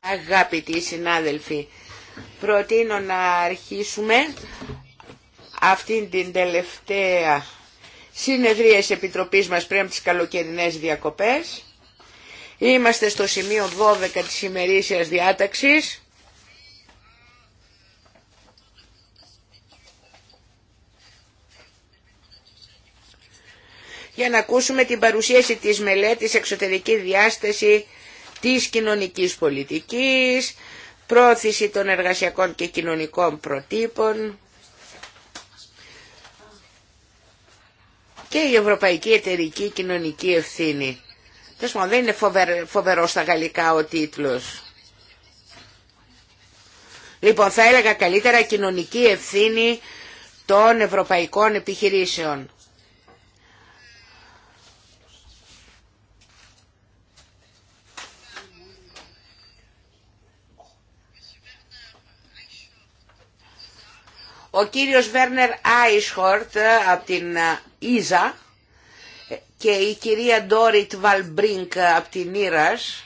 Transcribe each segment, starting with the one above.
Αγαπητοί συνάδελφοι, προτείνω να αρχίσουμε αυτήν την τελευταία συνεδρία της Επιτροπής μας πριν από τις καλοκαιρινές διακοπές. Είμαστε στο σημείο 12 της ημερήσιας διάταξης. για να ακούσουμε την παρουσίαση της μελέτης εξωτερική διάσταση της κοινωνικής πολιτικής, πρόθεση των εργασιακών και κοινωνικών προτύπων και η Ευρωπαϊκή Εταιρική Κοινωνική Ευθύνη. Δεν είναι φοβερό στα γαλλικά ο τίτλος. Λοιπόν, θα έλεγα καλύτερα κοινωνική ευθύνη των ευρωπαϊκών επιχειρήσεων. Ο κύριος Βέρνερ Άισχορτ ε, από την ε, Ίζα ε, και η κυρία Ντόριτ Βαλμπρίνκ από την Ήρας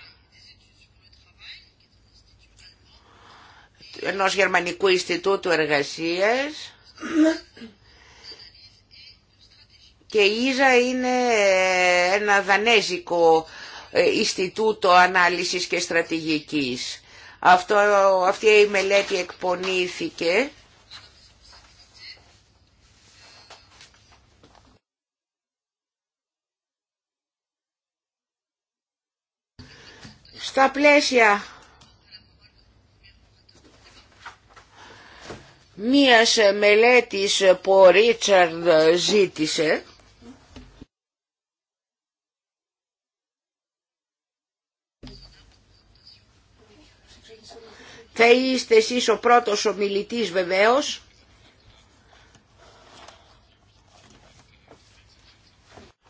ενός Γερμανικού Ινστιτούτου Εργασίας και η Ίζα είναι ένα δανέζικο ιστιτούτο Ανάλυσης και Στρατηγικής. Αυτό, αυτή η μελέτη εκπονήθηκε στα πλαίσια μίας μελέτης που ο Ρίτσαρντ ζήτησε θα είστε εσείς ο πρώτος ομιλητής βεβαίως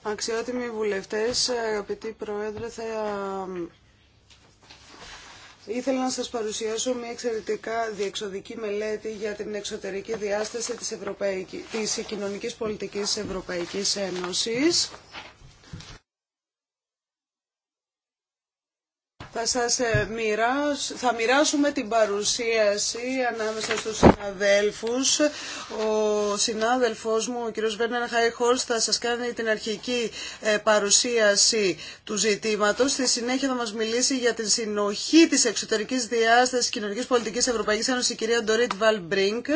Αξιότιμοι βουλευτές, αγαπητοί πρόεδρε, θα Ήθελα να σας παρουσιάσω μια εξαιρετικά διεξοδική μελέτη για την εξωτερική διάσταση της, Ευρωπαϊκής, της κοινωνικής πολιτικής Ευρωπαϊκής Ένωσης. Θα σας ε, μοιράσω, θα μοιράσουμε την παρουσίαση ανάμεσα στους συναδέλφους. Ο συνάδελφός μου, ο κ. Βέρνερ Χάιχολς, θα σας κάνει την αρχική ε, παρουσίαση του ζητήματος. Στη συνέχεια θα μας μιλήσει για την συνοχή της εξωτερικής διάστασης κοινωνικής πολιτικής Ευρωπαϊκής Ένωσης η κυρία Ντορίτ Βαλμπρίνκ.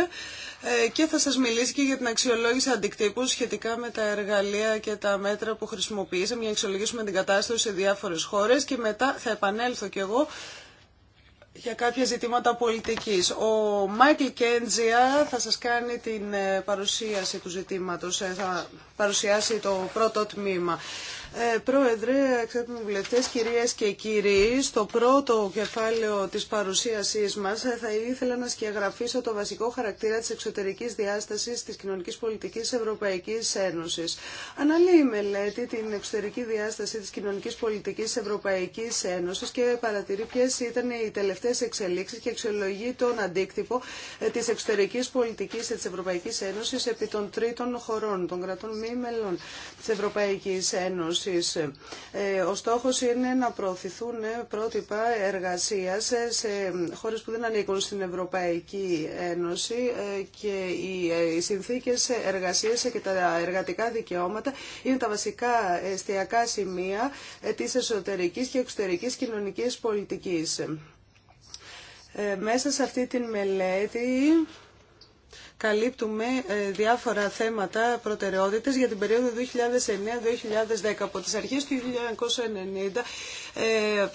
Ε, και θα σας μιλήσει και για την αξιολόγηση αντικτύπου σχετικά με τα εργαλεία και τα μέτρα που χρησιμοποιήσαμε για να αξιολογήσουμε την κατάσταση σε διάφορες χώρες και μετά θα επανέλθω κι εγώ για κάποια ζητήματα πολιτικής. Ο Μάικλ Κέντζια θα σας κάνει την ε, παρουσίαση του ζητήματος, ε, θα παρουσιάσει το πρώτο τμήμα. Ε, πρόεδρε, αξιότιμοι βουλευτές, κυρίες και κύριοι, στο πρώτο κεφάλαιο της παρουσίασής μας ε, θα ήθελα να σκιαγραφίσω το βασικό χαρακτήρα της εξωτερικής διάστασης της κοινωνικής πολιτικής Ευρωπαϊκής Ένωσης. Αναλύει η μελέτη την εξωτερική διάσταση της κοινωνικής πολιτικής Ευρωπαϊκής Ένωσης και παρατηρεί ποιε ήταν οι τελευταίες εξελίξεις και αξιολογεί τον αντίκτυπο ε, της εξωτερικής πολιτικής της Ευρωπαϊκή Ένωση επί των τρίτων χωρών, των κρατών μη μελών της Ευρωπαϊκής ε, ο στόχος είναι να προωθηθούν πρότυπα εργασίας σε χώρες που δεν ανήκουν στην Ευρωπαϊκή Ένωση ε, και ε, οι συνθήκες εργασίας και τα εργατικά δικαιώματα είναι τα βασικά εστιακά σημεία της εσωτερικής και εξωτερικής κοινωνικής πολιτικής. Μέσα σε αυτή τη μελέτη καλύπτουμε ε, διάφορα θέματα προτεραιότητες για την περίοδο 2009-2010. Από τις αρχές του 1990 ε,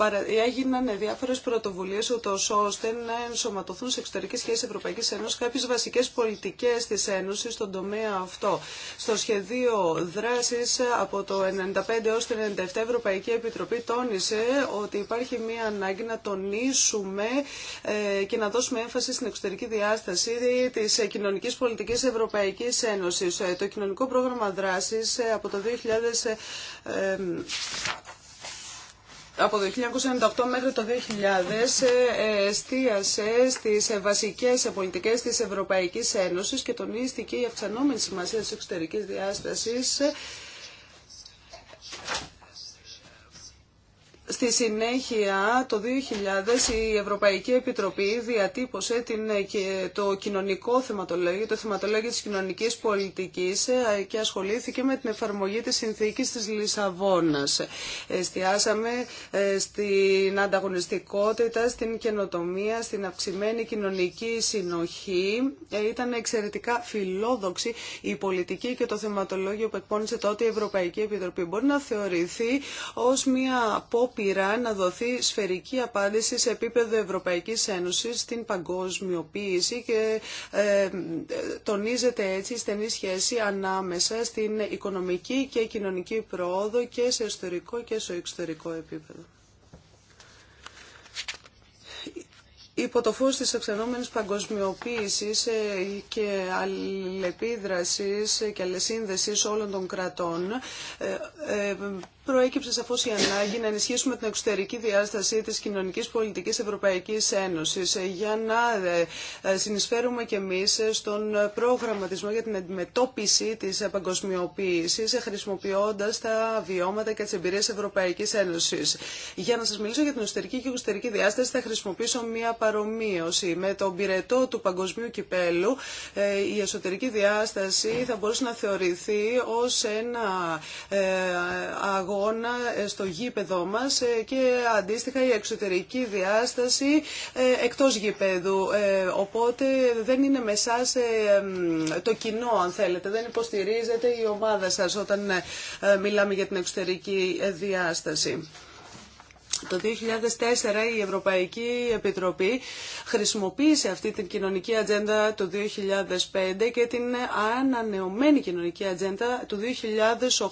έγιναν διάφορες πρωτοβουλίες ούτως ώστε να ενσωματωθούν σε εξωτερικές σχέσεις Ευρωπαϊκής Ένωσης κάποιες βασικές πολιτικές της Ένωσης στον τομέα αυτό. Στο σχεδίο δράσης από το 1995 έως το 1997 Ευρωπαϊκή Επιτροπή τόνισε ότι υπάρχει μία ανάγκη να τονίσουμε ε, και να δώσουμε έμφαση στην εξωτερική διάσταση της κοινωνικής πολιτικής Ευρωπαϊκής Ένωσης. Ε, το κοινωνικό πρόγραμμα δράσης από το 2000 από το 1998 μέχρι το 2000 ε, εστίασε στις ε, βασικές ε, πολιτικές της Ευρωπαϊκής Ένωσης και τονίστηκε η αυξανόμενη σημασία της εξωτερικής διάστασης Στη συνέχεια, το 2000, η Ευρωπαϊκή Επιτροπή διατύπωσε την, ε, το κοινωνικό θεματολόγιο, το θεματολόγιο της κοινωνικής πολιτικής ε, και ασχολήθηκε με την εφαρμογή της συνθήκης της Λισαβόνας. Εστιάσαμε ε, στην ανταγωνιστικότητα, στην καινοτομία, στην αυξημένη κοινωνική συνοχή. Ήταν εξαιρετικά φιλόδοξη η πολιτική και το θεματολόγιο που εκπώνησε τότε η Ευρωπαϊκή Επιτροπή. Μπορεί να θεωρηθεί ως μια πειρά να δοθεί σφαιρική απάντηση σε επίπεδο Ευρωπαϊκής Ένωσης στην παγκοσμιοποίηση και ε, τονίζεται έτσι η στενή σχέση ανάμεσα στην οικονομική και κοινωνική πρόοδο και σε ιστορικό και σε εξωτερικό επίπεδο. Υπό το φως της αυξανόμενης παγκοσμιοποίησης ε, και αλληλεπίδρασης και αλληλεσύνδεσης όλων των κρατών, ε, προέκυψε σαφώ η ανάγκη να ενισχύσουμε την εξωτερική διάσταση τη κοινωνική πολιτική Ευρωπαϊκή Ένωση, ε, για να ε, ε, συνεισφέρουμε κι εμεί στον προγραμματισμό για την αντιμετώπιση τη παγκοσμιοποίηση χρησιμοποιώντα τα βιώματα και τι εμπειρίε Ευρωπαϊκή Ένωση. Για να σα μιλήσω για την εσωτερική και εξωτερική διάσταση θα χρησιμοποιήσω μία παρομοίωση. Με τον πυρετό του παγκοσμίου κυπέλου η εσωτερική διάσταση θα μπορούσε να θεωρηθεί ω ένα αγώνα ε, στο γήπεδό μας ε, και αντίστοιχα η εξωτερική διάσταση ε, εκτός γήπεδου. Οπότε δεν είναι με εσά το κοινό αν θέλετε, δεν υποστηρίζεται η ομάδα σας όταν μιλάμε για την εξωτερική διάσταση. Το 2004 η Ευρωπαϊκή Επιτροπή χρησιμοποίησε αυτή την κοινωνική ατζέντα το 2005 και την ανανεωμένη κοινωνική ατζέντα του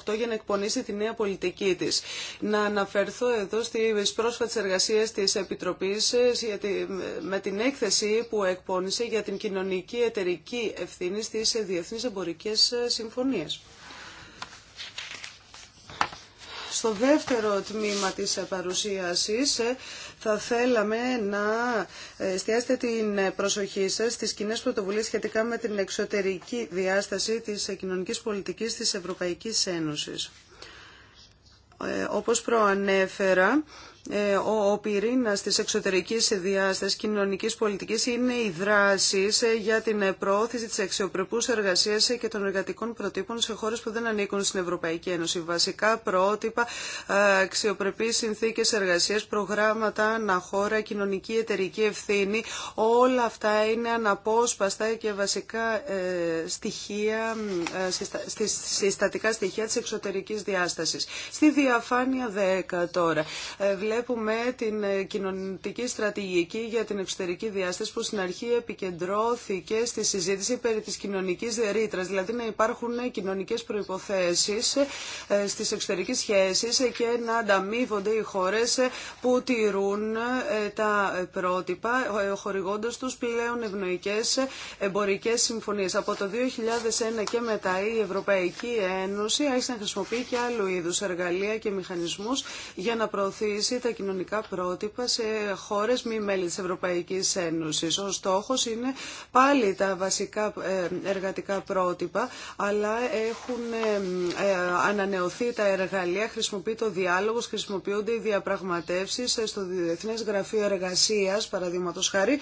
2008 για να εκπονήσει τη νέα πολιτική της. Να αναφερθώ εδώ στις πρόσφατες εργασίες της Επιτροπής με την έκθεση που εκπώνησε για την κοινωνική εταιρική ευθύνη στις διεθνείς εμπορικές συμφωνίες. Στο δεύτερο τμήμα της παρουσίασης ε, θα θέλαμε να εστιάσετε την προσοχή σας στις κοινέ πρωτοβουλίες σχετικά με την εξωτερική διάσταση της κοινωνικής πολιτικής της Ευρωπαϊκής Ένωσης. Ε, όπως προανέφερα, ε, ο, ο πυρήνα τη εξωτερική διάσταση κοινωνική πολιτική είναι οι δράσει ε, για την προώθηση τη αξιοπρεπού εργασία ε, και των εργατικών προτύπων σε χώρε που δεν ανήκουν στην Ευρωπαϊκή Ένωση. Βασικά πρότυπα, αξιοπρεπεί συνθήκε εργασία, προγράμματα αναχώρα, κοινωνική εταιρική ευθύνη, όλα αυτά είναι αναπόσπαστα και βασικά στοιχεία, συστατικά στοιχεία τη εξωτερική διάσταση. Στη διαφάνεια 10 τώρα βλέπουμε την ε, κοινωνική στρατηγική για την εξωτερική διάσταση που στην αρχή επικεντρώθηκε στη συζήτηση περί της κοινωνικής ρήτρας, δηλαδή να υπάρχουν κοινωνικές προϋποθέσεις ε, στις εξωτερικές σχέσεις και να ανταμείβονται οι χώρες που τηρούν ε, τα πρότυπα, χορηγώντας τους πλέον ευνοϊκές εμπορικές συμφωνίες. Από το 2001 και μετά η Ευρωπαϊκή Ένωση άρχισε να χρησιμοποιεί και άλλου είδους εργαλεία και μηχανισμούς για να προωθήσει τα κοινωνικά πρότυπα σε χώρε μη μέλη της Ευρωπαϊκής Ένωσης. Ο στόχο είναι πάλι τα βασικά ε, εργατικά πρότυπα, αλλά έχουν ε, ε, ανανεωθεί τα εργαλεία, χρησιμοποιεί το διάλογο, χρησιμοποιούνται οι διαπραγματεύσει στο διεθνέ Γραφείο εργασία, παραδείγματο χάρη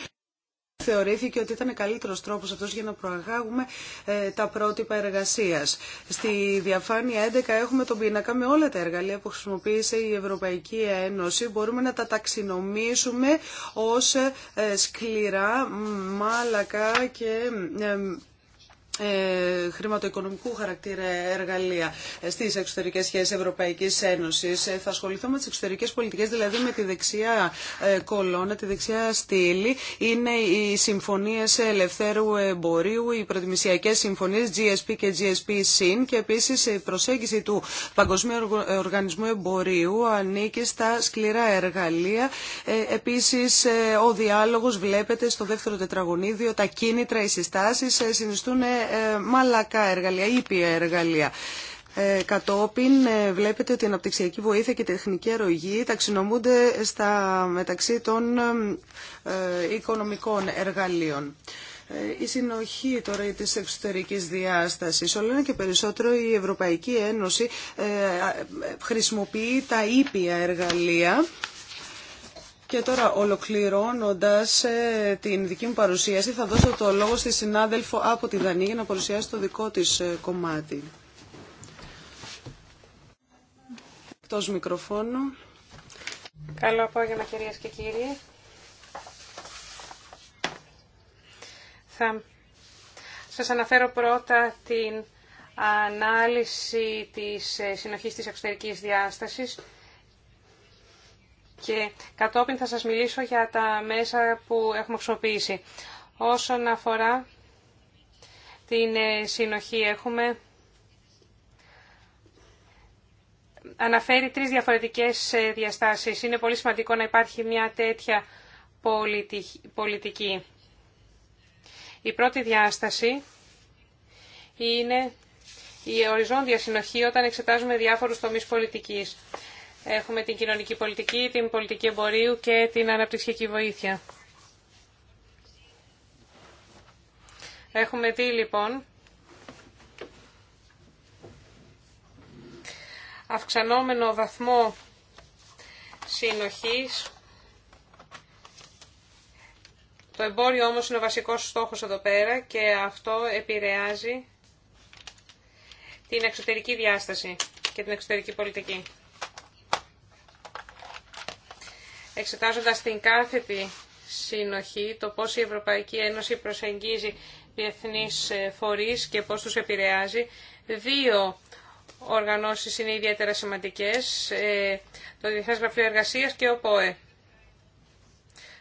θεωρήθηκε ότι ήταν καλύτερος τρόπος αυτός για να προαγάγουμε ε, τα πρότυπα εργασίας. Στη διαφάνεια 11 έχουμε τον πίνακα με όλα τα εργαλεία που χρησιμοποίησε η Ευρωπαϊκή Ένωση. Μπορούμε να τα ταξινομήσουμε ως ε, σκληρά, μάλακα και ε, ε, χρηματοοικονομικού χαρακτήρα εργαλεία στις εξωτερικές σχέσεις Ευρωπαϊκής Ένωσης. Ε, θα ασχοληθώ με τις εξωτερικές πολιτικές, δηλαδή με τη δεξιά ε, κολόνα, τη δεξιά στήλη. Είναι οι συμφωνίες ελευθέρου εμπορίου, οι προτιμησιακές συμφωνίες GSP και GSP SIN και επίσης η προσέγγιση του Παγκοσμίου Οργανισμού Εμπορίου ανήκει στα σκληρά εργαλεία. Επίσης ο διάλογος βλέπετε στο δεύτερο τετραγωνίδιο, τα κίνητρα, οι συστάσεις συνιστούν ε, μαλακά εργαλεία, ήπια εργαλεία. Ε, κατόπιν ε, βλέπετε ότι η αναπτυξιακή βοήθεια και η τεχνική αρρωγή ταξινομούνται στα, μεταξύ των οικονομικών εργαλείων. Η συνοχή τώρα της εξωτερικής διάστασης. Όλο ένα και περισσότερο η Ευρωπαϊκή Ένωση χρησιμοποιεί τα ήπια εργαλεία και τώρα ολοκληρώνοντας ε, την δική μου παρουσίαση θα δώσω το λόγο στη συνάδελφο από τη Δανή για να παρουσιάσει το δικό της ε, κομμάτι. Εκτός Καλό απόγευμα κυρίες και κύριοι. Θα σας αναφέρω πρώτα την ανάλυση της ε, συνοχής της εξωτερικής διάστασης και κατόπιν θα σας μιλήσω για τα μέσα που έχουμε χρησιμοποιήσει. Όσον αφορά την ε, συνοχή έχουμε αναφέρει τρεις διαφορετικές ε, διαστάσεις. Είναι πολύ σημαντικό να υπάρχει μια τέτοια πολιτική. Η πρώτη διάσταση είναι η οριζόντια συνοχή όταν εξετάζουμε διάφορους τομείς πολιτικής. Έχουμε την κοινωνική πολιτική, την πολιτική εμπορίου και την αναπτυξιακή βοήθεια. Έχουμε δει λοιπόν αυξανόμενο βαθμό συνοχής. Το εμπόριο όμως είναι ο βασικός στόχος εδώ πέρα και αυτό επηρεάζει την εξωτερική διάσταση και την εξωτερική πολιτική. εξετάζοντας την κάθετη συνοχή, το πώς η Ευρωπαϊκή Ένωση προσεγγίζει διεθνείς ε, φορείς και πώς τους επηρεάζει. Δύο οργανώσεις είναι ιδιαίτερα σημαντικές, ε, το Διεθνές Γραφείο Εργασίας και ο ΠΟΕ.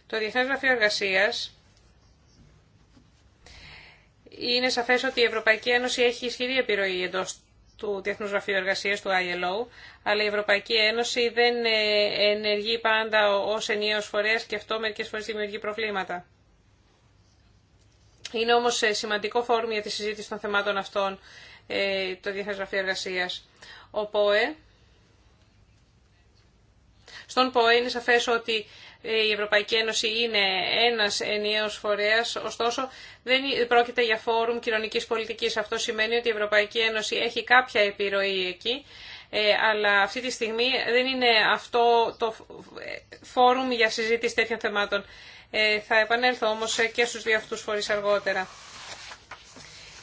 Το Διεθνές Γραφείο Εργασίας είναι σαφές ότι η Ευρωπαϊκή Ένωση έχει ισχυρή επιρροή εντός του Διεθνούς Γραφείου Εργασίας, του ILO, αλλά η Ευρωπαϊκή Ένωση δεν ε, ενεργεί πάντα ως ενιαίος φορέας και αυτό μερικές φορές δημιουργεί προβλήματα. Είναι όμως ε, σημαντικό φόρμα για τη συζήτηση των θεμάτων αυτών ε, το Διεθνές Γραφείο Εργασίας. Ο ΠΟΕ, στον ΠΟΕ είναι σαφές ότι η Ευρωπαϊκή Ένωση είναι ένας ενιαίος φορέας, ωστόσο δεν πρόκειται για φόρουμ κοινωνικής πολιτικής. Αυτό σημαίνει ότι η Ευρωπαϊκή Ένωση έχει κάποια επιρροή εκεί, ε, αλλά αυτή τη στιγμή δεν είναι αυτό το φόρουμ για συζήτηση τέτοιων θεμάτων. Ε, θα επανέλθω όμως και στους δύο αυτούς φορείς αργότερα.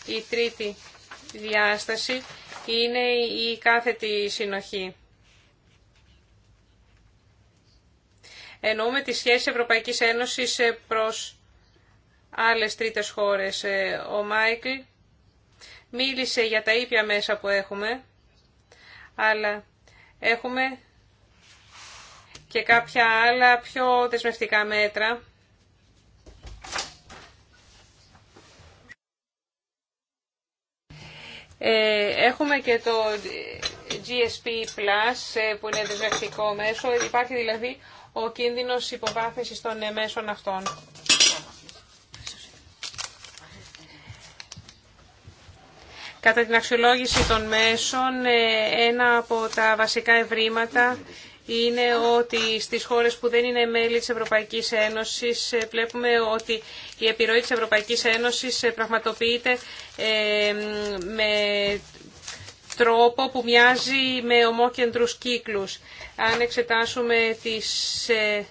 Η τρίτη διάσταση είναι η κάθετη συνοχή. εννοούμε τη σχέση Ευρωπαϊκής Ένωσης ε, προς άλλες τρίτες χώρες. Ε, ο Μάικλ μίλησε για τα ήπια μέσα που έχουμε, αλλά έχουμε και κάποια άλλα πιο δεσμευτικά μέτρα. Ε, έχουμε και το GSP Plus που είναι δεσμευτικό μέσο. Υπάρχει δηλαδή ο κίνδυνο υποβάθμιση των ε, μέσων αυτών. Κατά την αξιολόγηση των μέσων, ε, ένα από τα βασικά ευρήματα είναι ότι στις χώρες που δεν είναι μέλη της Ευρωπαϊκής Ένωσης ε, βλέπουμε ότι η επιρροή της Ευρωπαϊκής Ένωσης πραγματοποιείται με τρόπο που μοιάζει με ομόκεντρους κύκλους. Αν εξετάσουμε τις ε,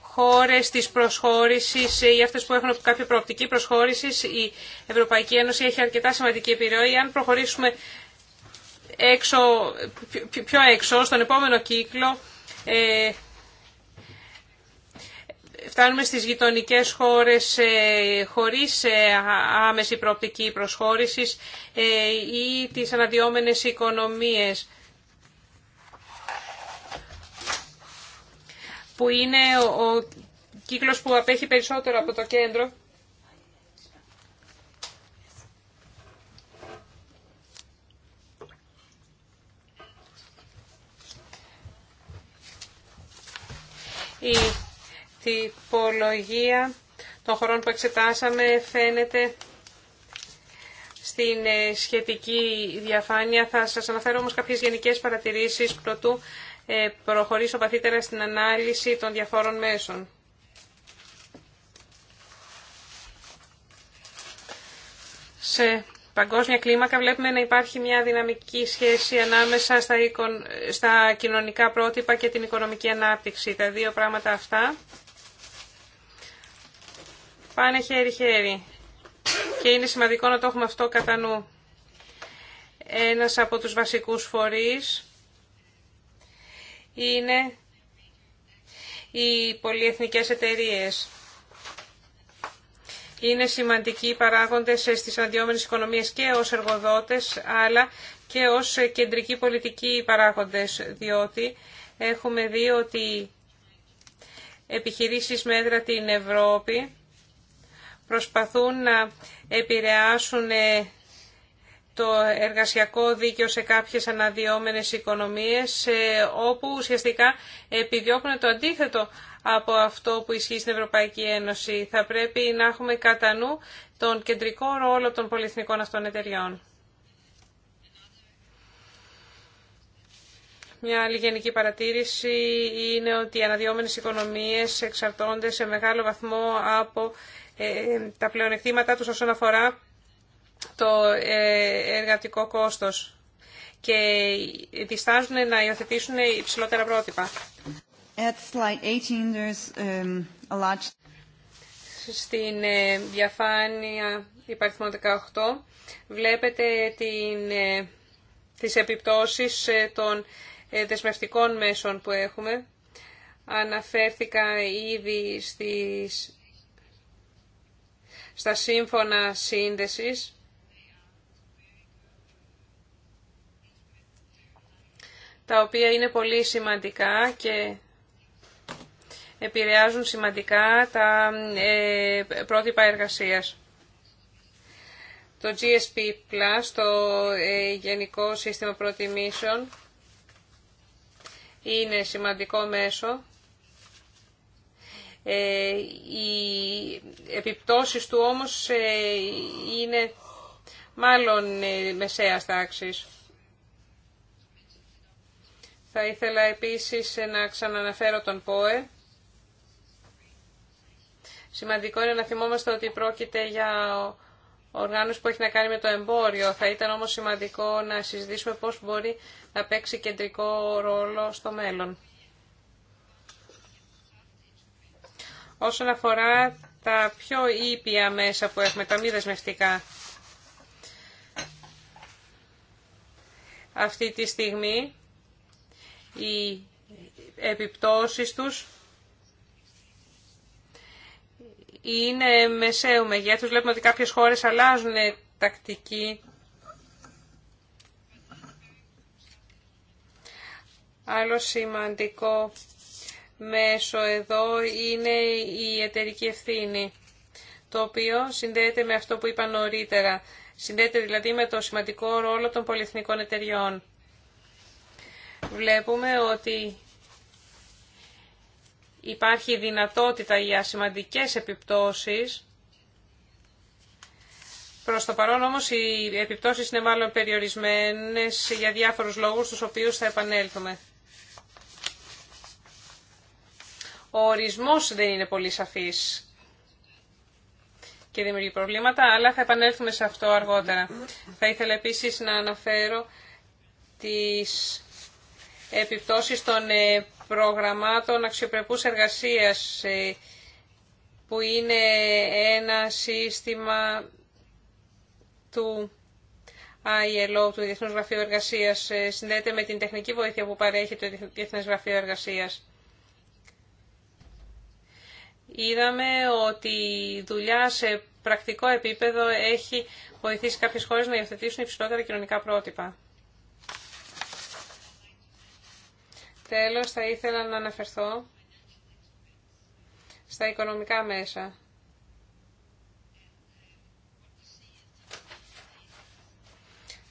χώρες της προσχώρησης ε, ή αυτές που έχουν κάποια προοπτική προσχώρησης, η Ευρωπαϊκή Ένωση προσχωρηση η αρκετά σημαντική επιρροή. Αν προχωρήσουμε πιο έξω, στον επόμενο κύκλο, ε, Φτάνουμε στις γειτονικές χώρες ε, χωρίς ε, άμεση προοπτική προσχώρησης ε, ή τις αναδυόμενες οικονομίες που είναι ο κύκλος που απέχει περισσότερο από το κέντρο. η τις αναδυομενες οικονομιες που ειναι ο κυκλος που απεχει περισσοτερο απο το κεντρο τυπολογία των χωρών που εξετάσαμε φαίνεται στην ε, σχετική διαφάνεια. Θα σας αναφέρω όμως κάποιες γενικές παρατηρήσεις προτού ε, προχωρήσω βαθύτερα στην ανάλυση των διαφόρων μέσων. Σε παγκόσμια κλίμακα βλέπουμε να υπάρχει μια δυναμική σχέση ανάμεσα στα, στα κοινωνικά πρότυπα και την οικονομική ανάπτυξη. Τα δύο πράγματα αυτά πάνε χέρι-χέρι. Και είναι σημαντικό να το έχουμε αυτό κατά νου. Ένας από τους βασικούς φορείς είναι οι πολυεθνικές εταιρείες. Είναι σημαντικοί παράγοντες στις αντιόμενες οικονομίες και ως εργοδότες, αλλά και ως κεντρικοί πολιτικοί παράγοντες, διότι έχουμε δει ότι επιχειρήσεις μέτρα την Ευρώπη προσπαθούν να επηρεάσουν ε, το εργασιακό δίκαιο σε κάποιες αναδιόμενες οικονομίες ε, όπου ουσιαστικά επιδιώκουν το αντίθετο από αυτό που ισχύει στην Ευρωπαϊκή Ένωση. Θα πρέπει να έχουμε κατά νου τον κεντρικό ρόλο των πολυεθνικών αυτών εταιριών. Μια άλλη γενική παρατήρηση είναι ότι οι αναδυόμενες οικονομίες εξαρτώνται σε μεγάλο βαθμό από ε, τα πλεονεκτήματά τους όσον αφορά το ε, εργατικό κόστος και διστάζουν να υιοθετήσουν υψηλότερα πρότυπα. Um, Στην ε, διαφάνεια υπαριθμό 18 βλέπετε την, ε, τις επιπτώσεις των δεσμευτικών μέσων που έχουμε. Αναφέρθηκα ήδη στις στα σύμφωνα σύνδεσης. τα οποία είναι πολύ σημαντικά και επηρεάζουν σημαντικά τα ε, πρότυπα εργασίας. Το GSP+, Plus, το ε, Γενικό Σύστημα Προτιμήσεων, είναι σημαντικό μέσο ε, οι επιπτώσεις του όμως ε, είναι μάλλον ε, μεσαίας τάξης. Θα ήθελα επίσης ε, να ξαναναφέρω τον ΠΟΕ. Σημαντικό είναι να θυμόμαστε ότι πρόκειται για οργάνωση που έχει να κάνει με το εμπόριο. Θα ήταν όμως σημαντικό να συζητήσουμε πώς μπορεί να παίξει κεντρικό ρόλο στο μέλλον. Όσον αφορά τα πιο ήπια μέσα που έχουμε, τα μη δεσμευτικά, αυτή τη στιγμή οι επιπτώσεις τους είναι μεσαίου μεγέθους. Βλέπουμε ότι κάποιες χώρες αλλάζουν τακτική. Άλλο σημαντικό μέσο εδώ είναι η εταιρική ευθύνη, το οποίο συνδέεται με αυτό που είπα νωρίτερα. Συνδέεται δηλαδή με το σημαντικό ρόλο των πολυεθνικών εταιριών. Βλέπουμε ότι υπάρχει δυνατότητα για σημαντικές επιπτώσεις. Προς το παρόν όμως οι επιπτώσεις είναι μάλλον περιορισμένες για διάφορους λόγους τους οποίους θα επανέλθουμε. ο ορισμός δεν είναι πολύ σαφής και δημιουργεί προβλήματα, αλλά θα επανέλθουμε σε αυτό αργότερα. Θα ήθελα επίσης να αναφέρω τις επιπτώσεις των ε, προγραμμάτων αξιοπρεπούς εργασίας, ε, που είναι ένα σύστημα του ILO, του Διεθνούς Γραφείου Εργασίας, ε, συνδέεται με την τεχνική βοήθεια που παρέχει το Διεθνές Γραφείο Εργασίας είδαμε ότι η δουλειά σε πρακτικό επίπεδο έχει βοηθήσει κάποιες χώρες να υιοθετήσουν υψηλότερα κοινωνικά πρότυπα. Τέλος, θα ήθελα να αναφερθώ στα οικονομικά μέσα.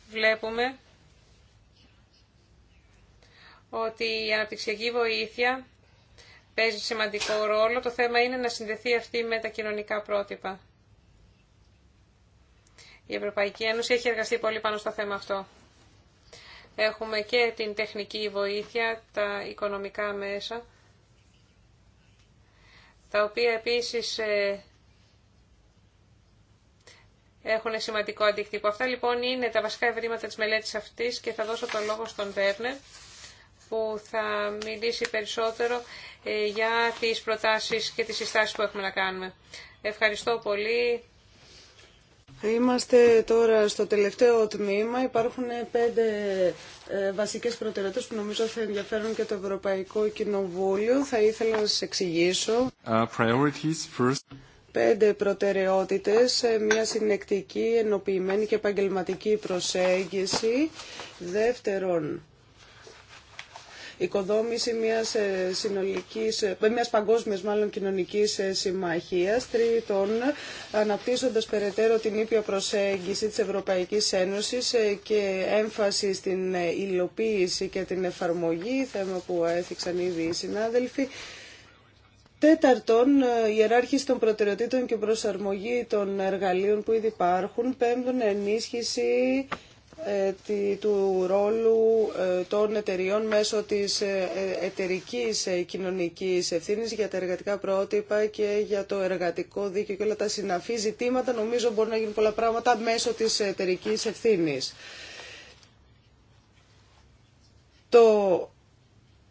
Βλέπουμε ότι η αναπτυξιακή βοήθεια παίζει σημαντικό ρόλο. Το θέμα είναι να συνδεθεί αυτή με τα κοινωνικά πρότυπα. Η Ευρωπαϊκή Ένωση έχει εργαστεί πολύ πάνω στο θέμα αυτό. Έχουμε και την τεχνική βοήθεια, τα οικονομικά μέσα, τα οποία επίσης ε, έχουν σημαντικό αντίκτυπο. Αυτά λοιπόν είναι τα βασικά ευρήματα της μελέτης αυτής και θα δώσω το λόγο στον Βέρνερ που θα μιλήσει περισσότερο ε, για τις προτάσεις και τις συστάσεις που έχουμε να κάνουμε. Ευχαριστώ πολύ. Είμαστε τώρα στο τελευταίο τμήμα. Υπάρχουν πέντε ε, βασικές προτεραιότητες που νομίζω θα ενδιαφέρουν και το Ευρωπαϊκό Κοινοβούλιο. Θα ήθελα να σας εξηγήσω. Uh, πέντε προτεραιότητες, ε, μια συνεκτική, ενοποιημένη και επαγγελματική προσέγγιση. Δεύτερον, οικοδόμηση μιας ε, συνολικής, ε, μιας παγκόσμιας μάλλον κοινωνικής ε, συμμαχίας. Τρίτον, αναπτύσσοντας περαιτέρω την ήπια προσέγγιση της Ευρωπαϊκής Ένωσης και έμφαση στην υλοποίηση και την εφαρμογή, θέμα που έθιξαν ήδη οι συνάδελφοι, Τέταρτον, ιεράρχηση των προτεραιοτήτων και προσαρμογή των εργαλείων που ήδη υπάρχουν. Πέμπτον, ενίσχυση ε, του ρόλου ε, των εταιριών μέσω της ε, εταιρικής κοινωνικής ευθύνης για τα εργατικά πρότυπα και για το εργατικό δίκαιο και όλα τα συναφή ζητήματα. Νομίζω μπορεί να γίνουν πολλά πράγματα μέσω της εταιρικής ευθύνης. Το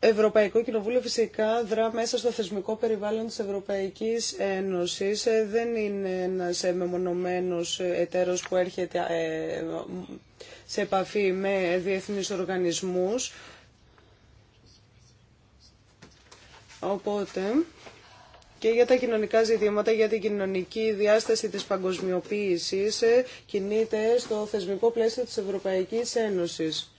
Ευρωπαϊκό Κοινοβούλιο φυσικά δρά μέσα στο θεσμικό περιβάλλον της Ευρωπαϊκής Ένωσης. Δεν είναι ένας μεμονωμένος εταίρος που έρχεται σε επαφή με διεθνείς οργανισμούς. Οπότε και για τα κοινωνικά ζητήματα, για την κοινωνική διάσταση της παγκοσμιοποίησης ε, κινείται στο θεσμικό πλαίσιο της Ευρωπαϊκής Ένωσης.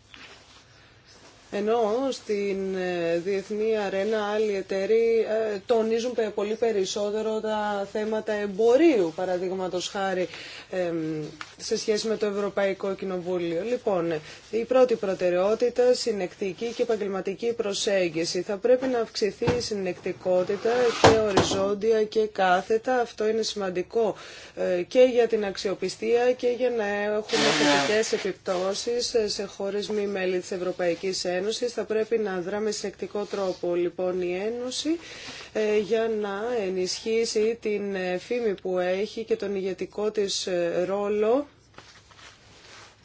Ενώ στην ε, διεθνή αρένα άλλοι εταίροι ε, τονίζουν πολύ περισσότερο τα θέματα εμπορίου, παραδείγματος χάρη σε σχέση με το Ευρωπαϊκό Κοινοβούλιο. Λοιπόν, η πρώτη προτεραιότητα, συνεκτική και επαγγελματική προσέγγιση. Θα πρέπει να αυξηθεί η συνεκτικότητα και οριζόντια και κάθετα. Αυτό είναι σημαντικό ε, και για την αξιοπιστία και για να έχουμε θετικέ επιπτώσεις σε χώρες μη μέλη τη Ευρωπαϊκή Ένωσης. Θα πρέπει να δράμε συνεκτικό τρόπο λοιπόν η Ένωση ε, για να ενισχύσει την φήμη που έχει και τον ηγετικό της ε, ρόλο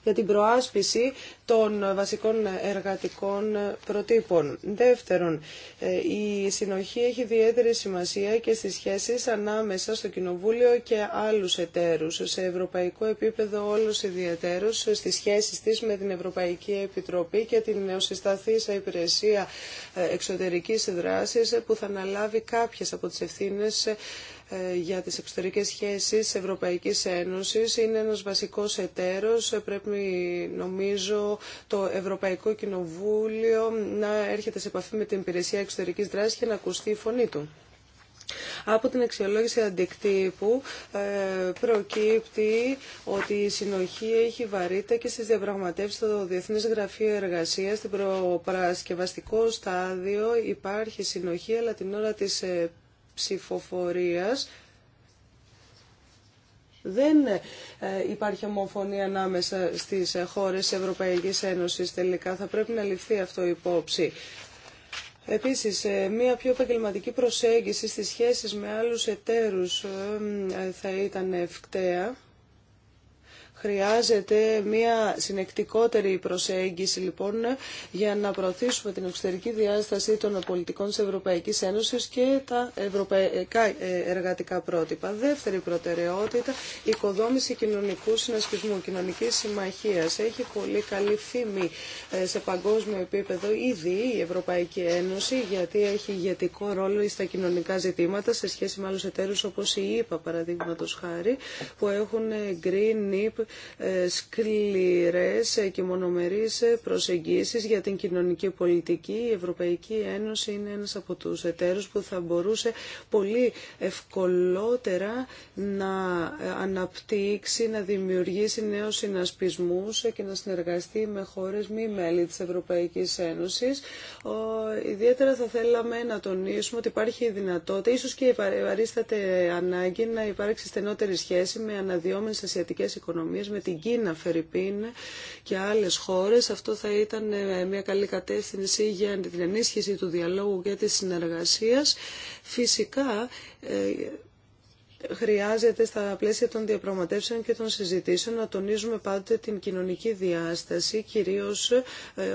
για την προάσπιση των βασικών εργατικών προτύπων. Δεύτερον, ε, η συνοχή έχει ιδιαίτερη σημασία και στις σχέσεις ανάμεσα στο Κοινοβούλιο και άλλους εταίρους. Σε ευρωπαϊκό επίπεδο όλους ιδιαίτερους ε, στις σχέσεις της με την Ευρωπαϊκή Επιτροπή και την νεοσυσταθήσα υπηρεσία ε, εξωτερικής δράσης που θα αναλάβει κάποιες από τις ευθύνες ε, για τις εξωτερικές σχέσεις Ευρωπαϊκής Ένωσης. Είναι ένας βασικός εταίρος. Ε, πρέπει νομίζω το Ευρωπαϊκό Κοινοβούλιο να έρχεται σε επαφή με την υπηρεσία εξωτερικής δράσης και να ακουστεί η φωνή του. Από την αξιολόγηση αντικτύπου ε, προκύπτει ότι η συνοχή έχει βαρύτητα και στις διαπραγματεύσεις στο Διεθνές Γραφείο Εργασίας, στην προπαρασκευαστικό στάδιο υπάρχει συνοχή, αλλά την ώρα της ψηφοφορίας. Δεν ε, υπάρχει ομοφωνία ανάμεσα στις ε, χώρες της Ευρωπαϊκής Ένωσης τελικά. Θα πρέπει να ληφθεί αυτό υπόψη. Επίσης, ε, μια πιο επαγγελματική προσέγγιση στις σχέσεις με άλλους εταίρους θα ήταν ευκταία. Χρειάζεται μια συνεκτικότερη προσέγγιση λοιπόν για να προωθήσουμε την εξωτερική διάσταση των πολιτικών της Ευρωπαϊκής Ένωσης και τα ευρωπαϊκά ε, εργατικά πρότυπα. Δεύτερη προτεραιότητα, η οικοδόμηση κοινωνικού συνασπισμού, κοινωνικής συμμαχίας. Έχει πολύ καλή φήμη ε, σε παγκόσμιο επίπεδο ήδη η Ευρωπαϊκή Ένωση γιατί έχει ηγετικό ρόλο στα κοινωνικά ζητήματα σε σχέση με άλλους εταίρους όπως η ΕΠΑ παραδείγματος χάρη που έχουν NIP ε, σκληρές και μονομερείς προσεγγίσεις για την κοινωνική πολιτική. Η Ευρωπαϊκή Ένωση είναι ένας από τους εταίρους που θα μπορούσε πολύ ευκολότερα να αναπτύξει, να δημιουργήσει νέους συνασπισμούς και να συνεργαστεί με χώρες μη μέλη της Ευρωπαϊκής Ένωσης. Ιδιαίτερα θα θέλαμε να τονίσουμε ότι υπάρχει δυνατότητα, ίσως και παρίσταται ανάγκη, να υπάρξει στενότερη σχέση με αναδυόμενες ασιατικές οικονομίες με την Κίνα, Φερρυπίν και άλλες χώρες. Αυτό θα ήταν ε, μια καλή κατεύθυνση για την ενίσχυση του διαλόγου και της συνεργασίας. Φυσικά ε, χρειάζεται στα πλαίσια των διαπραγματεύσεων και των συζητήσεων να τονίζουμε πάντοτε την κοινωνική διάσταση, κυρίως ε,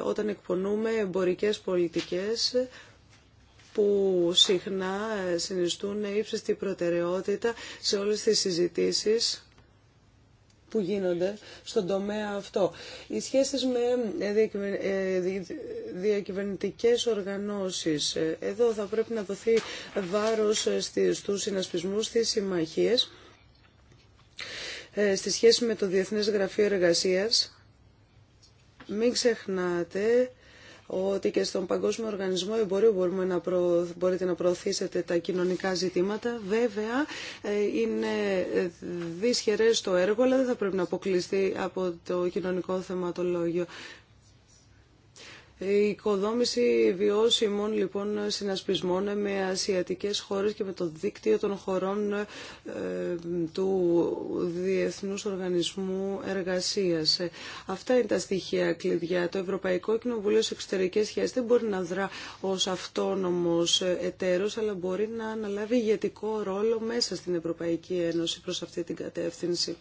όταν εκπονούμε εμπορικές πολιτικές που συχνά συνιστούν ύψιστη προτεραιότητα σε όλες τις συζητήσεις που γίνονται στον τομέα αυτό. Οι σχέσεις με ε, ε, διακυβερνητικές οργανώσεις. Ε, εδώ θα πρέπει να δοθεί βάρος στους συνασπισμούς, στις συμμαχίες, στη σχέση με το Διεθνές Γραφείο Εργασίας. Μην ξεχνάτε ότι και στον Παγκόσμιο Οργανισμό Εμπορίου να προ... μπορείτε να προωθήσετε τα κοινωνικά ζητήματα. Βέβαια, ε, είναι δυσχερές το έργο, αλλά δεν θα πρέπει να αποκλειστεί από το κοινωνικό θεματολόγιο. Η οικοδόμηση βιώσιμων λοιπόν συνασπισμών με ασιατικές χώρες και με το δίκτυο των χωρών ε, του Διεθνούς Οργανισμού Εργασίας. Ε, αυτά είναι τα στοιχεία κλειδιά. Το Ευρωπαϊκό Κοινοβούλιο σε εξωτερικές σχέσεις δεν μπορεί να δρά ως αυτόνομος ε, εταίρος, αλλά μπορεί να αναλάβει ηγετικό ρόλο μέσα στην Ευρωπαϊκή Ένωση προς αυτή την κατεύθυνση.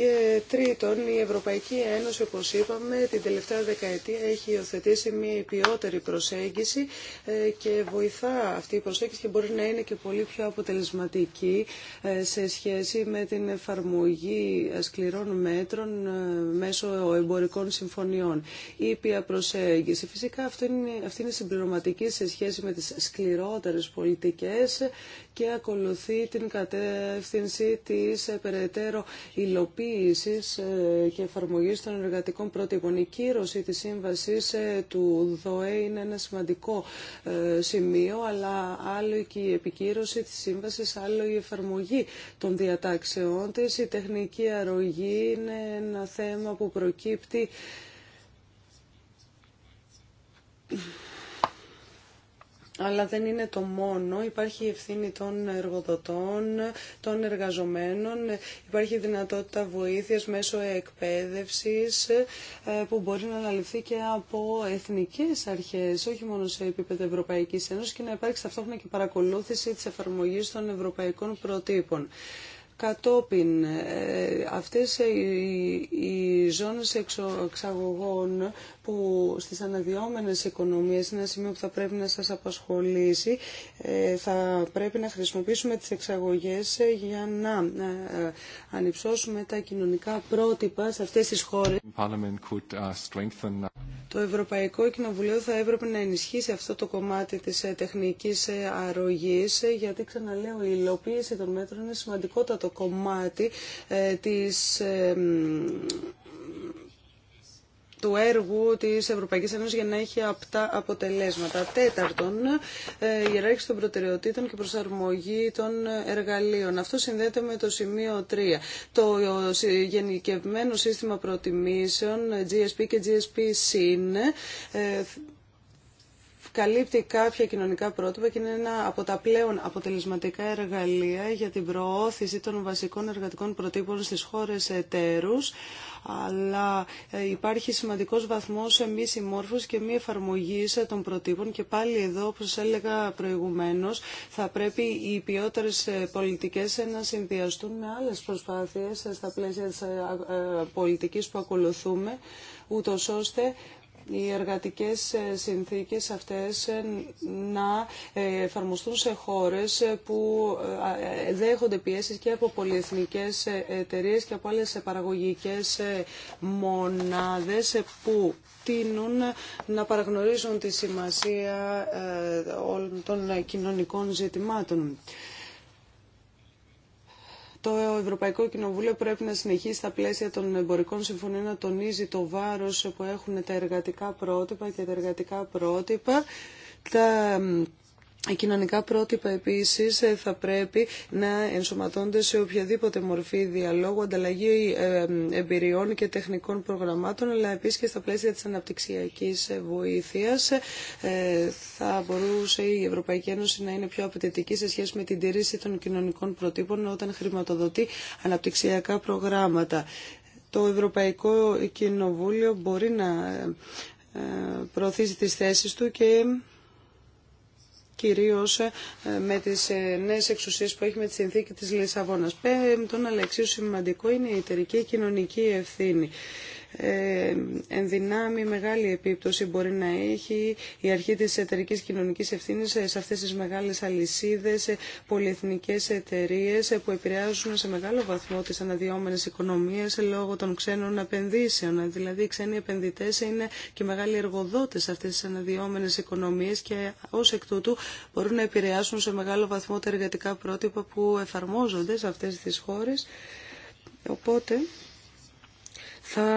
Ε, τρίτον, η Ευρωπαϊκή Ένωση, όπως είπαμε, την τελευταία δεκαετία έχει υιοθετήσει μια ποιότερη προσέγγιση ε, και βοηθά αυτή η προσέγγιση και μπορεί να είναι και πολύ πιο αποτελεσματική ε, σε σχέση με την εφαρμογή σκληρών μέτρων μέσω εμπορικών συμφωνιών. Η ήπια προσέγγιση. Φυσικά αυτή είναι, συμπληρωματική σε σχέση με τις σκληρότερες πολιτικές και ακολουθεί την κατεύθυνση της ε, περαιτέρω υλοποίησης ε, και εφαρμογής των εργατικών πρότυπων. Η κύρωση της σύμβασης ε, του ΔΟΕ είναι ένα σημαντικό σημείο, αλλά άλλο και η επικύρωση της σύμβασης, άλλο η εφαρμογή των διατάξεών της. Η τεχνική αρρωγή είναι ένα θέμα που προκύπτει αλλά δεν είναι το μόνο. Υπάρχει η ευθύνη των εργοδοτών, των εργαζομένων, υπάρχει δυνατότητα βοήθειας μέσω εκπαίδευσης ε, που μπορεί να αναλυθεί και από εθνικές αρχές, όχι μόνο σε επίπεδο Ευρωπαϊκής Ένωσης και να υπάρξει ταυτόχρονα και παρακολούθηση της εφαρμογής των ευρωπαϊκών προτύπων. Κατόπιν, ε, αυτές οι ζώνες εξαγωγών που στις αναδυόμενες οικονομίες είναι ένα σημείο που θα πρέπει να σας απασχολήσει. Ε, θα πρέπει να χρησιμοποιήσουμε τις εξαγωγές ε, για να ε, ανυψώσουμε τα κοινωνικά πρότυπα σε αυτές τις χώρες. Uh, uh, το Ευρωπαϊκό Κοινοβουλίο θα έπρεπε να ενισχύσει αυτό το κομμάτι της τεχνικής αρρωγής γιατί ξαναλέω η υλοποίηση των μέτρων είναι σημαντικότατο κομμάτι της του έργου της Ευρωπαϊκής Ένωσης για να έχει απτά αποτελέσματα. Τέταρτον, ε, η ιεράρχηση των προτεραιοτήτων και προσαρμογή των εργαλείων. Αυτό συνδέεται με το σημείο 3. Το γενικευμένο σύστημα προτιμήσεων GSP και GSP-SYN καλύπτει κάποια κοινωνικά πρότυπα και είναι ένα από τα πλέον αποτελεσματικά εργαλεία για την προώθηση των βασικών εργατικών προτύπων στις χώρες εταίρους, αλλά ε, υπάρχει σημαντικός βαθμός μη συμμόρφωση και μη εφαρμογή των προτύπων και πάλι εδώ, όπως έλεγα προηγουμένως, θα πρέπει οι ποιότερες ε, πολιτικές να συνδυαστούν με άλλες προσπάθειες ε, στα πλαίσια της πολιτικής που ακολουθούμε, ούτως ώστε οι εργατικές ε, συνθήκες αυτές ε, να ε, εφαρμοστούν σε χώρες που δέχονται πιέσεις και από πολυεθνικές εταιρείες και από άλλες παραγωγικές μονάδες που τείνουν να παραγνωρίζουν τη σημασία όλων των κοινωνικών ζητημάτων. Το Ευρωπαϊκό Κοινοβούλιο πρέπει να συνεχίσει στα πλαίσια των εμπορικών συμφωνίων να τονίζει το βάρος που έχουν τα εργατικά πρότυπα και τα εργατικά πρότυπα, τα κοινωνικά πρότυπα επίσης ε, θα πρέπει να ενσωματώνται σε οποιαδήποτε μορφή διαλόγου, ανταλλαγή ε, εμπειριών και τεχνικών προγραμμάτων, αλλά επίσης και στα πλαίσια της αναπτυξιακής βοήθειας ε, θα μπορούσε η Ευρωπαϊκή Ένωση να είναι πιο απαιτητική σε σχέση με την τηρήση των κοινωνικών προτύπων όταν χρηματοδοτεί αναπτυξιακά προγράμματα. Το Ευρωπαϊκό Κοινοβούλιο μπορεί να προωθήσει τις θέσεις του και κυρίως ε, με τις ε, νέες εξουσίες που έχει με τη συνθήκη της Λισαβόνας. Πέμπτον, αλλά εξίσου σημαντικό είναι η εταιρική και κοινωνική ευθύνη. Ε, ενδυνάμει μεγάλη επίπτωση μπορεί να έχει η αρχή της εταιρικής κοινωνικής ευθύνης σε αυτές τις μεγάλες αλυσίδες, πολυεθνικές εταιρείες ε, που επηρεάζουν σε μεγάλο βαθμό τις αναδυόμενες οικονομίες λόγω των ξένων επενδύσεων. Ε, δηλαδή οι ξένοι επενδυτές είναι και μεγάλοι εργοδότες σε αυτές τις αναδυόμενες οικονομίες και ως εκ τούτου μπορούν να επηρεάσουν σε μεγάλο βαθμό τα εργατικά πρότυπα που εφαρμόζονται σε αυτές τις χώρες. Οπότε θα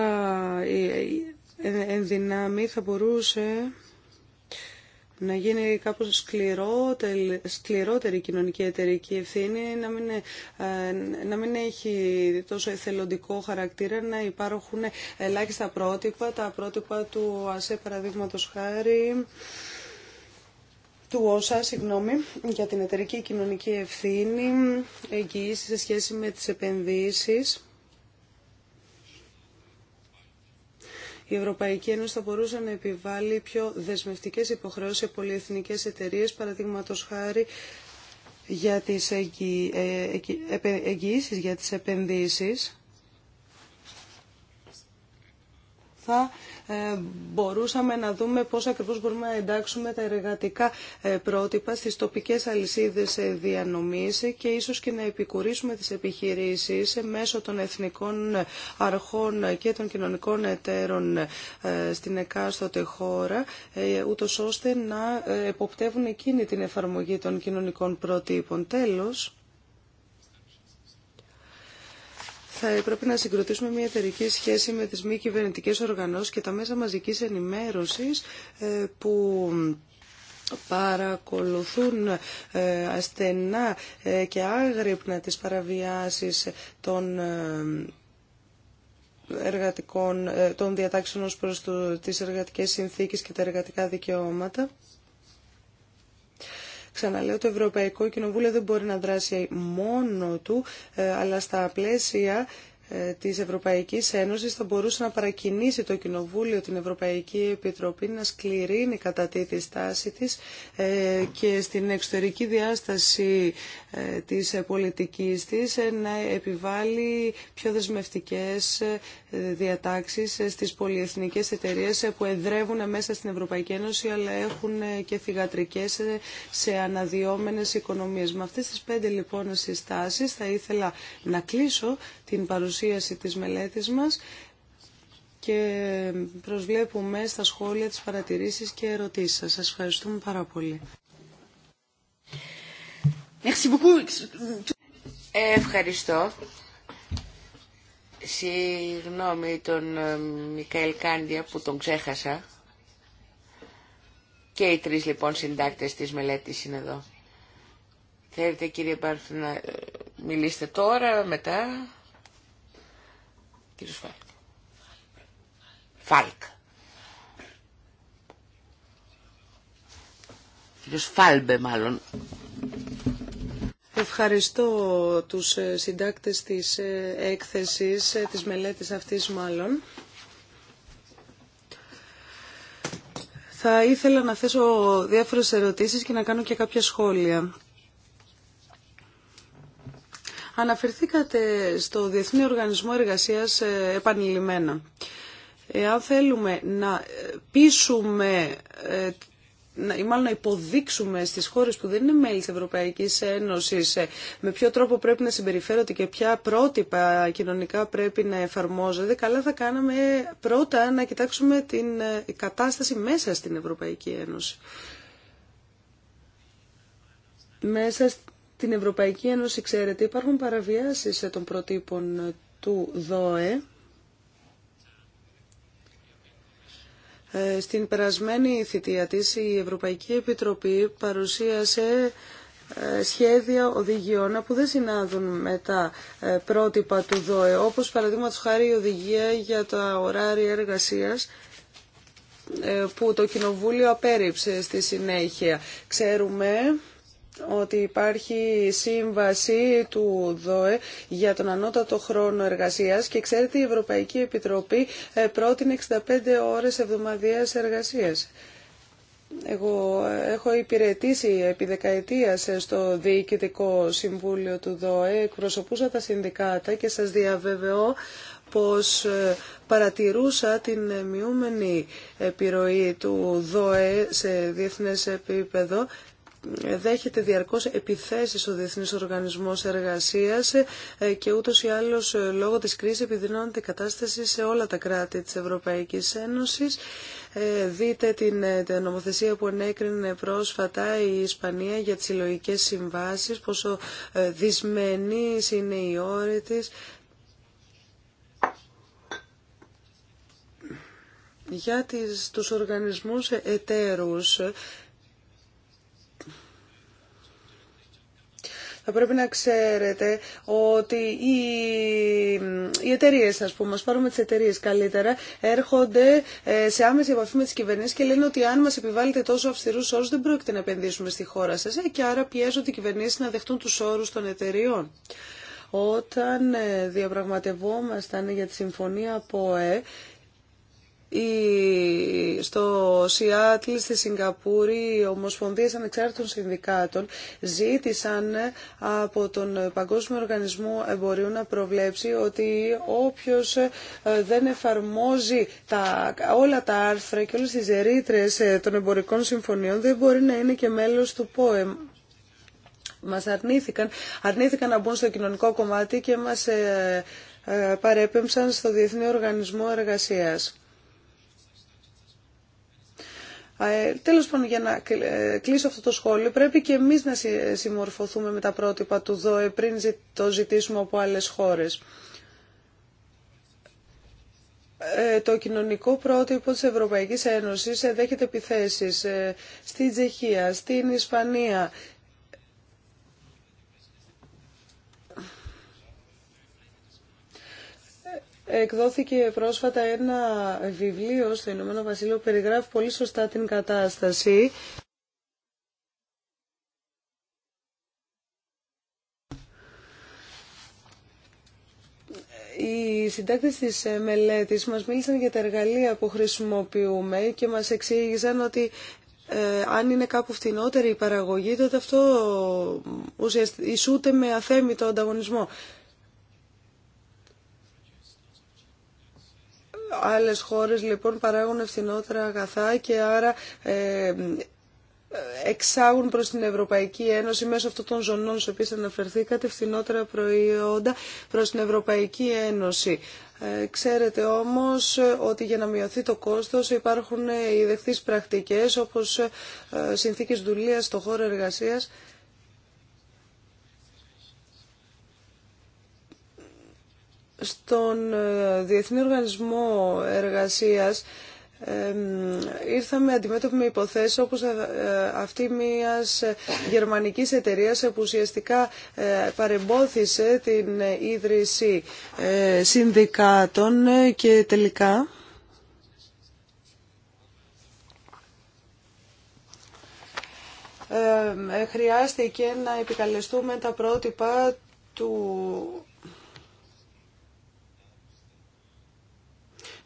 εν δυνάμει θα μπορούσε να γίνει κάπως σκληρότερη, σκληρότερη η κοινωνική εταιρική ευθύνη, να μην, ε, να μην έχει τόσο εθελοντικό χαρακτήρα, να υπάρχουν ελάχιστα πρότυπα, τα πρότυπα του ΑΣΕ παραδείγματο χάρη, του ΩΣΑ, συγγνώμη, για την εταιρική κοινωνική ευθύνη, εγγυήσει σε σχέση με τις επενδύσεις η Ευρωπαϊκή Ένωση θα μπορούσε να επιβάλλει πιο δεσμευτικές υποχρεώσεις σε πολυεθνικές εταιρείες, παραδείγματος χάρη για τις ε, εγγυήσεις, για τις επενδύσεις θα ε, μπορούσαμε να δούμε πώς ακριβώς μπορούμε να εντάξουμε τα εργατικά ε, πρότυπα στις τοπικές αλυσίδες ε, διανομής και ίσως και να επικουρήσουμε τις επιχειρήσεις μέσω των εθνικών αρχών και των κοινωνικών εταίρων στην εκάστοτε χώρα, ούτως ώστε να εποπτεύουν εκείνη την εφαρμογή των κοινωνικών πρότυπων. Τέλος, θα έπρεπε να συγκροτήσουμε μια εταιρική σχέση με τις μη κυβερνητικέ οργανώσεις και τα μέσα μαζικής ενημέρωσης ε, που παρακολουθούν ε, ασθενά ε, και άγρυπνα τις παραβιάσεις των εργατικών, των διατάξεων ως προς το, τις εργατικές συνθήκες και τα εργατικά δικαιώματα. Ξαναλέω, το Ευρωπαϊκό Κοινοβούλιο δεν μπορεί να δράσει μόνο του, ε, αλλά στα πλαίσια της Ευρωπαϊκής Ένωσης θα μπορούσε να παρακινήσει το Κοινοβούλιο την Ευρωπαϊκή Επιτροπή να σκληρύνει κατά τη στάση της ε, και στην εξωτερική διάσταση ε, της πολιτικής της ε, να επιβάλλει πιο δεσμευτικές διατάξεις στις πολυεθνικές εταιρείες που εδρεύουν μέσα στην Ευρωπαϊκή Ένωση αλλά έχουν και θυγατρικές σε αναδυόμενες οικονομίες. Με αυτές τις πέντε λοιπόν συστάσεις θα ήθελα να κλείσω την παρουσίαση της μελέτης μας και προσβλέπουμε στα σχόλια τις παρατηρήσεις και ερωτήσεις σας. Σας ευχαριστούμε πάρα πολύ. Ευχαριστώ. Συγγνώμη τον ε, Μικαήλ Κάντια που τον ξέχασα. Και οι τρεις λοιπόν συντάκτες της μελέτης είναι εδώ. Θέλετε κύριε Μπάρφ να ε, μιλήσετε τώρα, μετά κύριο Φάλκ. Φάλκ. Κύριος Φάλμπε μάλλον. Ευχαριστώ τους ε, συντάκτες της ε, έκθεσης, ε, της μελέτης αυτής μάλλον. Θα ήθελα να θέσω διάφορες ερωτήσεις και να κάνω και κάποια σχόλια. Αναφερθήκατε στο Διεθνή Οργανισμό Εργασίας ε, επανειλημμένα. Εάν θέλουμε να ε, πείσουμε ε, ή μάλλον να υποδείξουμε στις χώρες που δεν είναι μέλη της Ευρωπαϊκής Ένωσης με ποιο τρόπο πρέπει να συμπεριφέρονται και ποια πρότυπα κοινωνικά πρέπει να εφαρμόζονται, καλά θα κάναμε πρώτα να κοιτάξουμε την κατάσταση μέσα στην Ευρωπαϊκή Ένωση. Μέσα την Ευρωπαϊκή Ένωση, ξέρετε, υπάρχουν παραβιάσεις των προτύπων του ΔΟΕ. Ε, στην περασμένη θητεία της η Ευρωπαϊκή Επιτροπή παρουσίασε ε, σχέδια οδηγιών που δεν συνάδουν με τα ε, πρότυπα του ΔΟΕ, όπως παραδείγματο χάρη η οδηγία για τα ωράρια εργασίας που το Κοινοβούλιο απέρριψε στη συνέχεια. Ξέρουμε ότι υπάρχει σύμβαση του ΔΟΕ για τον ανώτατο χρόνο εργασίας και ξέρετε η Ευρωπαϊκή Επιτροπή ε, πρότεινε 65 ώρες εβδομαδιαίας εργασίας. Εγώ ε, έχω υπηρετήσει επί δεκαετία ε, στο Διοικητικό Συμβούλιο του ΔΟΕ, εκπροσωπούσα τα συνδικάτα και σας διαβεβαιώ πως παρατηρούσα την μειούμενη επιρροή του ΔΟΕ σε διεθνές επίπεδο δέχεται διαρκώς επιθέσεις ο Διεθνής Οργανισμός Εργασίας ε, και ούτως ή άλλως ε, λόγω της κρίσης επιδεινώνεται η κατάσταση σε όλα τα κράτη της Ευρωπαϊκής Ένωσης. Ε, δείτε την νομοθεσία που ενέκρινε πρόσφατα η κατασταση σε ολα τα κρατη της ευρωπαικης ενωσης δειτε την νομοθεσια που ανεκρινε προσφατα η ισπανια για τις συλλογικέ συμβάσεις, πόσο δυσμενής είναι η όρη της. Για τις, τους οργανισμούς εταίρους, θα πρέπει να ξέρετε ότι οι, οι εταιρείε, α πούμε, α πάρουμε τι εταιρείε καλύτερα, έρχονται ε, σε άμεση επαφή με τι κυβερνήσει και λένε ότι αν μα επιβάλλετε τόσο αυστηρού όρου, δεν πρόκειται να επενδύσουμε στη χώρα σα. Ε, και άρα πιέζονται οι κυβερνήσει να δεχτούν του όρου των εταιρείων. Όταν ε, διαπραγματευόμασταν για τη συμφωνία από ΕΕ, στο Σιάτλ, στη Σιγκαπούρη, οι Ομοσπονδίες Ανεξάρτητων Συνδικάτων ζήτησαν από τον Παγκόσμιο Οργανισμό Εμπορίου να προβλέψει ότι όποιος ε, δεν εφαρμόζει τα, όλα τα άρθρα και όλες τις ερήτρες ε, των εμπορικών συμφωνιών δεν μπορεί να είναι και μέλος του ΠΟΕΜ μας αρνήθηκαν, αρνήθηκαν να μπουν στο κοινωνικό κομμάτι και μας ε, ε παρέπεμψαν στο Διεθνή Οργανισμό Εργασίας. Ε, τέλος πάντων, για να ε, κλείσω αυτό το σχόλιο, πρέπει και εμείς να συμμορφωθούμε με τα πρότυπα του ΔΟΕ πριν το ζητήσουμε από άλλες χώρες. Ε, το κοινωνικό πρότυπο της Ευρωπαϊκής Ένωσης δέχεται επιθέσεις στη Τσεχία, στην Ισπανία, Εκδόθηκε πρόσφατα ένα βιβλίο στο Ηνωμένο Βασίλειο που περιγράφει πολύ σωστά την κατάσταση. Οι συντάκτες της μελέτης μας μίλησαν για τα εργαλεία που χρησιμοποιούμε και μας εξήγησαν ότι ε, αν είναι κάπου φτηνότερη η παραγωγή τότε αυτό ουσιαστικά ισούται με αθέμητο ανταγωνισμό. Άλλες χώρες λοιπόν παράγουν ευθυνότερα αγαθά και άρα ε, εξάγουν προς την Ευρωπαϊκή Ένωση μέσω αυτών των ζωνών στις οποίες αναφερθήκατε ευθυνότερα προϊόντα προς την Ευρωπαϊκή Ένωση. Ε, ξέρετε όμως ότι για να μειωθεί το κόστος υπάρχουν οι πρακτικές όπως ε, συνθήκες δουλείας στο χώρο εργασίας Στον ε, Διεθνή Οργανισμό Εργασίας ήρθαμε αντιμέτωποι με υποθέσεις όπως ε, αυτή μιας ε, γερμανικής εταιρείας που ουσιαστικά παρεμπόθησε την ίδρυση συνδικάτων και τελικά χρειάστηκε να επικαλεστούμε τα πρότυπα του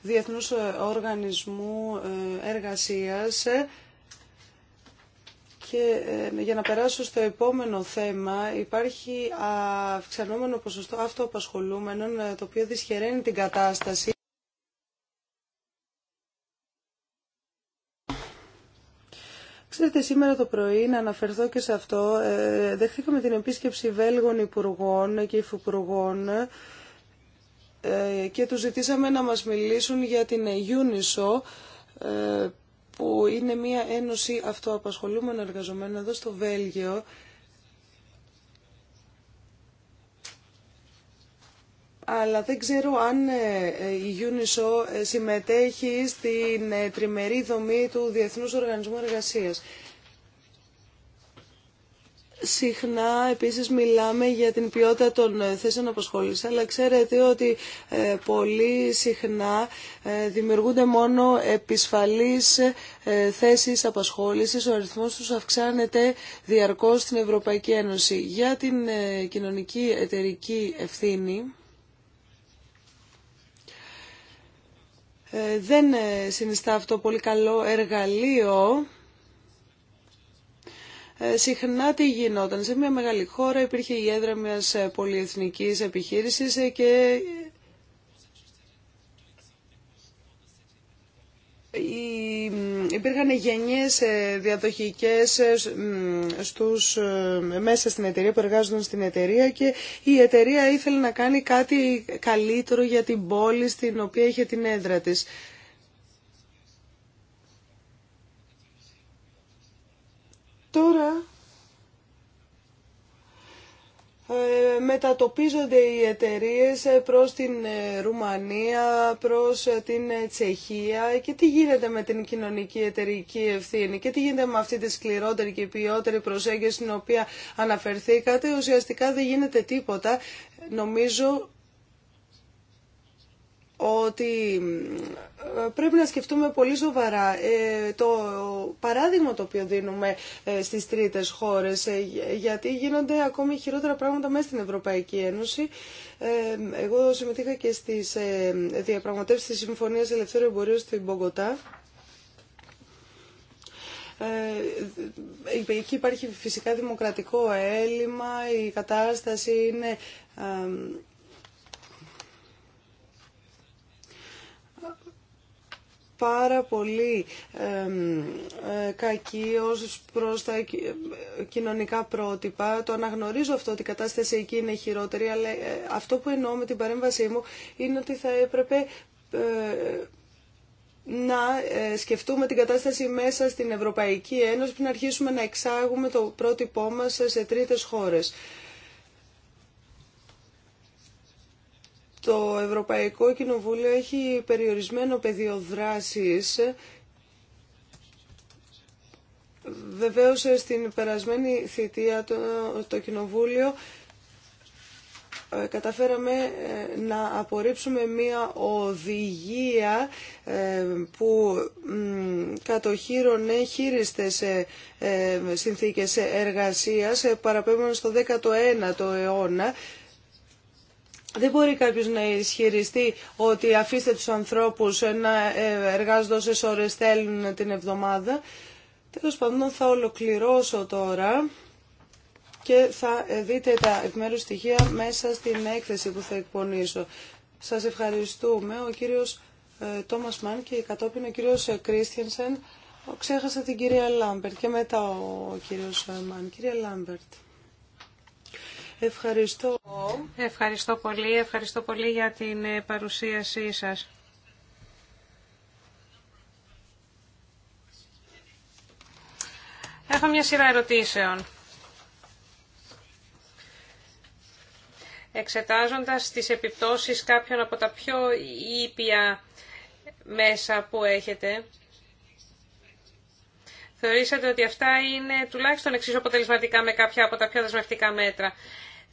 Διεθνούς ε, Οργανισμού ε, Εργασίας και ε, για να περάσω στο επόμενο θέμα, υπάρχει αυξανόμενο ποσοστό αυτοαπασχολούμενων, το οποίο δυσχεραίνει την κατάσταση. Ξέρετε, σήμερα το πρωί, να αναφερθώ και σε αυτό, δεχθήκαμε την επίσκεψη Βέλγων Υπουργών και Υφυπουργών ε, και τους ζητήσαμε να μας μιλήσουν για την UNISO ε, που είναι μια ένωση αυτοαπασχολούμενων εργαζομένων εδώ στο Βέλγιο. αλλά δεν ξέρω αν ε, η UNISO συμμετέχει στην τριμερή δομή του Διεθνούς Οργανισμού Εργασίας. Συχνά επίσης μιλάμε για την ποιότητα των ε, θέσεων απασχόλησης, αλλά ξέρετε ότι ε, πολύ συχνά ε, δημιουργούνται μόνο επισφαλείς θέσεις απασχόλησης. Ο αριθμός τους αυξάνεται διαρκώς στην Ευρωπαϊκή Ένωση. Για την κοινωνική εταιρική ευθύνη, δεν συνιστά αυτό πολύ καλό εργαλείο ε, συχνά τι γινόταν. Σε μια μεγάλη χώρα υπήρχε η έδρα μιας ε, πολυεθνικής επιχείρησης ε, και υπήρχαν γενιές διαδοχικές στους, μέσα στην εταιρεία που εργάζονταν στην εταιρεία και η εταιρεία ήθελε να κάνει κάτι καλύτερο για την πόλη στην οποία είχε την έδρα της. Τώρα ε, μετατοπίζονται οι εταιρείες ε, προς την ε, Ρουμανία, προς την Τσεχία και τι γίνεται με την κοινωνική εταιρική ευθύνη και τι γίνεται με αυτή τη σκληρότερη και ποιότερη προσέγγιση στην οποία αναφερθήκατε. Ουσιαστικά δεν γίνεται τίποτα. Νομίζω ότι ε, πρέπει να σκεφτούμε πολύ σοβαρά ε, το παράδειγμα το οποίο δίνουμε ε, στις τρίτες χώρες γιατί γίνονται ακόμη χειρότερα πράγματα μέσα στην Ευρωπαϊκή Ένωση. Εγώ συμμετείχα και στις διαπραγματεύσεις της Συμφωνίας Ελευθέρου Εμπορίου στην Μπογκοτά εκεί υπάρχει φυσικά δημοκρατικό έλλειμμα, η κατάσταση είναι πάρα πολύ ε, κακή ως προς τα ε, κοινωνικά πρότυπα. Το αναγνωρίζω αυτό ότι η κατάσταση εκεί είναι χειρότερη, αλλά ε, αυτό που εννοώ με την παρέμβασή μου είναι ότι θα έπρεπε να σκεφτούμε την κατάσταση μέσα στην Ευρωπαϊκή Ένωση πριν αρχίσουμε να εξάγουμε το πρότυπό μας σε τρίτες χώρες. Το Ευρωπαϊκό Κοινοβούλιο έχει περιορισμένο πεδίο δράσης Βεβαίως στην περασμένη θητεία το, Κοινοβούλιο ε, καταφέραμε ε, να απορρίψουμε μία οδηγία ε, που κατοχύρωνε χείριστες συνθήκες εργασίας παραπέμποντας στο 19ο αιώνα δεν μπορεί κάποιος να ισχυριστεί ότι αφήστε τους ανθρώπους να ε, εργάζονται όσες ώρες θέλουν την εβδομάδα. Τέλος πάντων θα ολοκληρώσω τώρα και θα ε, δείτε τα επιμέρους στοιχεία μέσα στην έκθεση που θα εκπονήσω. Σας ευχαριστούμε. Ο κύριος ε, Τόμας Μαν και κατόπιν ο κύριος Κρίστιανσεν. Ξέχασα την κυρία Λάμπερτ και μετά ο κύριος Μαν. Κυρία Λάμπερτ. Ευχαριστώ. Ευχαριστώ πολύ. Ευχαριστώ πολύ για την ε, παρουσίασή σας. Έχω μια σειρά ερωτήσεων. Εξετάζοντας τις επιπτώσεις κάποιων από τα πιο ήπια μέσα που έχετε, θεωρήσατε ότι αυτά είναι τουλάχιστον εξίσου αποτελεσματικά με κάποια από τα πιο δεσμευτικά μέτρα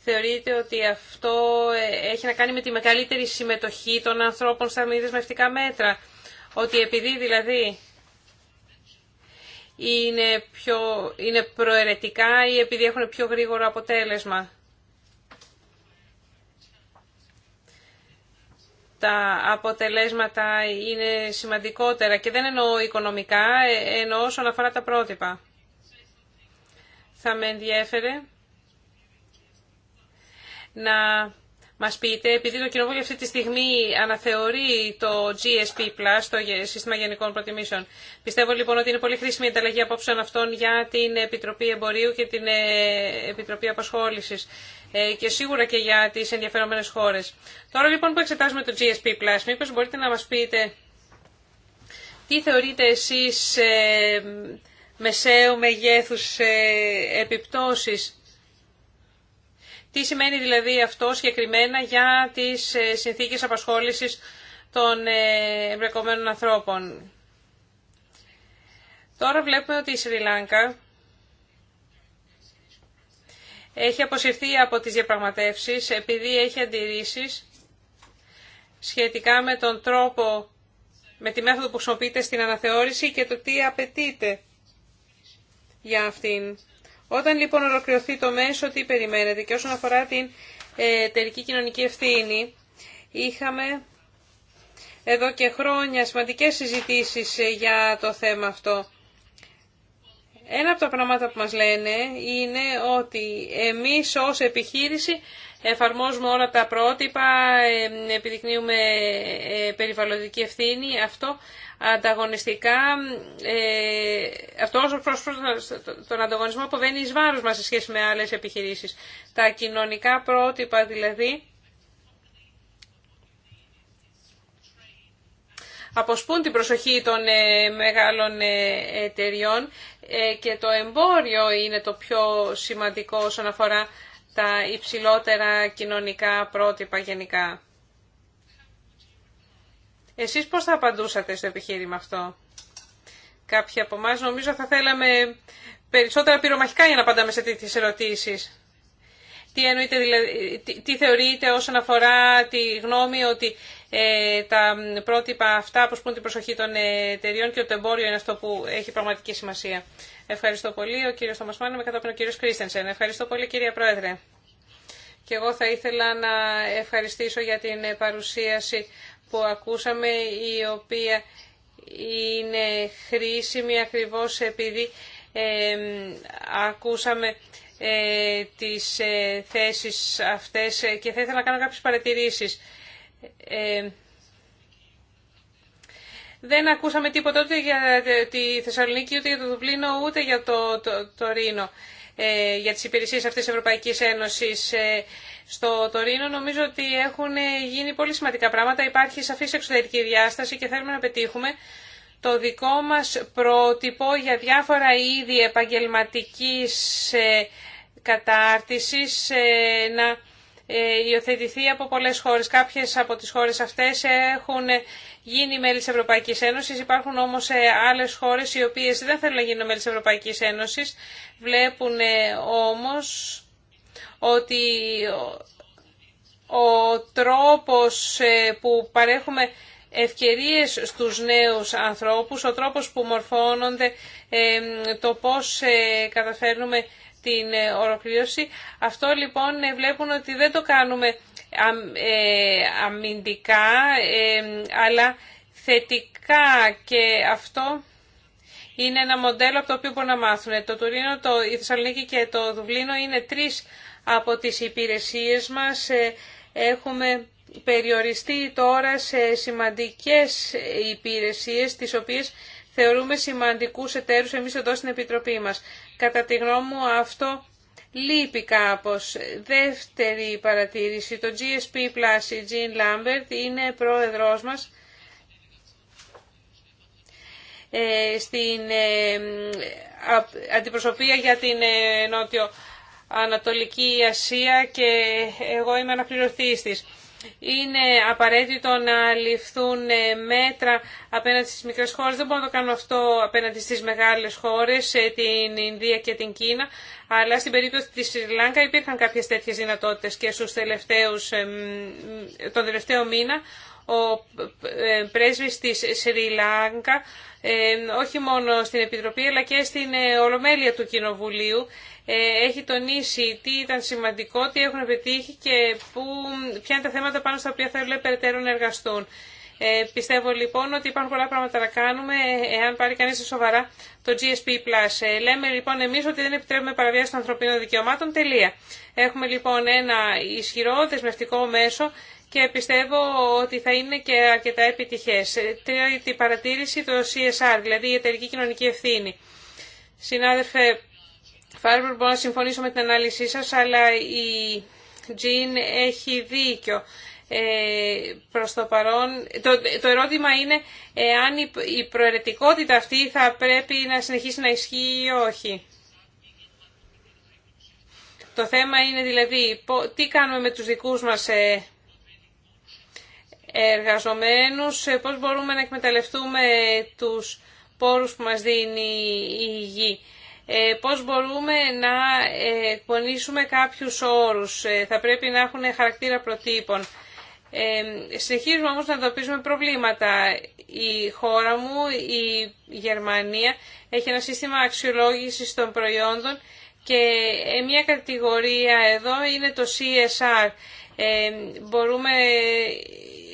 θεωρείτε ότι αυτό ε, έχει να κάνει με τη μεγαλύτερη συμμετοχή των ανθρώπων στα μη μέτρα. Ότι επειδή δηλαδή είναι, πιο, είναι προαιρετικά ή επειδή έχουν πιο γρήγορο αποτέλεσμα. τα αποτελέσματα είναι σημαντικότερα και δεν εννοώ οικονομικά, ε, εννοώ όσον αφορά τα πρότυπα. Θα με ενδιέφερε να μας πείτε, επειδή το Κοινοβούλιο αυτή τη στιγμή αναθεωρεί το GSP+, το Σύστημα Γενικών Προτιμήσεων. Πιστεύω λοιπόν ότι είναι πολύ χρήσιμη η ανταλλαγή απόψεων αυτών για την Επιτροπή Εμπορίου και την ε, Επιτροπή Απασχόλησης ε, και σίγουρα και για τις ενδιαφερόμενες χώρες. Τώρα λοιπόν που εξετάζουμε το GSP+, μήπως μπορείτε να μας πείτε τι θεωρείτε εσείς ε, μεσαίου μεγέθους επιπτώσεις τι σημαίνει δηλαδή αυτό συγκεκριμένα για τις ε, συνθήκες απασχόλησης των ε, εμπλεκομένων ανθρώπων. Τώρα βλέπουμε ότι η Σρι Λάγκα έχει αποσυρθεί από τις διαπραγματεύσεις επειδή έχει αντιρρήσεις σχετικά με τον τρόπο, με τη μέθοδο που χρησιμοποιείται στην αναθεώρηση και το τι απαιτείται για αυτήν. Όταν λοιπόν ολοκληρωθεί το μέσο, τι περιμένετε. Και όσον αφορά την εταιρική κοινωνική ευθύνη, είχαμε εδώ και χρόνια σημαντικές συζητήσεις ε, για το θέμα αυτό. Ένα από τα πράγματα που μας λένε είναι ότι εμείς ως επιχείρηση εφαρμόζουμε όλα τα πρότυπα, επιδεικνύουμε ε, περιβαλλοντική ευθύνη. Αυτό ανταγωνιστικά, ε, αυτό όσο προς τον ανταγωνισμό αποβαίνει εις βάρος μας σε σχέση με άλλες επιχειρήσεις. Τα κοινωνικά πρότυπα δηλαδή αποσπούν την προσοχή των ε, μεγάλων εταιριών και το εμπόριο είναι το πιο σημαντικό όσον αφορά τα υψηλότερα κοινωνικά πρότυπα γενικά. Εσείς πώς θα απαντούσατε στο επιχείρημα αυτό. Κάποιοι από εμά νομίζω θα θέλαμε περισσότερα πυρομαχικά για να απαντάμε σε τέτοιες ερωτήσεις. Τι, εννοείτε, δηλαδή, τι, τι θεωρείτε όσον αφορά τη γνώμη ότι ε, τα πρότυπα αυτά αποσπούν την προσοχή των εταιριών και το εμπόριο είναι αυτό που έχει πραγματική σημασία. Ευχαριστώ πολύ. Ο κύριος Θωμασμάνο με κατόπιν ο κύριος Κρίστενσεν. Ευχαριστώ πολύ κύριε Πρόεδρε. Και εγώ θα ήθελα να ευχαριστήσω για την παρουσίαση που ακούσαμε η οποία είναι χρήσιμη ακριβώς επειδή ε, ακούσαμε ε, τις ε, θέσεις αυτές και θα ήθελα να κάνω κάποιες παρατηρήσεις. Ε, δεν ακούσαμε τίποτα ούτε για τη Θεσσαλονίκη, ούτε για το Δουβλίνο, ούτε για το, το, το Ρήνο. Ε, για τις υπηρεσίες αυτής της Ευρωπαϊκής Ένωσης ε, στο Τωρίνο νομίζω ότι έχουν γίνει πολύ σημαντικά πράγματα. Υπάρχει σαφής εξωτερική διάσταση και θέλουμε να πετύχουμε το δικό μας πρότυπο για διάφορα είδη επαγγελματικής ε, κατάρτισης να ε, υιοθετηθεί από πολλές χώρες. Κάποιες από τις χώρες αυτές έχουν γίνει μέλη της Ευρωπαϊκής Ένωσης. Υπάρχουν όμως ε, άλλες χώρες οι οποίες δεν θέλουν να γίνουν μέλη της Ευρωπαϊκής Ένωσης. Βλέπουν ε, όμως ότι ο τρόπος που παρέχουμε ευκαιρίες στους νέους ανθρώπους, ο τρόπος που μορφώνονται, το πώς καταφέρνουμε την ε, ολοκλήρωση. Αυτό λοιπόν ε, βλέπουν ότι δεν το κάνουμε ε, αμυντικά αλλά θετικά και αυτό είναι ένα μοντέλο από το οποίο μπορούν να μάθουν. Το Τουρίνο, το, η Θεσσαλονίκη και το Δουβλίνο είναι τρεις από τις υπηρεσίες μας. Έχουμε περιοριστεί τώρα σε σημαντικές υπηρεσίες τις οποίες θεωρούμε σημαντικούς εταίρους εμείς εδώ στην Επιτροπή μας. Κατά τη γνώμη μου αυτό λείπει κάπως. Δεύτερη παρατήρηση, το GSP Plus, η Jean Lambert είναι πρόεδρός μας ε, στην ε, αντιπροσωπεία για την ε, Νότιο Ανατολική Ασία και εγώ είμαι αναπληρωθής της είναι απαραίτητο να ληφθούν ε, μέτρα απέναντι στις μικρές χώρες. Δεν μπορώ να το κάνω αυτό απέναντι στις μεγάλες χώρες, ε, την Ινδία και την Κίνα, αλλά στην περίπτωση της Σρι υπήρχαν κάποιες τέτοιες δυνατότητες και στους τελευταίους, ε, τον τελευταίο μήνα ο ε, πρέσβης της Σρι Λάγκα, ε, όχι μόνο στην Επιτροπή αλλά και στην ε, Ολομέλεια του Κοινοβουλίου, έχει τονίσει τι ήταν σημαντικό, τι έχουν πετύχει και που, ποια είναι τα θέματα πάνω στα οποία θέλουν περαιτέρω να εργαστούν. Ε, πιστεύω λοιπόν ότι υπάρχουν πολλά πράγματα να κάνουμε εάν πάρει κανεί σοβαρά το GSP+. Ε, λέμε λοιπόν εμεί ότι δεν επιτρέπουμε παραβίαση των ανθρωπίνων δικαιωμάτων. Τελεία. Έχουμε λοιπόν ένα ισχυρό δεσμευτικό μέσο και πιστεύω ότι θα είναι και αρκετά επιτυχές. Τρίτη παρατήρηση, το CSR, δηλαδή η εταιρική κοινωνική ευθύνη. Συνάδελφε Φάρμπερ, μπορώ να συμφωνήσω με την ανάλυση σας, αλλά η Τζιν έχει δίκιο. Ε, προς το παρόν, το, το ερώτημα είναι αν η, η προαιρετικότητα αυτή θα πρέπει να συνεχίσει να ισχύει ή όχι. Το θέμα είναι δηλαδή τι κάνουμε με τους δικούς μας ε, εργαζομένους, πώς μπορούμε να εκμεταλλευτούμε τους πόρους που μας δίνει η γη. Ε, πώς μπορούμε να εκπονήσουμε κάποιους όρους. Ε, θα πρέπει να έχουν χαρακτήρα προτύπων. Ε, συνεχίζουμε όμως να εντοπίζουμε προβλήματα. Η χώρα μου, η Γερμανία, έχει ένα σύστημα αξιολόγησης των προϊόντων και ε, μια κατηγορία εδώ είναι το CSR. μπορούμε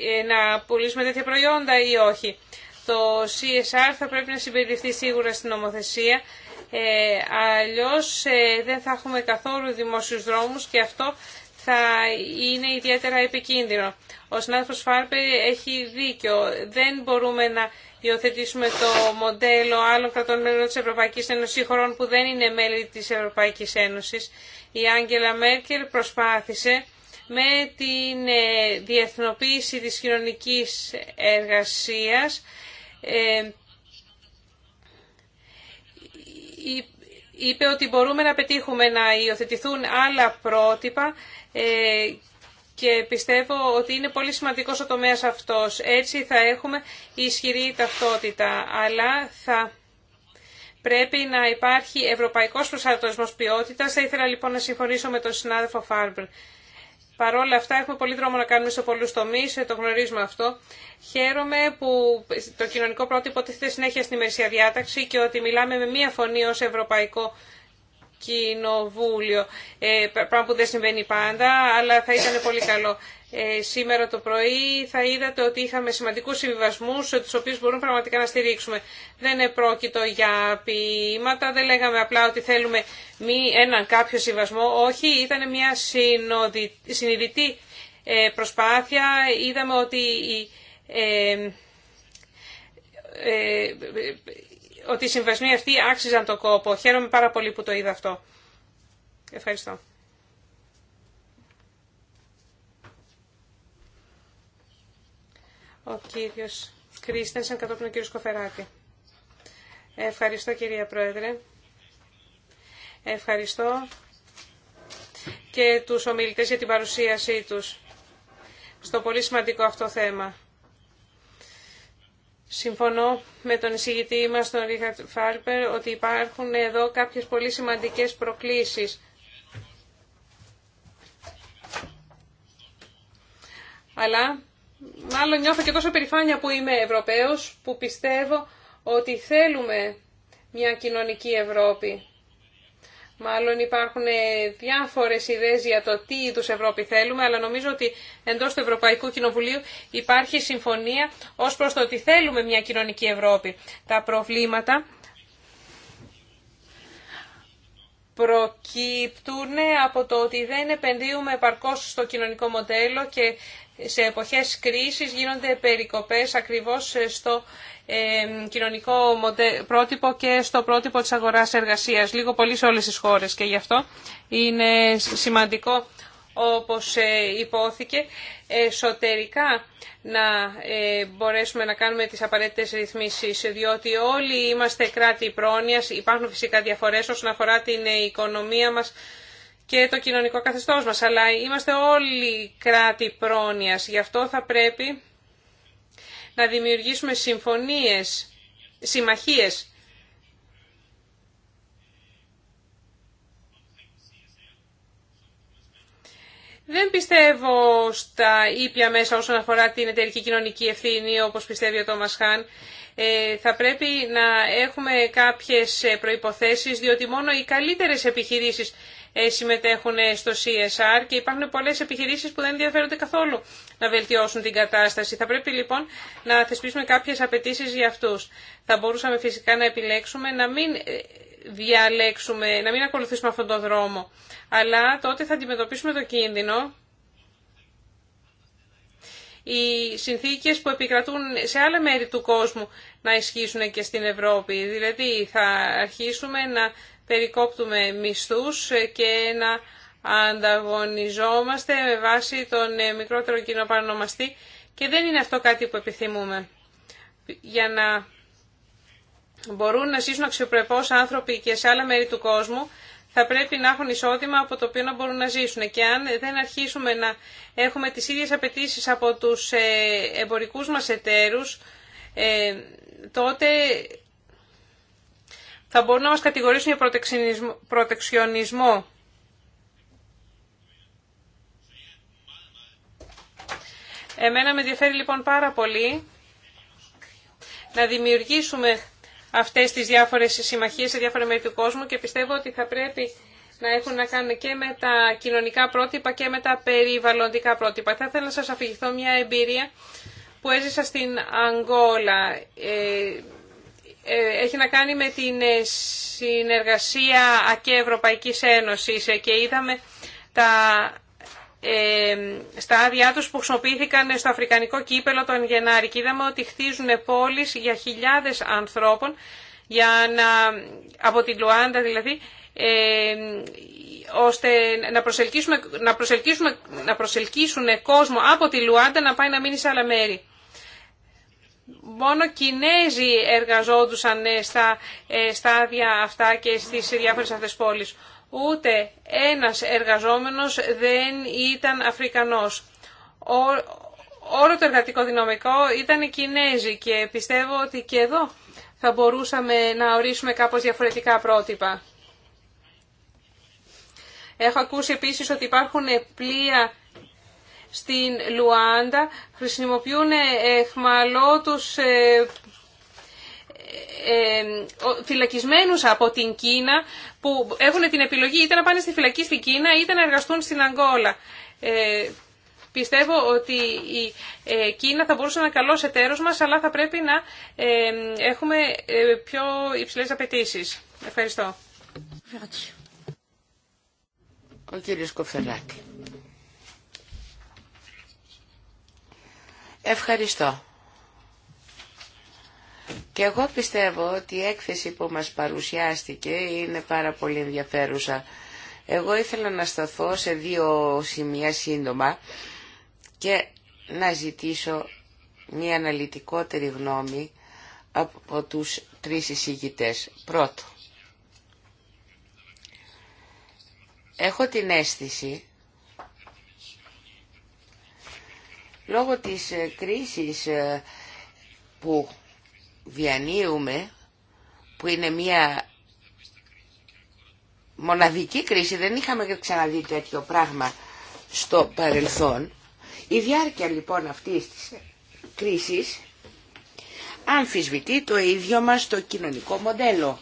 ε, να πουλήσουμε τέτοια προϊόντα ή όχι. Το CSR θα πρέπει να συμπεριληφθεί σίγουρα στην νομοθεσία, ε, αλλιώς ε, δεν θα έχουμε καθόλου δημόσιους δρόμους και αυτό θα είναι ιδιαίτερα επικίνδυνο. Ο συνάδελφος Φάρπερ έχει δίκιο. Δεν μπορούμε να υιοθετήσουμε το μοντέλο άλλων κρατών μέλων της Ευρωπαϊκής Ένωσης χωρών που δεν είναι μέλη της Ευρωπαϊκής Ένωσης. Η Άγγελα Μέρκελ προσπάθησε με την ε, διεθνοποίηση της κοινωνικής εργασίας. Ε, είπε ότι μπορούμε να πετύχουμε να υιοθετηθούν άλλα πρότυπα ε, και πιστεύω ότι είναι πολύ σημαντικός ο τομέας αυτός. Έτσι θα έχουμε ισχυρή ταυτότητα, αλλά θα πρέπει να υπάρχει ευρωπαϊκός προσαρτοσμός ποιότητας. Θα ήθελα λοιπόν να συμφωνήσω με τον συνάδελφο Φάρμπρ. Παρόλα αυτά έχουμε πολύ δρόμο να κάνουμε σε πολλούς τομείς, ε, το γνωρίζουμε αυτό. Χαίρομαι που το κοινωνικό πρότυπο τίθεται συνέχεια στην ημερησία διάταξη και ότι μιλάμε με μία φωνή ως Ευρωπαϊκό Κοινοβούλιο. Ε, πράγμα που δεν συμβαίνει πάντα, αλλά θα ήταν πολύ καλό. Ε, σήμερα το πρωί θα είδατε ότι είχαμε σημαντικούς συμβιβασμούς, ε, του οποίους μπορούμε πραγματικά να στηρίξουμε. Δεν πρόκειτο για ποίηματα, δεν λέγαμε απλά ότι θέλουμε μη έναν κάποιο συμβασμό. Όχι, ήταν μια συνοδη, συνειδητή ε, προσπάθεια. Είδαμε ότι... Η, ε, ε ότι οι συμβασμοί αυτοί άξιζαν τον κόπο. Χαίρομαι πάρα πολύ που το είδα αυτό. Ευχαριστώ. Ο κύριος Κρίστενσεν κατόπιν ο κύριος Κοφεράτη. Ευχαριστώ κυρία Πρόεδρε. Ευχαριστώ και τους ομιλητές για την παρουσίασή τους στο πολύ σημαντικό αυτό θέμα. Συμφωνώ με τον εισηγητή μας, τον Ρίχαρτ Φάρπερ, ότι υπάρχουν εδώ κάποιες πολύ σημαντικές προκλήσεις. Αλλά μάλλον νιώθω και τόσο περηφάνεια που είμαι Ευρωπαίος, που πιστεύω ότι θέλουμε μια κοινωνική Ευρώπη. Μάλλον υπάρχουν ε, διάφορες ιδέες για το τι είδου Ευρώπη θέλουμε, αλλά νομίζω ότι εντός του Ευρωπαϊκού Κοινοβουλίου υπάρχει συμφωνία ως προς το ότι θέλουμε μια κοινωνική Ευρώπη. Τα προβλήματα προκύπτουν από το ότι δεν επενδύουμε επαρκώς στο κοινωνικό μοντέλο και σε εποχές κρίσης γίνονται περικοπές ακριβώς στο κοινωνικό πρότυπο και στο πρότυπο της αγοράς εργασίας, λίγο πολύ σε όλες τις χώρες και γι' αυτό είναι σημαντικό όπως ε, υπόθηκε, εσωτερικά να ε, μπορέσουμε να κάνουμε τις απαραίτητες ρυθμίσεις, διότι όλοι είμαστε κράτη πρόνοιας, υπάρχουν φυσικά διαφορές όσον αφορά την ε, οικονομία μας, και το κοινωνικό καθεστώς μας, αλλά είμαστε όλοι κράτη πρόνοιας. Γι' αυτό θα πρέπει να δημιουργήσουμε συμφωνίες, συμμαχίες. Δεν πιστεύω στα ήπια μέσα όσον αφορά την εταιρική κοινωνική ευθύνη, όπως πιστεύει ο Τόμας Χάν. Ε, θα πρέπει να έχουμε κάποιες προϋποθέσεις, διότι μόνο οι καλύτερες επιχειρήσεις ε, συμμετέχουν ε, στο CSR και υπάρχουν πολλές επιχειρήσεις που δεν ενδιαφέρονται καθόλου να βελτιώσουν την κατάσταση. Θα πρέπει λοιπόν να θεσπίσουμε κάποιες απαιτήσει για αυτούς. Θα μπορούσαμε φυσικά να επιλέξουμε να μην ε, διαλέξουμε, να μην ακολουθήσουμε αυτόν τον δρόμο. Αλλά τότε θα αντιμετωπίσουμε το κίνδυνο οι συνθήκες που επικρατούν σε άλλα μέρη του κόσμου να ισχύσουν και στην Ευρώπη. Δηλαδή θα αρχίσουμε να περικόπτουμε μισθούς ε, και να ανταγωνιζόμαστε με βάση τον ε, μικρότερο κοινό παρονομαστή και δεν είναι αυτό κάτι που επιθυμούμε. Για να μπορούν να ζήσουν αξιοπρεπώς άνθρωποι και σε άλλα μέρη του κόσμου, θα πρέπει να έχουν εισόδημα από το οποίο να μπορούν να ζήσουν. Και αν δεν αρχίσουμε να έχουμε τις ίδιες απαιτήσει από τους ε, εμπορικούς μας εταίρους, τότε θα μπορούν να μας κατηγορήσουν για προτεξιονισμό. Εμένα με ενδιαφέρει λοιπόν πάρα πολύ να δημιουργήσουμε αυτές τις διάφορες συμμαχίες σε διάφορα μέρη του κόσμου και πιστεύω ότι θα πρέπει να έχουν να κάνουν και με τα κοινωνικά πρότυπα και με τα περιβαλλοντικά πρότυπα. Θα ήθελα να σας αφηγηθώ μια εμπειρία που έζησα στην Αγγόλα. Ε, ε, έχει να κάνει με την ε, συνεργασία και Ευρωπαϊκής Ένωσης ε, και είδαμε τα στάδια τους που χρησιμοποιήθηκαν στο Αφρικανικό Κύπελο τον Γενάρη και είδαμε ότι χτίζουν πόλεις για χιλιάδες ανθρώπων για να, από την Λουάντα δηλαδή ώστε να, να, να προσελκύσουν κόσμο από τη Λουάντα να πάει να μείνει σε άλλα μέρη. Μόνο Κινέζοι εργαζόντουσαν ε, στα ε, στάδια αυτά και στις διάφορες αυτές πόλεις. Ούτε ένας εργαζόμενος δεν ήταν Αφρικανός. Όλο το εργατικό δυναμικό ήταν Κινέζοι και πιστεύω ότι και εδώ θα μπορούσαμε να ορίσουμε κάπως διαφορετικά πρότυπα. Έχω ακούσει επίσης ότι υπάρχουν πλοία στην Λουάντα χρησιμοποιούν ε, εχμαλώτους ε, ε, φυλακισμένους από την Κίνα που έχουν την επιλογή είτε να πάνε στη φυλακή στην Κίνα είτε να εργαστούν στην Αγγόλα. Πιστεύω ότι η Κίνα θα μπορούσε να είναι καλός εταίρος μας, αλλά θα πρέπει να έχουμε πιο υψηλές απαιτήσει. Ευχαριστώ. Ο κύριος Κοφεράκη. Ευχαριστώ. Και εγώ πιστεύω ότι η έκθεση που μας παρουσιάστηκε είναι πάρα πολύ ενδιαφέρουσα. Εγώ ήθελα να σταθώ σε δύο σημεία σύντομα και να ζητήσω μια αναλυτικότερη γνώμη από τους τρεις εισηγητές. Πρώτο, έχω την αίσθηση Λόγω της ε, κρίσης ε, που διανύουμε, που είναι μια μοναδική κρίση, δεν είχαμε ξαναδεί τέτοιο πράγμα στο παρελθόν, η διάρκεια λοιπόν αυτής της κρίσης αμφισβητεί το ίδιο μας το κοινωνικό μοντέλο.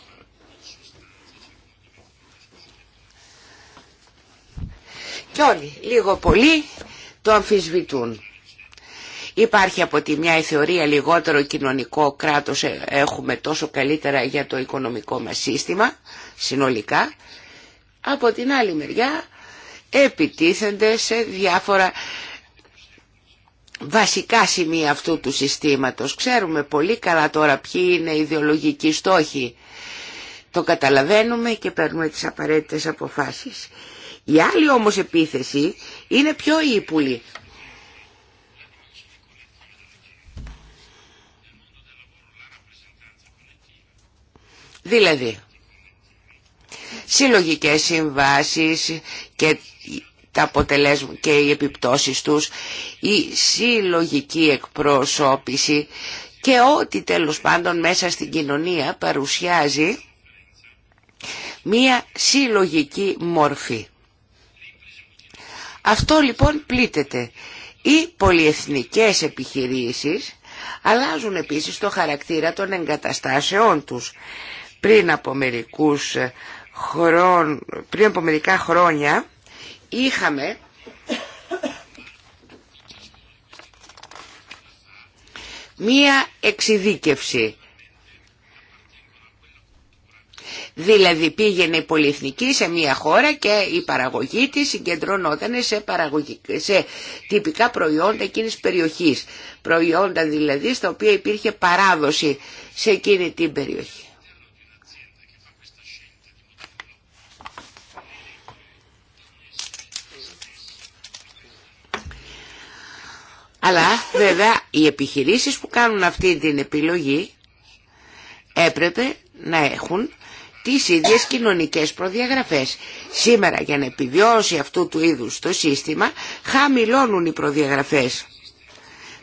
Και όλοι λίγο πολύ το αμφισβητούν. Υπάρχει από τη μια η θεωρία λιγότερο κοινωνικό κράτος ε, έχουμε τόσο καλύτερα για το οικονομικό μας σύστημα συνολικά. Από την άλλη μεριά επιτίθενται σε διάφορα βασικά σημεία αυτού του συστήματος. Ξέρουμε πολύ καλά τώρα ποιοι είναι οι ιδεολογικοί στόχοι. Το καταλαβαίνουμε και παίρνουμε τις απαραίτητες αποφάσεις. Η άλλη όμως επίθεση είναι πιο ύπουλη. Δηλαδή, συλλογικές συμβάσεις και τα αποτελέσματα και οι επιπτώσεις τους, η συλλογική εκπρόσωπηση και ό,τι τέλος πάντων μέσα στην κοινωνία παρουσιάζει μία συλλογική μορφή. Αυτό λοιπόν πλήττεται. Οι πολυεθνικές επιχειρήσεις αλλάζουν επίσης το χαρακτήρα των εγκαταστάσεών τους πριν από, μερικούς ε, χρόν, πριν από μερικά χρόνια είχαμε μία εξειδίκευση. Δηλαδή πήγαινε η πολυεθνική σε μία χώρα και η παραγωγή της συγκεντρωνόταν σε, σε τυπικά προϊόντα εκείνης περιοχής. Προϊόντα δηλαδή στα οποία υπήρχε παράδοση σε εκείνη την περιοχή. Αλλά βέβαια οι επιχειρήσεις που κάνουν αυτή την επιλογή έπρεπε να έχουν τις ίδιες κοινωνικές προδιαγραφές. Σήμερα για να επιβιώσει αυτού του είδους το σύστημα χαμηλώνουν οι προδιαγραφές.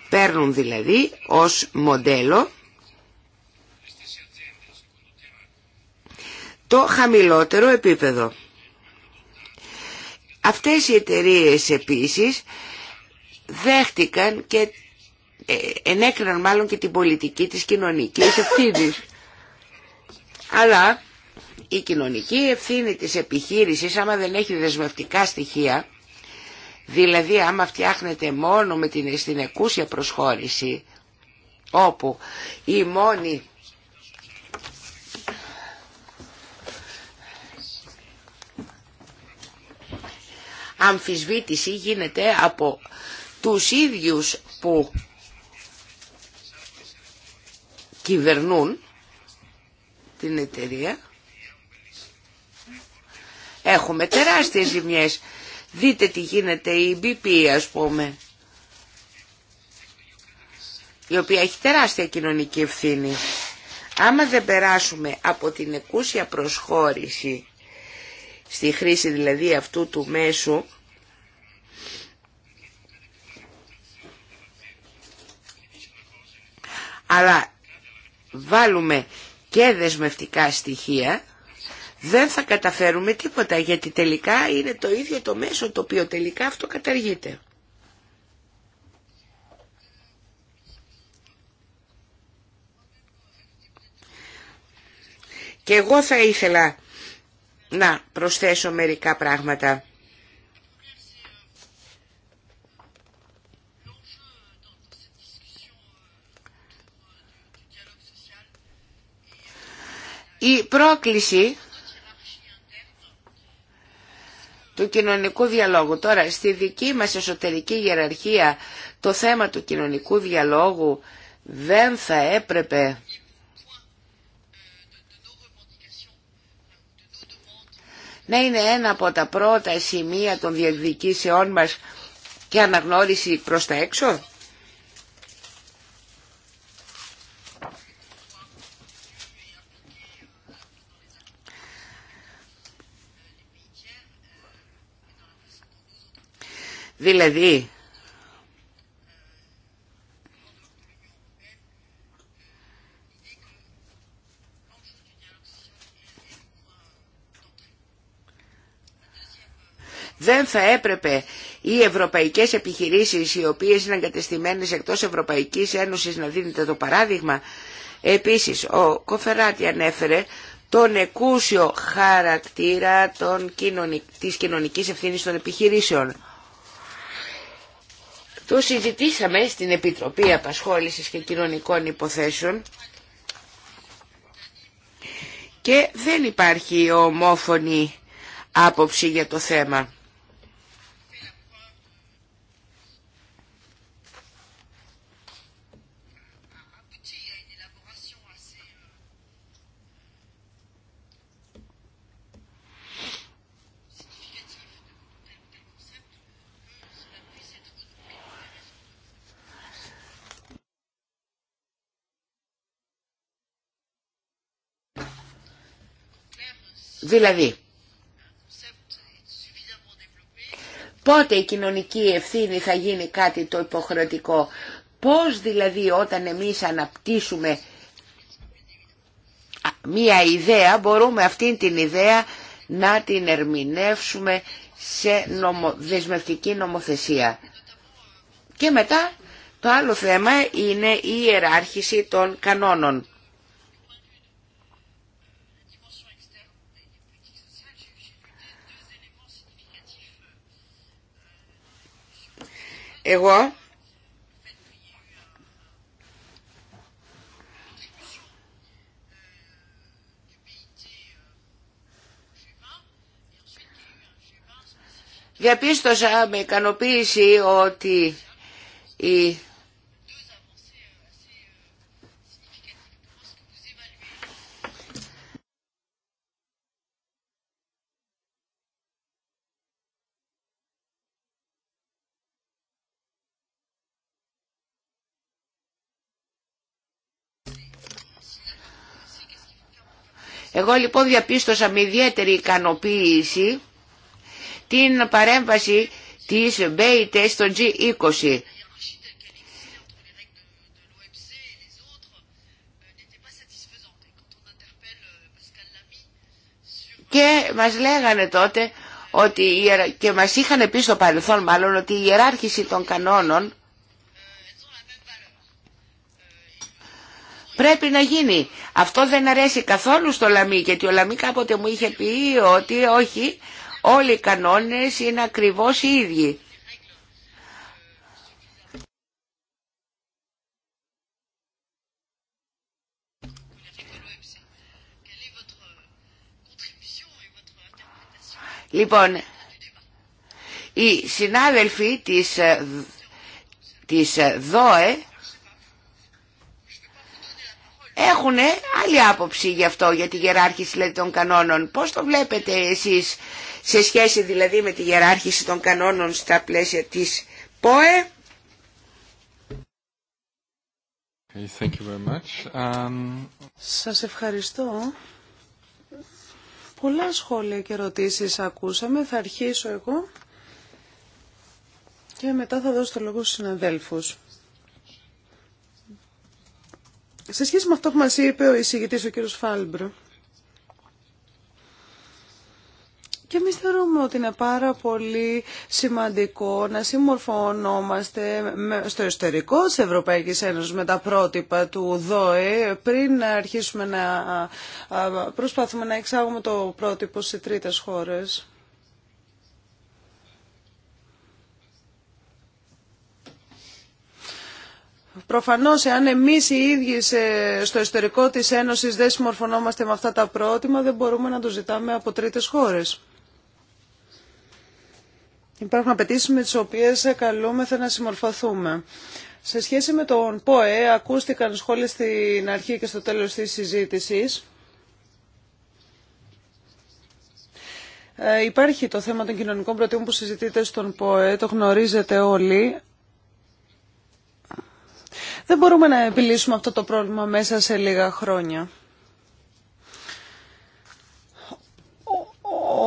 Παίρνουν δηλαδή ως μοντέλο το χαμηλότερο επίπεδο. Αυτές οι εταιρείες επίσης δέχτηκαν και ε, ενέκριναν μάλλον και την πολιτική της κοινωνικής ευθύνης. Αλλά η κοινωνική ευθύνη της επιχείρησης άμα δεν έχει δεσμευτικά στοιχεία, δηλαδή άμα φτιάχνεται μόνο με την, στην εκούσια προσχώρηση, όπου η μόνη αμφισβήτηση γίνεται από τους ίδιους που κυβερνούν την εταιρεία. Έχουμε τεράστιες ζημιές. Δείτε τι γίνεται η BP ας πούμε, η οποία έχει τεράστια κοινωνική ευθύνη. Άμα δεν περάσουμε από την εκούσια προσχώρηση, στη χρήση δηλαδή αυτού του μέσου, αλλά βάλουμε και δεσμευτικά στοιχεία, δεν θα καταφέρουμε τίποτα, γιατί τελικά είναι το ίδιο το μέσο το οποίο τελικά αυτό καταργείται. Και εγώ θα ήθελα να προσθέσω μερικά πράγματα. Η πρόκληση του κοινωνικού διαλόγου. Τώρα, στη δική μας εσωτερική ιεραρχία, το θέμα του κοινωνικού διαλόγου δεν θα έπρεπε να είναι ένα από τα πρώτα σημεία των διεκδικήσεών μας και αναγνώριση προς τα έξω. Δηλαδή, δεν θα έπρεπε οι ευρωπαϊκές επιχειρήσεις οι οποίες είναι εγκατεστημένες εκτός Ευρωπαϊκής Ένωσης να δίνεται το παράδειγμα. Επίσης, ο Κοφεράτη ανέφερε τον εκούσιο χαρακτήρα των κοινωνικ... της κοινωνικής ευθύνης των επιχειρήσεων. Το συζητήσαμε στην Επιτροπή Απασχόλησης και Κοινωνικών Υποθέσεων και δεν υπάρχει ομόφωνη άποψη για το θέμα. Δηλαδή, πότε η κοινωνική ευθύνη θα γίνει κάτι το υποχρεωτικό. Πώς δηλαδή όταν εμείς αναπτύσσουμε μία ιδέα μπορούμε αυτήν την ιδέα να την ερμηνεύσουμε σε νομο, δεσμευτική νομοθεσία. Και μετά το άλλο θέμα είναι η ιεράρχηση των κανόνων. Εγώ διαπίστωσα με ικανοποίηση ότι η Εγώ λοιπόν διαπίστωσα με ιδιαίτερη ικανοποίηση την παρέμβαση της ΜΠΕΙΤΕ στο G20. Και μας λέγανε τότε ότι, και μας είχαν πει στο παρελθόν μάλλον ότι η ιεράρχηση των κανόνων Πρέπει να γίνει. Αυτό δεν αρέσει καθόλου στο Λαμί, γιατί ο λαμί κάποτε μου είχε πει ότι όχι, όλοι οι κανόνες είναι ακριβώς οι ίδιοι. Λοιπόν, οι συνάδελφοι της, ε, της ΔΟΕ έχουν άλλη άποψη γι' αυτό, για τη γεράρχηση δηλαδή, των κανόνων. Πώς το βλέπετε εσείς σε σχέση δηλαδή με τη γεράρχηση των κανόνων στα πλαίσια της ΠΟΕ. Okay, thank you very much. Um... Σας ευχαριστώ. Πολλά σχόλια και ερωτήσεις ακούσαμε. Θα αρχίσω εγώ και μετά θα δώσω το λόγο στους συναδέλφους. Σε σχέση με αυτό που μας είπε ο εισηγητής ο κύριος Φάλμπρο, Και εμεί θεωρούμε ότι είναι πάρα πολύ σημαντικό να συμμορφωνόμαστε στο εσωτερικό της Ευρωπαϊκής Ένωσης με τα πρότυπα του ΔΟΕ πριν να αρχίσουμε να προσπαθούμε να εξάγουμε το πρότυπο σε τρίτες χώρες. Προφανώς, εάν εμείς οι ίδιοι ε, στο ιστορικό της Ένωσης δεν συμμορφωνόμαστε με αυτά τα πρότυπα, δεν μπορούμε να το ζητάμε από τρίτες χώρες. Υπάρχουν απαιτήσει με τις οποίες καλούμεθα να συμμορφωθούμε. Σε σχέση με τον ΠΟΕ, ακούστηκαν σχόλια στην αρχή και στο τέλος της συζήτησης. Ε, υπάρχει το θέμα των κοινωνικών προτύπων που συζητείτε στον ΠΟΕ, το γνωρίζετε όλοι. Δεν μπορούμε να επιλύσουμε αυτό το πρόβλημα μέσα σε λίγα χρόνια.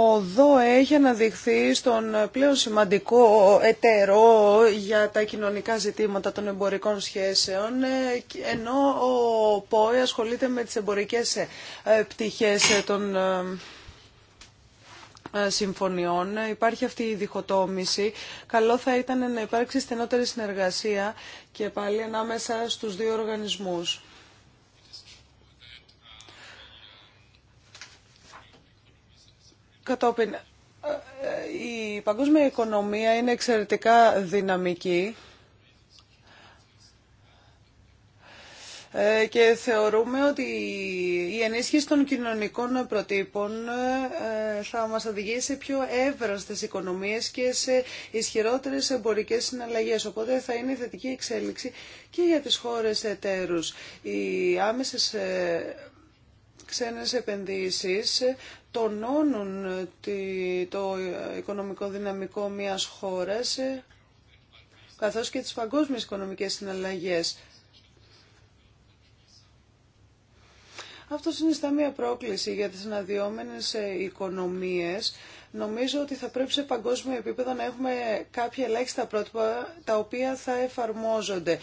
Ο ΔΟΕ έχει αναδειχθεί στον πλέον σημαντικό εταιρό για τα κοινωνικά ζητήματα των εμπορικών σχέσεων, ε, ενώ ο ΠΟΕ ασχολείται με τις εμπορικές ε, πτυχές ε, των ε, συμφωνιών. Υπάρχει αυτή η διχοτόμηση. Καλό θα ήταν να υπάρξει στενότερη συνεργασία και πάλι ανάμεσα στους δύο οργανισμούς. Κατόπιν, ε, ε, η παγκόσμια οικονομία είναι εξαιρετικά δυναμική. Ε, και θεωρούμε ότι η ενίσχυση των κοινωνικών προτύπων ε, θα μας οδηγήσει σε πιο εύραστες οικονομίες και σε ισχυρότερες εμπορικές συναλλαγές. Οπότε θα είναι θετική εξέλιξη και για τις χώρες εταίρους. Οι άμεσες ε, ξένες επενδύσεις τονώνουν το οικονομικό δυναμικό μιας χώρας καθώς και τις παγκόσμιες οικονομικές συναλλαγές. Αυτό είναι μία πρόκληση για τις αναδυόμενες ε, οικονομίες. Νομίζω ότι θα πρέπει σε παγκόσμιο επίπεδο να έχουμε κάποια ελάχιστα πρότυπα τα οποία θα εφαρμόζονται.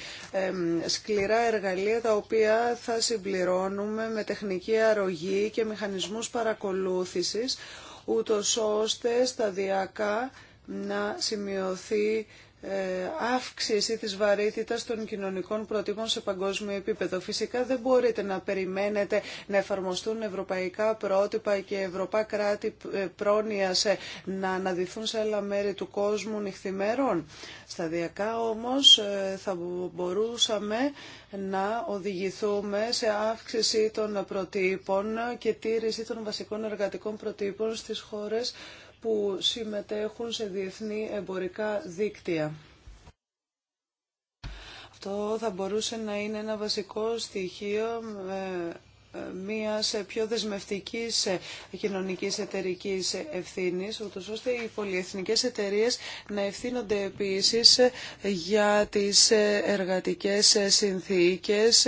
Σκληρά εργαλεία τα οποία θα συμπληρώνουμε με τεχνική αρρωγή και μηχανισμούς παρακολούθησης ούτως ώστε σταδιακά να σημειωθεί ε, αύξηση της βαρύτητας των κοινωνικών προτύπων σε παγκόσμιο επίπεδο. Φυσικά δεν μπορείτε να περιμένετε να εφαρμοστούν ευρωπαϊκά πρότυπα και ευρωπαϊκά κράτη ε, πρόνοιας να αναδυθούν σε άλλα μέρη του κόσμου νυχθημερών. Σταδιακά όμως ε, θα μπορούσαμε να οδηγηθούμε σε αύξηση των προτύπων και τήρηση των βασικών εργατικών προτύπων στις χώρες που συμμετέχουν σε διεθνή εμπορικά δίκτυα. Αυτό θα μπορούσε να είναι ένα βασικό στοιχείο ε, ε, μιας πιο δεσμευτικής ε, κοινωνικής εταιρικής ευθύνης, ούτως ώστε οι πολυεθνικές εταιρείες να ευθύνονται επίσης για τις εργατικές συνθήκες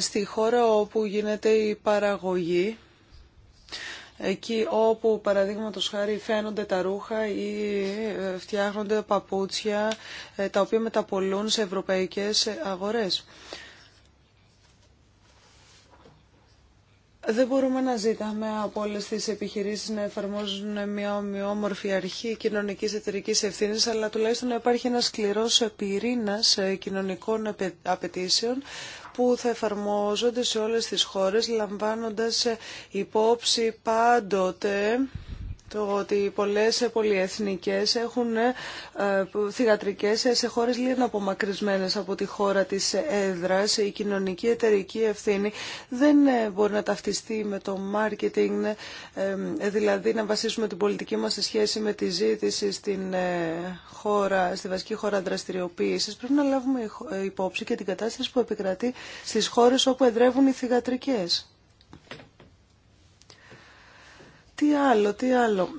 στη χώρα όπου γίνεται η παραγωγή εκεί όπου παραδείγματο χάρη φαίνονται τα ρούχα ή ε, φτιάχνονται παπούτσια ε, τα οποία μεταπολούν σε ευρωπαϊκές ε, αγορές. Δεν μπορούμε να ζητάμε από όλε τι επιχειρήσει να εφαρμόζουν μια ομοιόμορφη αρχή κοινωνική εταιρική ευθύνη, αλλά τουλάχιστον να υπάρχει ένα σκληρό πυρήνα ε, κοινωνικών απαιτήσεων που θα εφαρμόζονται σε όλες τις χώρες λαμβάνοντας ε, υπόψη πάντοτε το ότι πολλές πολυεθνικές έχουν ε, θηγατρικές σε χώρες λίγο απομακρυσμένες από τη χώρα της έδρας. Η κοινωνική εταιρική ευθύνη δεν ε, μπορεί να ταυτιστεί με το μάρκετινγκ, ε, δηλαδή να βασίσουμε την πολιτική μας σε σχέση με τη ζήτηση στην χώρα, στη βασική χώρα δραστηριοποίησης. Πρέπει να λάβουμε υπόψη και την κατάσταση που επικρατεί στις χώρες όπου εδρεύουν οι θηγατρικές. Τι άλλο, τι άλλο.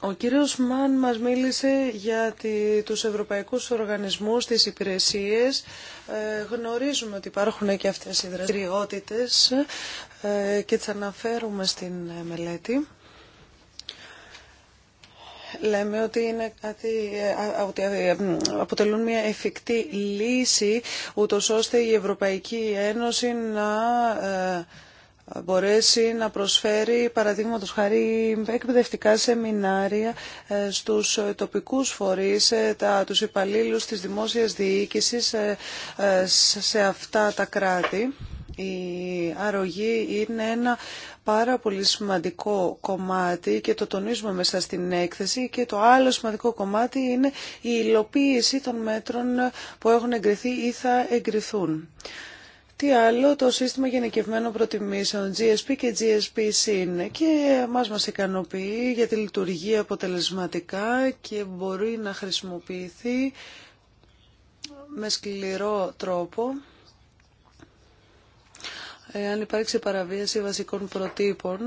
Ο κύριος Μαν μας μίλησε για τη, τους ευρωπαϊκούς οργανισμούς, τις υπηρεσίες. Ε, γνωρίζουμε ότι υπάρχουν και αυτές οι δραστηριότητες ε, και τις αναφέρουμε στην ε, μελέτη. Λέμε ότι, είναι κάτι, ότι αποτελούν μια εφικτή λύση, ούτως ώστε η Ευρωπαϊκή Ένωση να μπορέσει να προσφέρει παραδείγματος χάρη εκπαιδευτικά σεμινάρια ε, στους τοπικούς φορείς, ε, τα, τους υπαλλήλους της δημόσιας διοίκησης ε, σε αυτά τα κράτη. Η αρρωγή είναι ένα πάρα πολύ σημαντικό κομμάτι και το τονίζουμε μέσα στην έκθεση και το άλλο σημαντικό κομμάτι είναι η υλοποίηση των μέτρων που έχουν εγκριθεί ή θα εγκριθούν. Τι άλλο, το σύστημα γενικευμένων προτιμήσεων, GSP και GSP συν και μας μας ικανοποιεί τη λειτουργία αποτελεσματικά και μπορεί να χρησιμοποιηθεί με σκληρό τρόπο αν υπάρξει παραβίαση βασικών προτύπων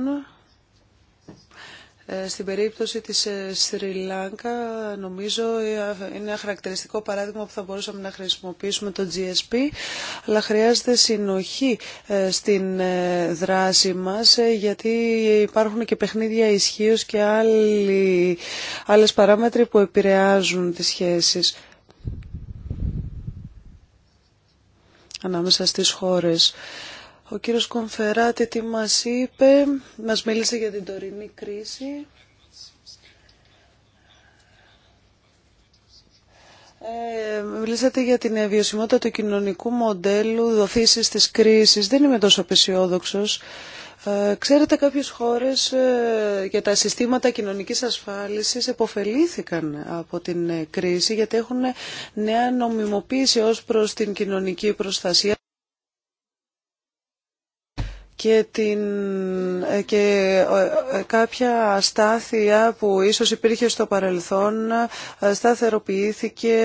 ε, στην περίπτωση της ε, Σρι Λάγκα, νομίζω ε, είναι ένα χαρακτηριστικό παράδειγμα που θα μπορούσαμε να χρησιμοποιήσουμε το GSP, αλλά χρειάζεται συνοχή στην δράση μας, γιατί υπάρχουν και παιχνίδια ισχύω και άλλοι, άλλες παράμετροι που επηρεάζουν τις σχέσεις ανάμεσα στις χώρες. Ο κύριος Κομφεράτη τι μας είπε, μας μίλησε για την τωρινή κρίση. Ε, μιλήσατε για την βιωσιμότητα του κοινωνικού μοντέλου, δοθήσεις της κρίσης. Δεν είμαι τόσο απεσιόδοξος. Ε, ξέρετε κάποιες χώρες ε, για τα συστήματα κοινωνικής ασφάλισης επωφελήθηκαν από την κρίση γιατί έχουν νέα νομιμοποίηση ως προς την κοινωνική προστασία και, την, ε, και ε, ε, κάποια αστάθεια που ίσως υπήρχε στο παρελθόν σταθεροποιήθηκε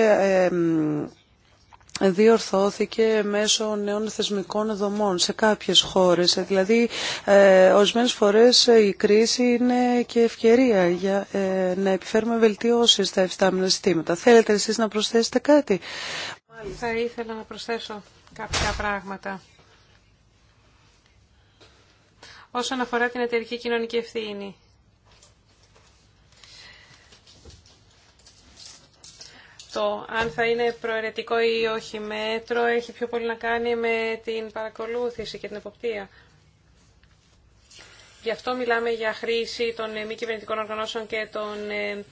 διορθώθηκε μέσω νέων θεσμικών δομών σε κάποιες χώρες. Δηλαδή, ε, ορισμένες φορές η κρίση είναι και ευκαιρία για να επιφέρουμε βελτιώσεις στα ευστάμινα συστήματα. Θέλετε εσείς να προσθέσετε κάτι? Θα ήθελα να προσθέσω κάποια πράγματα όσον αφορά την εταιρική κοινωνική ευθύνη. Το αν θα είναι προαιρετικό ή όχι μέτρο έχει πιο πολύ να κάνει με την παρακολούθηση και την εποπτεία. Γι' αυτό μιλάμε για χρήση των ε, μη κυβερνητικών οργανώσεων και των ε,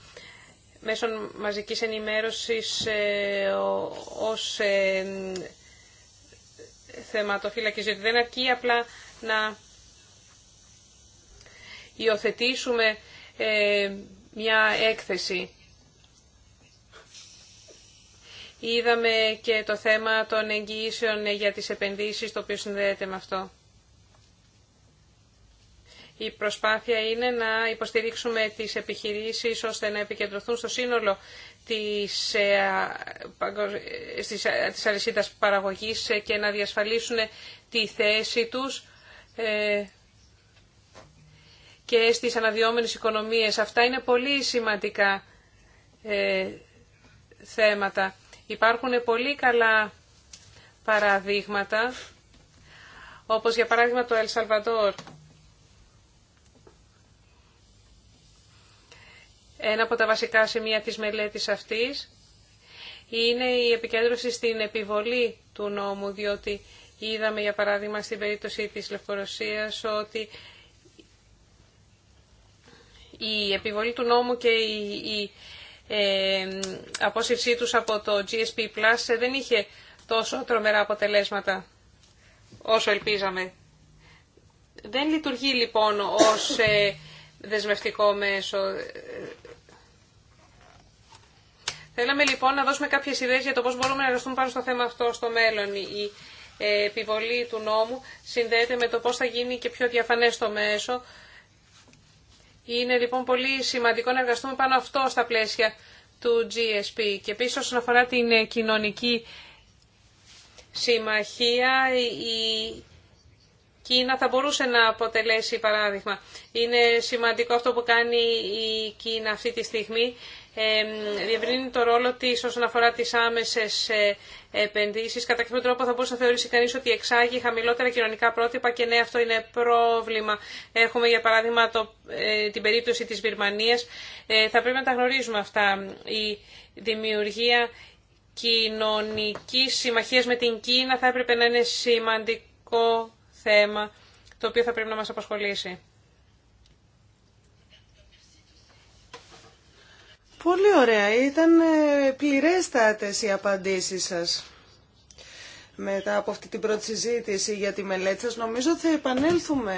μέσων μαζικής ενημέρωσης ε, ως θεματοφύλακης, δεν αρκεί απλά να υιοθετήσουμε ε, μια έκθεση. Είδαμε και το θέμα των εγγυήσεων για τις επενδύσεις, το οποίο συνδέεται με αυτό. Η προσπάθεια είναι να υποστηρίξουμε τις επιχειρήσεις ώστε να επικεντρωθούν στο σύνολο της, ε, ε, της αλυσίδας παραγωγής και να διασφαλίσουν τη θέση τους και στις αναδυόμενες οικονομίες. Αυτά είναι πολύ σημαντικά ε, θέματα. Υπάρχουν πολύ καλά παραδείγματα, όπως για παράδειγμα το Ελσαλβαδόρ. Ένα από τα βασικά σημεία της μελέτης αυτής είναι η επικέντρωση στην επιβολή του νόμου, διότι είδαμε για παράδειγμα στην περίπτωση της Λευκορωσίας ότι η επιβολή του νόμου και η ε, απόσυρσή τους από το GSP Plus ε, δεν είχε τόσο τρομερά αποτελέσματα όσο ελπίζαμε. Δεν λειτουργεί λοιπόν ως ε, δεσμευτικό μέσο. Θέλαμε λοιπόν να δώσουμε κάποιες ιδέες για το πώς μπορούμε να εργαστούμε πάνω στο θέμα αυτό στο μέλλον. Η επιβολή του νόμου συνδέεται με το πώς θα γίνει και πιο διαφανές το μέσο, είναι λοιπόν πολύ σημαντικό να εργαστούμε πάνω αυτό στα πλαίσια του GSP. Και επίσης όσον αφορά την ε, κοινωνική συμμαχία, η Κίνα θα μπορούσε να αποτελέσει παράδειγμα. Είναι σημαντικό αυτό που κάνει η Κίνα αυτή τη στιγμή διευρύνει το ρόλο τη όσον αφορά τις άμεσες ε, επενδύσεις. Κατά κάποιο τρόπο θα μπορούσε να θεωρήσει κανεί ότι εξάγει χαμηλότερα κοινωνικά πρότυπα και ναι αυτό είναι πρόβλημα. Έχουμε για παράδειγμα το, ε, την περίπτωση της Βυρμανίας. Ε, θα πρέπει να τα γνωρίζουμε αυτά. Η δημιουργία κοινωνική συμμαχία με την Κίνα θα έπρεπε να είναι σημαντικό θέμα το οποίο θα πρέπει να μας απασχολήσει. Πολύ ωραία. Ήταν ε, πληρέστατες οι απαντήσει σας μετά από αυτή την πρώτη συζήτηση για τη μελέτη σας. Νομίζω ότι θα επανέλθουμε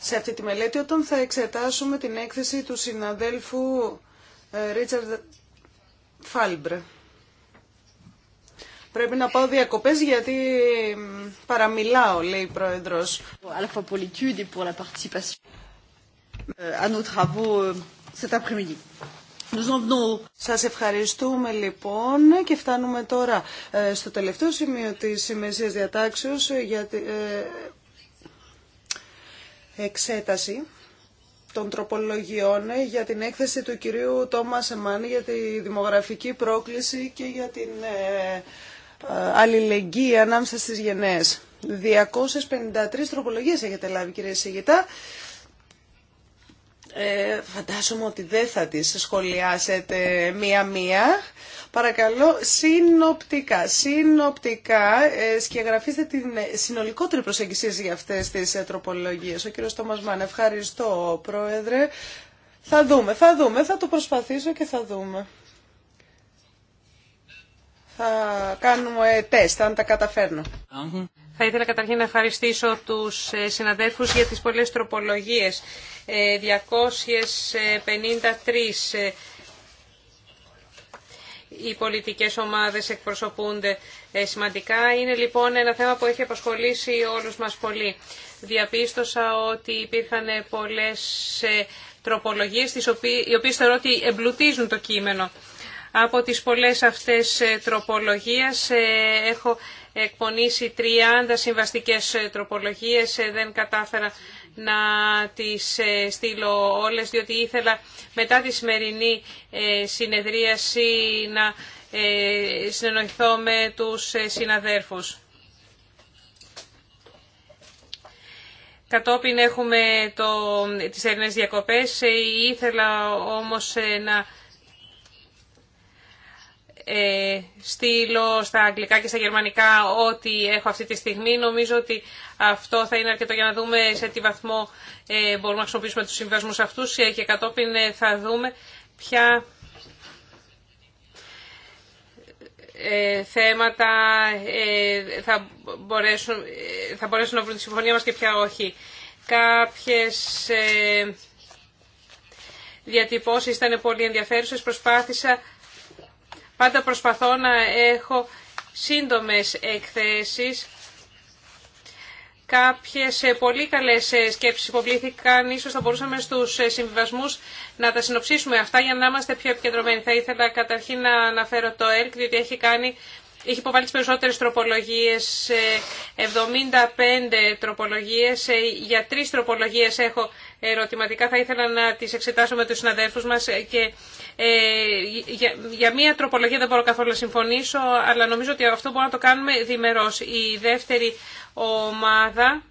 σε αυτή τη μελέτη όταν θα εξετάσουμε την έκθεση του συναδέλφου ε, Ρίτσαρντ Φάλμπρε. Πρέπει να πάω διακοπές γιατί παραμιλάω, λέει η Πρόεδρος. À σας ευχαριστούμε λοιπόν και φτάνουμε τώρα ε, στο τελευταίο σημείο της ημερησίας διατάξεως για την ε, εξέταση των τροπολογιών για την έκθεση του κυρίου Τόμα Σεμάνη για τη δημογραφική πρόκληση και για την ε, αλληλεγγύη ανάμεσα στις γενναίες. 253 τροπολογίες έχετε λάβει κύριε Σιγητά. Ε, φαντάζομαι ότι δεν θα τις σχολιάσετε μία-μία. Παρακαλώ, συνοπτικά, συνοπτικά ε, σκιαγραφίστε την συνολικότερη προσέγγιση για αυτές τις ε, τροπολογίες. Ο κύριος Τόμας Μάν, ευχαριστώ πρόεδρε. Θα δούμε, θα δούμε, θα το προσπαθήσω και θα δούμε. Θα κάνουμε τεστ, αν τα καταφέρνω. Θα ήθελα καταρχήν να ευχαριστήσω τους ε, συναδέλφους για τις πολλές τροπολογίες. 253 ε, ε, οι πολιτικές ομάδες εκπροσωπούνται σημαντικά. Είναι λοιπόν ένα θέμα που έχει απασχολήσει όλους μας πολύ. Διαπίστωσα ότι υπήρχαν πολλές τροπολογίες οι οποίες θεωρώ ότι εμπλουτίζουν το κείμενο. Από τις πολλές αυτές τροπολογίες έχω εκπονήσει 30 συμβαστικές ε, τροπολογίες. Ε, δεν κατάφερα να τις ε, στείλω όλες, διότι ήθελα μετά τη σημερινή συνεδρίαση να συνενοηθώ με τους συναδέρφους. Κατόπιν έχουμε το, τις ερνές διακοπές. Ήθελα όμως να ε, στείλω στα αγγλικά και στα γερμανικά ό,τι έχω αυτή τη στιγμή. Νομίζω ότι αυτό θα είναι αρκετό για να δούμε σε τι βαθμό ε, μπορούμε να χρησιμοποιήσουμε τους συμβασμούς αυτούς ε, και κατόπιν θα δούμε ποια θέματα θα, μπορέσουν, θα μπορέσουν να βρουν τη συμφωνία μας και ποια όχι. Κάποιες διατυπώσεις ήταν πολύ ενδιαφέρουσες. Προσπάθησα Πάντα προσπαθώ να έχω σύντομες εκθέσεις. Κάποιες ε, πολύ καλές ε, σκέψεις υποβλήθηκαν, ίσως θα μπορούσαμε στους ε, συμβιβασμούς να τα συνοψίσουμε αυτά για να είμαστε πιο επικεντρωμένοι. Θα ήθελα καταρχήν να αναφέρω το ΕΡΚ, διότι έχει κάνει έχει υποβάλει τις περισσότερες τροπολογίες, 75 ε, τροπολογίες. Ε, για τρεις τροπολογίες έχω ερωτηματικά. Θα ήθελα να τις εξετάσω με τους συναδέλφους μας. Ε, και για, μία τροπολογία δεν μπορώ καθόλου να συμφωνήσω, αλλά νομίζω ότι αυτό μπορούμε να το κάνουμε διμερώς. Η δεύτερη ομάδα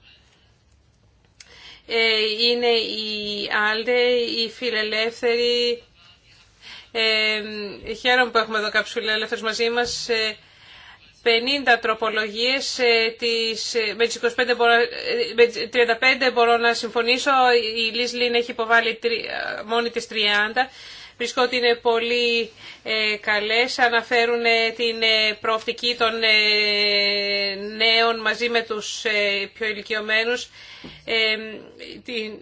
είναι η Άλτε, η Φιλελεύθερη. Ε, χαίρομαι που έχουμε εδώ κάποιους φιλελεύθερους μαζί μας. 50 τροπολογίες, ε, ε, με τις 35 ε, μπορώ να συμφωνήσω, η Λίσλιν έχει υποβάλει μόνη τις 30. Βρίσκω ότι είναι πολύ ε, καλές, αναφέρουν την ε, προοπτική των νέων μαζί με τους πιο ηλικιωμένους. την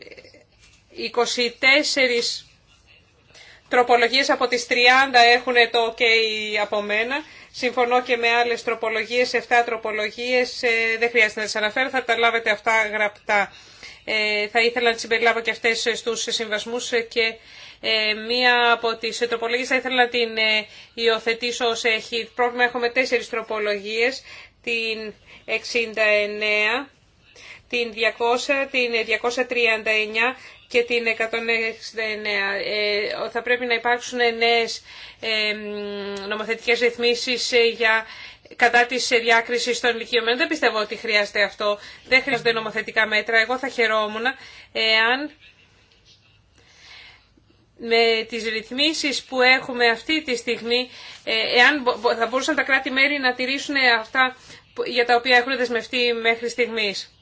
24 Τροπολογίες από τις 30 έχουν το OK από μένα. Συμφωνώ και με άλλες τροπολογίες, 7 τροπολογίες, ε, δεν χρειάζεται να τις αναφέρω, θα τα λάβετε αυτά γραπτά. Ε, θα ήθελα να συμπεριλάβω και αυτές στους συμβασμούς και ε, μία από τις τροπολογίες θα ήθελα να την υιοθετήσω όσο έχει. Πρόβλημα έχουμε τέσσερις τροπολογίες, την 69, την 200, την 239, και την 169. Ε, θα πρέπει να υπάρξουν νέες ε, νομοθετικές ρυθμίσεις ε, για κατά τη διάκριση των ηλικιωμένων. Δεν πιστεύω ότι χρειάζεται αυτό. Δεν χρειάζονται νομοθετικά μέτρα. Εγώ θα χαιρόμουν εάν με τις ρυθμίσεις που έχουμε αυτή τη στιγμή, εάν θα μπορούσαν τα κράτη-μέρη να τηρήσουν αυτά για τα οποία έχουν δεσμευτεί μέχρι στιγμής.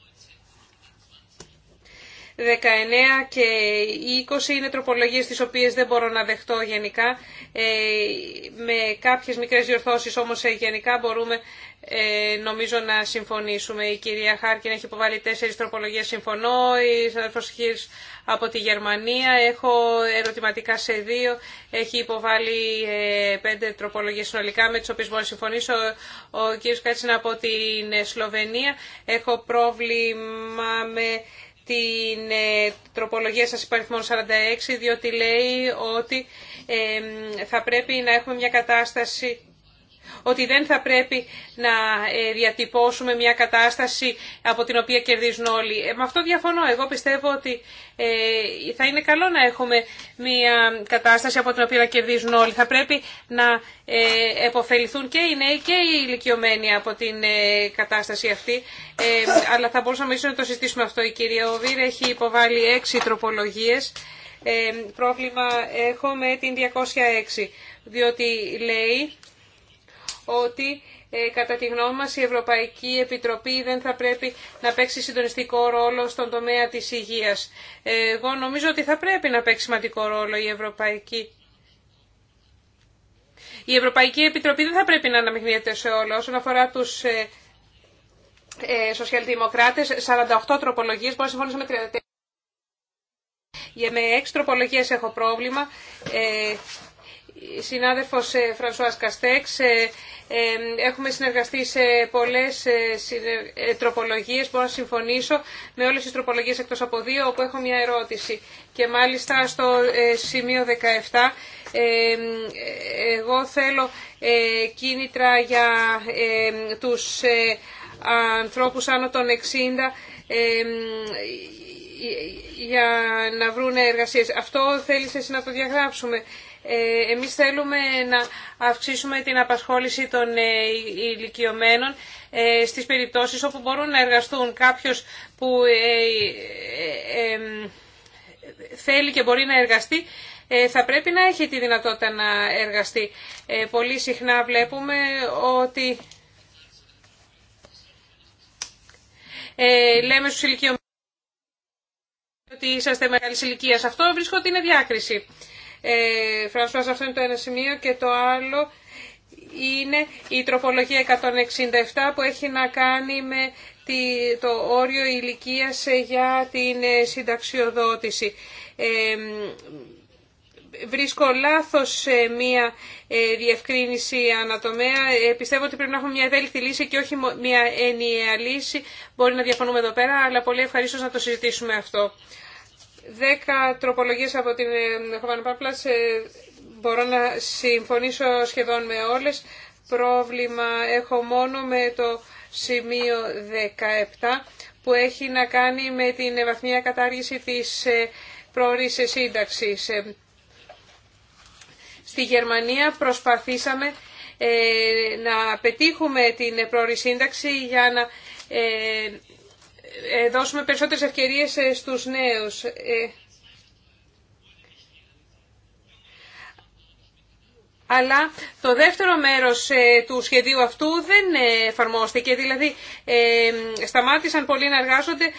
19 και 20 είναι τροπολογίες τις οποίες δεν μπορώ να δεχτώ γενικά. Ε, με κάποιες μικρές διορθώσεις όμως ε, γενικά μπορούμε ε, νομίζω να συμφωνήσουμε. Η κυρία Χάρκιν έχει υποβάλει τέσσερις τροπολογίες συμφωνώ, η συναδελφός από τη Γερμανία, έχω ερωτηματικά σε δύο, έχει υποβάλει πέντε τροπολογίες συνολικά με τις οποίες μπορώ να συμφωνήσω. Ο κύριος Κάτσινα από την Σλοβενία, έχω πρόβλημα με την ε, τροπολογία σας υπαριθμών 46, διότι λέει ότι ε, θα πρέπει να έχουμε μια κατάσταση ότι δεν θα πρέπει να ε, διατυπώσουμε μια κατάσταση από την οποία κερδίζουν όλοι. Ε, με αυτό διαφωνώ. Εγώ πιστεύω ότι ε, θα είναι καλό να έχουμε μια κατάσταση από την οποία κερδίζουν όλοι. Θα πρέπει να επωφεληθούν και οι νέοι και οι ηλικιωμένοι από την κατάσταση αυτή. Αλλά θα μπορούσαμε ίσως να το συζητήσουμε αυτό. Η κυρία Οβίρ έχει υποβάλει έξι τροπολογίες. Ε, πρόβλημα έχω με την 206, διότι λέει ότι ε, κατά τη γνώμη μας η Ευρωπαϊκή Επιτροπή δεν θα πρέπει να παίξει συντονιστικό ρόλο στον τομέα της υγείας. Ε, εγώ νομίζω ότι θα πρέπει να παίξει σημαντικό ρόλο η Ευρωπαϊκή η Ευρωπαϊκή Επιτροπή δεν θα πρέπει να αναμειγνύεται σε όλο. Όσον αφορά τους ε, ε σοσιαλδημοκράτε, 48 τροπολογίες, μπορεί να συμφωνήσω με 34. Για με 6 τροπολογίε έχω πρόβλημα συνάδελφος ε, Φρανσουάς Καστέξ. Ε, ε, έχουμε συνεργαστεί σε πολλές τροπολογίες. Μπορώ να συμφωνήσω με όλες τις τροπολογίες εκτός από δύο, όπου έχω μια ερώτηση. Και μάλιστα στο σημείο 17, εγώ θέλω κίνητρα για τους ανθρώπους άνω των 60 για να βρουν εργασίες. Αυτό θέλεις εσύ να το διαγράψουμε. Ε, εμείς θέλουμε να αυξήσουμε την απασχόληση των ε, ηλικιωμένων ε, στις περιπτώσεις όπου μπορούν να εργαστούν. Κάποιος που θέλει και μπορεί να εργαστεί θα πρέπει να έχει τη δυνατότητα να εργαστεί. Πολύ συχνά βλέπουμε ότι λέμε στους ηλικιωμένους ότι είσαστε μεγάλης ηλικίας. Αυτό βρίσκω ότι είναι διάκριση. Ε, αυτό είναι το ένα σημείο και το άλλο είναι η τροπολογία 167 που έχει να κάνει με το όριο ηλικίας για την ε, συνταξιοδότηση. Ε, βρίσκω λάθος μία ε, διευκρίνηση ανατομέα. Πιστεύω ότι πρέπει να έχουμε μια ευέλικτη λύση και όχι μια ενιαία λύση. Μπορεί να διαφωνούμε εδώ πέρα, αλλά πολύ ευχαρίστως να το συζητήσουμε αυτό. Δέκα τροπολογίες από την ε, Χωβάνα Πάπλας ε, μπορώ να συμφωνήσω σχεδόν με όλες. Πρόβλημα έχω μόνο με το σημείο 17 που έχει να κάνει με την βαθμία κατάργηση της ε, πρόορης σύνταξης. Στη Γερμανία προσπαθήσαμε να πετύχουμε την πρόορη σύνταξη για να ε, δώσουμε περισσότερες ευκαιρίες ε, στους νέους. Ε, αλλά το δεύτερο μέρος ε, του σχεδίου αυτού δεν ε, εφαρμόστηκε, δηλαδή ε, σταμάτησαν πολύ να εργάζονται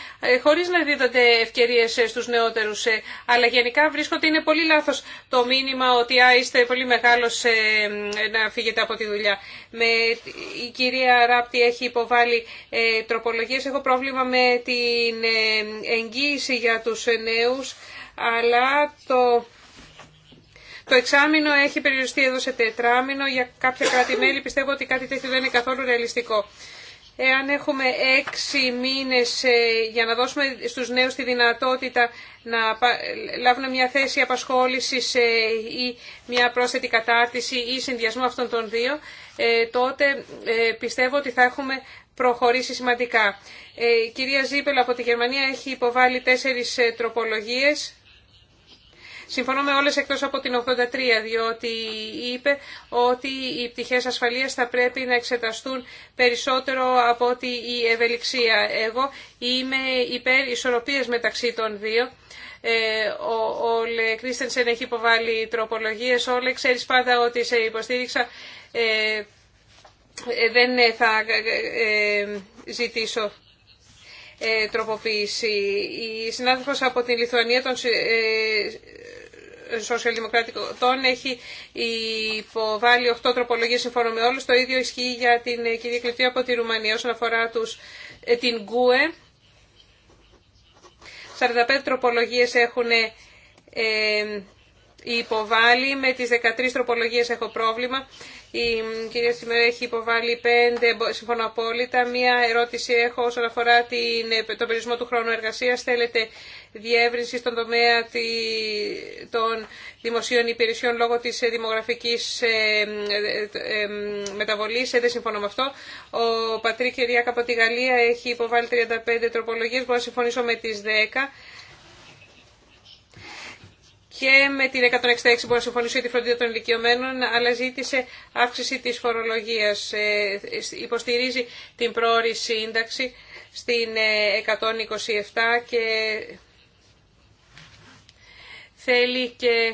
χωρίς να δίδονται ευκαιρίες στους νεότερους. Αλλά γενικά βρίσκω ότι είναι πολύ λάθος το μήνυμα ότι α, είστε πολύ μεγάλος να φύγετε από τη δουλειά. Με, η κυρία Ράπτη έχει υποβάλει τροπολογίες, έχω πρόβλημα με την εγγύηση για τους νέους, αλλά το το εξάμεινο έχει περιοριστεί εδώ σε τετράμινο. Για κάποια κράτη-μέλη πιστεύω ότι κάτι τέτοιο δεν είναι καθόλου ρεαλιστικό. Εάν έχουμε έξι μήνες ε, για να δώσουμε στους νέους τη δυνατότητα να λάβουν μια θέση απασχόλησης ε, ή μια πρόσθετη κατάρτιση ή συνδυασμό αυτών των δύο, ε, τότε πιστεύω ότι θα έχουμε προχωρήσει σημαντικά. Η κυρία Ζίπελ από τη Γερμανία έχει υποβάλει τέσσερις τροπολογίες Συμφωνώ με όλες εκτός από την 83, διότι είπε ότι οι πτυχές ασφαλείας θα πρέπει να εξεταστούν περισσότερο από ότι η ευελιξία. Εγώ είμαι υπέρ ισορροπίας μεταξύ των δύο. Ε, ο, ο Λε Κρίστενσεν έχει υποβάλει τροπολογίες. Όλε ξέρεις πάντα ότι σε υποστήριξα. Ε, ε δεν θα ε, ζητήσω τροποποίηση. Η συνάδελφος από την Λιθουανία των Σοσιαλδημοκρατικών έχει υποβάλει 8 τροπολογίες συμφωνώ με όλους. Το ίδιο ισχύει για την κυρία Κλειτή από τη Ρουμανία όσον αφορά τους, ε, την ΚΟΕ. 45 τροπολογίες έχουν ε, ε, υποβάλει, με τις 13 τροπολογίες έχω πρόβλημα. Η κυρία σήμερα έχει υποβάλει πέντε, συμφωνώ απόλυτα. Μία ερώτηση έχω όσον αφορά την, τον περιορισμό του χρόνου εργασία. Θέλετε διεύρυνση στον τομέα των δημοσίων υπηρεσιών λόγω τη ε, δημογραφική ε, ε, μεταβολή. Δεν συμφωνώ με αυτό. Ο πατρική Ριάκα από τη Γαλλία έχει υποβάλει 35 τροπολογίε. Μπορώ να συμφωνήσω με τι 10 και με την 166 μπορεί να συμφωνήσει τη φροντίδα των ηλικιωμένων, αλλά ζήτησε αύξηση της φορολογίας. Ε, υποστηρίζει την πρόορη σύνταξη στην 127 ε, και θέλει και...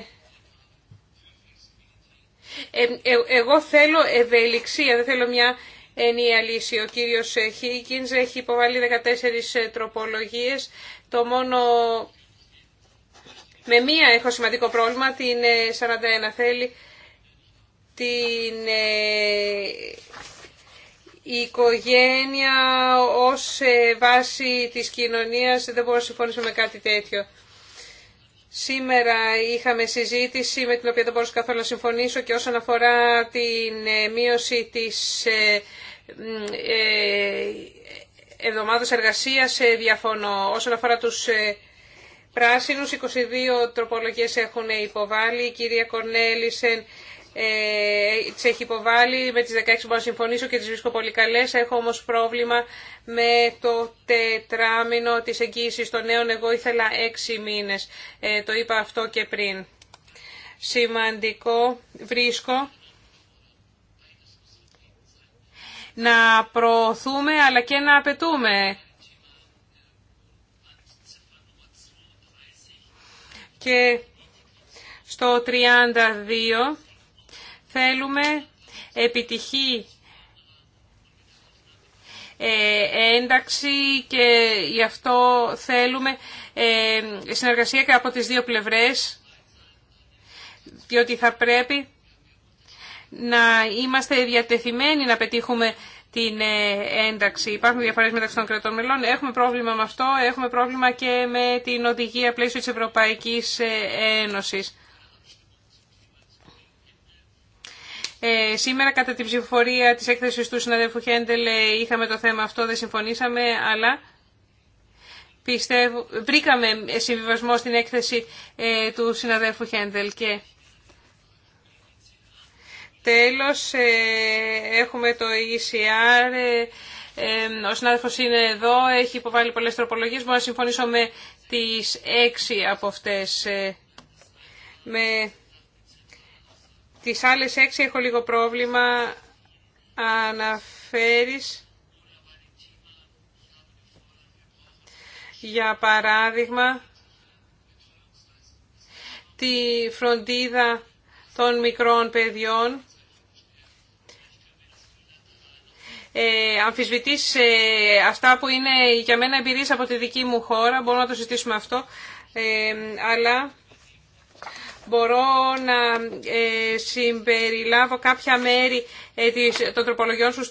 Ε, εγώ θέλω ευελιξία, δεν θέλω μια ενία λύση. Ο κύριος Χίγκινς έχει υποβάλει 14 τροπολογίες. Το μόνο με μία έχω σημαντικό πρόβλημα, την 41 ε, θέλει την ε, η οικογένεια ως ε, βάση της κοινωνίας δεν μπορώ να συμφωνήσω με κάτι τέτοιο. Σήμερα είχαμε συζήτηση με την οποία δεν μπορούσα καθόλου να συμφωνήσω και όσον αφορά την μείωση της εβδομάδας εργασίας διαφωνώ. Όσον αφορά τους πράσινους, 22 τροπολογίες έχουν υποβάλει, η κυρία Κορνέλησεν ε, τις έχει υποβάλει, με τις 16 μπορώ να συμφωνήσω και τις βρίσκω πολύ καλές, έχω όμως πρόβλημα με το τετράμινο της εγγύησης των νέων, εγώ ήθελα 6 μήνες, ε, το είπα αυτό και πριν. Σημαντικό βρίσκω να προωθούμε αλλά και να απαιτούμε και στο 32 θέλουμε επιτυχή ε, ένταξη και γι' αυτό θέλουμε ε, συνεργασία και από τις δύο πλευρές διότι θα πρέπει να είμαστε διατεθειμένοι να πετύχουμε την ε, ένταξη. Υπάρχουν διαφορές μεταξύ των κρατών μελών. Έχουμε πρόβλημα με αυτό. Έχουμε πρόβλημα και με την οδηγία πλαίσιο της Ευρωπαϊκής ε, Ένωσης. Ε, σήμερα κατά την ψηφοφορία της έκθεσης του συναδέλφου Χέντελ ε, είχαμε το θέμα αυτό, δεν συμφωνήσαμε, αλλά πιστεύω, βρήκαμε συμβιβασμό στην έκθεση του συναδέλφου Χέντελ και Τέλος, ε, έχουμε το ECR. Ε, ε, ο συνάδελφος είναι εδώ, έχει υποβάλει πολλές τροπολογίες. Μπορώ να συμφωνήσω με τις έξι από αυτές. Με τις άλλες έξι έχω λίγο πρόβλημα. Αναφέρεις, για παράδειγμα, τη φροντίδα των μικρών παιδιών Ε, αμφισβητείς ε, αυτά που είναι για μένα εμπειρίες από τη δική μου χώρα. μπορώ να το συζητήσουμε αυτό. Ε, αλλά μπορώ να συμπεριλάβω κάποια μέρη των τροπολογιών σου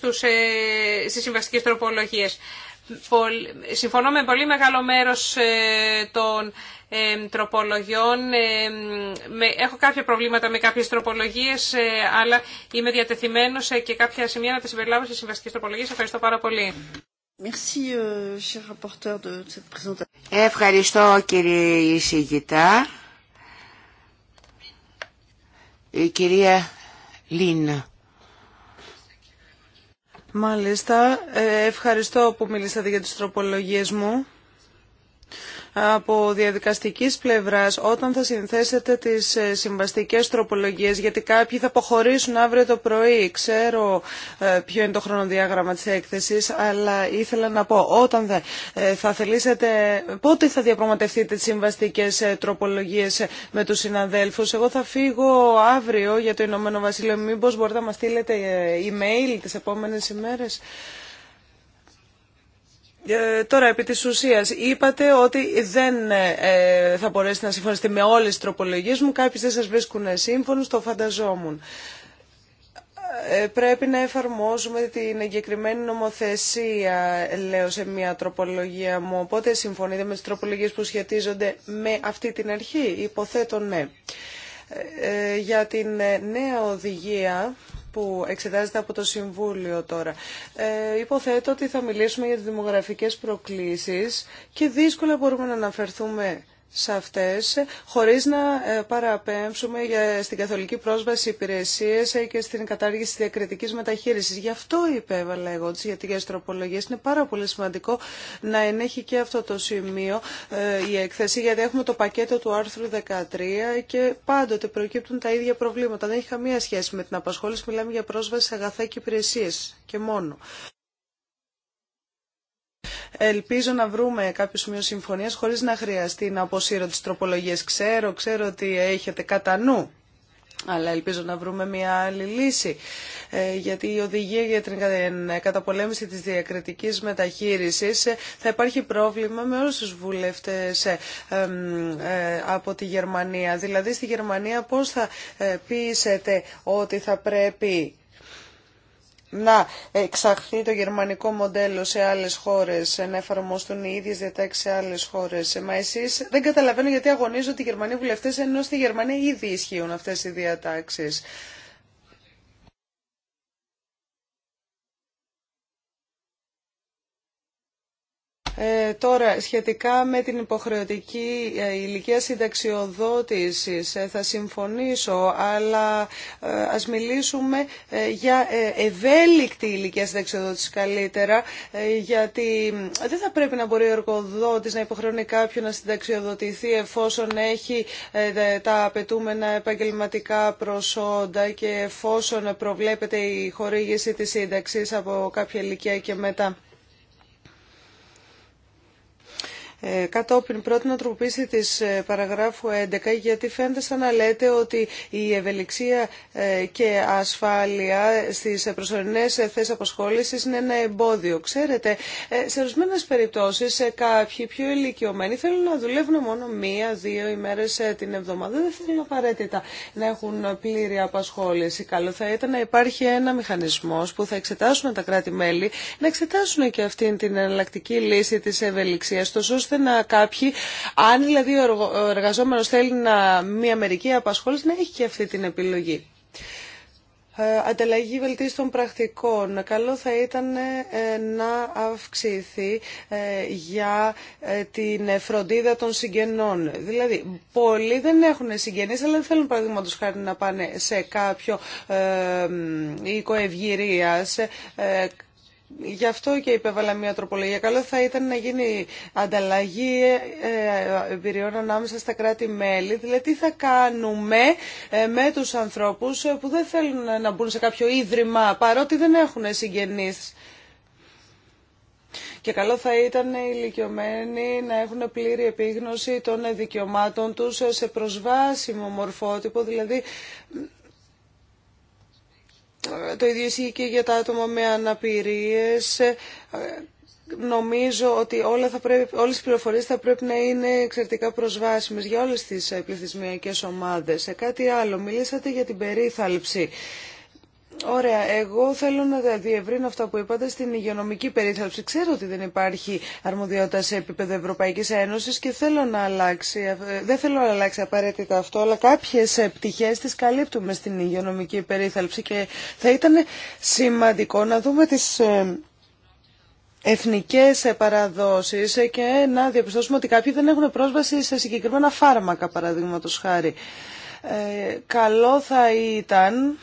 στις συμβαστικές τροπολογίες. Συμφωνώ με πολύ μεγάλο μέρος των τροπολογιών. Έχω κάποια προβλήματα με κάποιες τροπολογίες, ε, αλλά είμαι διατεθειμένος ε, και κάποια σημεία να τα συμπεριλάβω σε συμβαστικές τροπολογίες. Ευχαριστώ πάρα πολύ. Euh, ευχαριστώ κύριε εισηγητά. Η κυρία Λιν. Μάλιστα. Ε, ευχαριστώ που μιλήσατε για τις τροπολογίες μου από διαδικαστική πλευράς όταν θα συνθέσετε τις ε, συμβαστικές τροπολογίες γιατί κάποιοι θα αποχωρήσουν αύριο το πρωί. Ξέρω ε, ποιο είναι το χρονοδιάγραμμα της έκθεσης αλλά ήθελα να πω όταν θα, ε, θα θελήσετε πότε θα διαπραγματευτείτε τις συμβαστικές τροπολογίες με τους συναδέλφους. Εγώ θα φύγω αύριο για το Ηνωμένο Βασίλειο. Μήπω μπορείτε να μα στείλετε email τις επόμενε ημέρες. Ε, τώρα, επί της ουσίας, είπατε ότι δεν ε, θα μπορέσετε να συμφωνήσετε με όλες τις τροπολογίες μου. Κάποιες δεν σας βρίσκουν σύμφωνο, το φανταζόμουν. Ε, πρέπει να εφαρμόζουμε την εγκεκριμένη νομοθεσία, λέω σε μια τροπολογία μου. Οπότε, συμφωνείτε με τις τροπολογίες που σχετίζονται με αυτή την αρχή. Υποθέτω ναι. Για την νέα οδηγία που εξετάζεται από το Συμβούλιο τώρα. Ε, υποθέτω ότι θα μιλήσουμε για τις δημογραφικές προκλήσεις και δύσκολα μπορούμε να αναφερθούμε σε αυτές, χωρίς να ε, παραπέμψουμε για, στην καθολική πρόσβαση υπηρεσίες ε, και στην κατάργηση της διακριτικής μεταχείρισης. Γι' αυτό υπέβαλα εγώ τις για τροπολογίες. Είναι πάρα πολύ σημαντικό να ενέχει και αυτό το σημείο ε, η έκθεση, γιατί έχουμε το πακέτο του άρθρου 13 και πάντοτε προκύπτουν τα ίδια προβλήματα. Δεν έχει καμία σχέση με την απασχόληση, μιλάμε για πρόσβαση σε αγαθά και υπηρεσίες και μόνο. Ελπίζω να βρούμε κάποιο σημείο συμφωνία χωρί να χρειαστεί να αποσύρω τι τροπολογίε. Ξέρω, ξέρω ότι έχετε κατά νου αλλά ελπίζω να βρούμε μια άλλη λύση. Ε, γιατί η οδηγία για την ε, καταπολέμηση της διακριτικής μεταχείρισης ε, θα υπάρχει πρόβλημα με όλους τους βουλευτές από τη Γερμανία. Δηλαδή στη Γερμανία πώ θα πείσετε ότι θα πρέπει να εξαχθεί το γερμανικό μοντέλο σε άλλες χώρες, να εφαρμοστούν οι ίδιες διατάξεις σε άλλες χώρες. Μα εσείς δεν καταλαβαίνω γιατί αγωνίζονται οι Γερμανοί βουλευτές, ενώ στη Γερμανία ήδη ισχύουν αυτές οι διατάξεις. Ε, τώρα, σχετικά με την υποχρεωτική ε, ηλικία συνταξιοδότησης ε, θα συμφωνήσω, αλλά ας μιλήσουμε για ευέλικτη ηλικία συνταξιοδότηση καλύτερα, γιατί δεν θα πρέπει να μπορεί ο εργοδότης να υποχρεώνει κάποιον να συνταξιοδοτηθεί εφόσον έχει τα απαιτούμενα επαγγελματικά προσόντα και εφόσον προβλέπεται η χορήγηση της σύνταξης από κάποια ηλικία και μετά. Ε, κατόπιν πρώτη να τροποποιήσει της ε, παραγράφου 11 γιατί φαίνεται σαν να λέτε ότι η ευελιξία ε, και ασφάλεια στις προσωρινές θέσει απασχόληση είναι ένα εμπόδιο. Ξέρετε, σε ορισμένε περιπτώσεις κάποιοι πιο ηλικιωμένοι θέλουν να δουλεύουν μόνο μία-δύο ημέρες την εβδομάδα. Δεν θέλουν απαραίτητα να έχουν πλήρη απασχόληση. Καλό θα ήταν να υπάρχει ένα μηχανισμό που θα εξετάσουν τα κράτη-μέλη, να εξετάσουν και αυτήν την εναλλακτική λύση τη ευελιξία να κάποιοι, αν δηλαδή ο εργαζόμενο θέλει να, μια μερική απασχόληση, να έχει και αυτή την επιλογή. Ε, ανταλλαγή των πρακτικών. Καλό θα ήταν ε, να αυξηθεί ε, για την φροντίδα των συγγενών. Δηλαδή, πολλοί δεν έχουν συγγενείς, αλλά δεν θέλουν παραδείγματο χάρη να πάνε σε κάποιο οικοευγυρία, σε Γι' αυτό και υπέβαλα μια τροπολογία. Καλό θα ήταν να γίνει ανταλλαγή ε, ε, εμπειριών ανάμεσα στα κράτη-μέλη. Δηλαδή τι θα κάνουμε ε, με τους ανθρώπους που δεν θέλουν να μπουν σε κάποιο ίδρυμα παρότι δεν έχουν συγγενείς. Και καλό θα ήταν οι ηλικιωμένοι να έχουν πλήρη επίγνωση των δικαιωμάτων τους σε προσβάσιμο μορφότυπο, δηλαδή το ίδιο ισχύει και για τα άτομα με αναπηρίες. Ε, νομίζω ότι όλα θα πρέπει, όλες οι πληροφορίες θα πρέπει να είναι εξαιρετικά προσβάσιμες για όλες τις ε, πληθυσμιακές ομάδες. Σε κάτι άλλο, μιλήσατε για την περίθαλψη. Ωραία, εγώ θέλω να διευρύνω αυτό που είπατε στην υγειονομική περίθαλψη. Ξέρω ότι δεν υπάρχει αρμοδιότητα σε επίπεδο Ευρωπαϊκή Ένωση και θέλω να αλλάξει. Ε, δεν θέλω να αλλάξει απαραίτητα αυτό, αλλά κάποιε πτυχέ τι καλύπτουμε στην υγειονομική περίθαλψη και θα ήταν σημαντικό να δούμε τι ε, εθνικές ε, παραδόσεις και να διαπιστώσουμε ότι κάποιοι δεν έχουν πρόσβαση σε συγκεκριμένα φάρμακα, παραδείγματο χάρη. Ε, καλό θα ήταν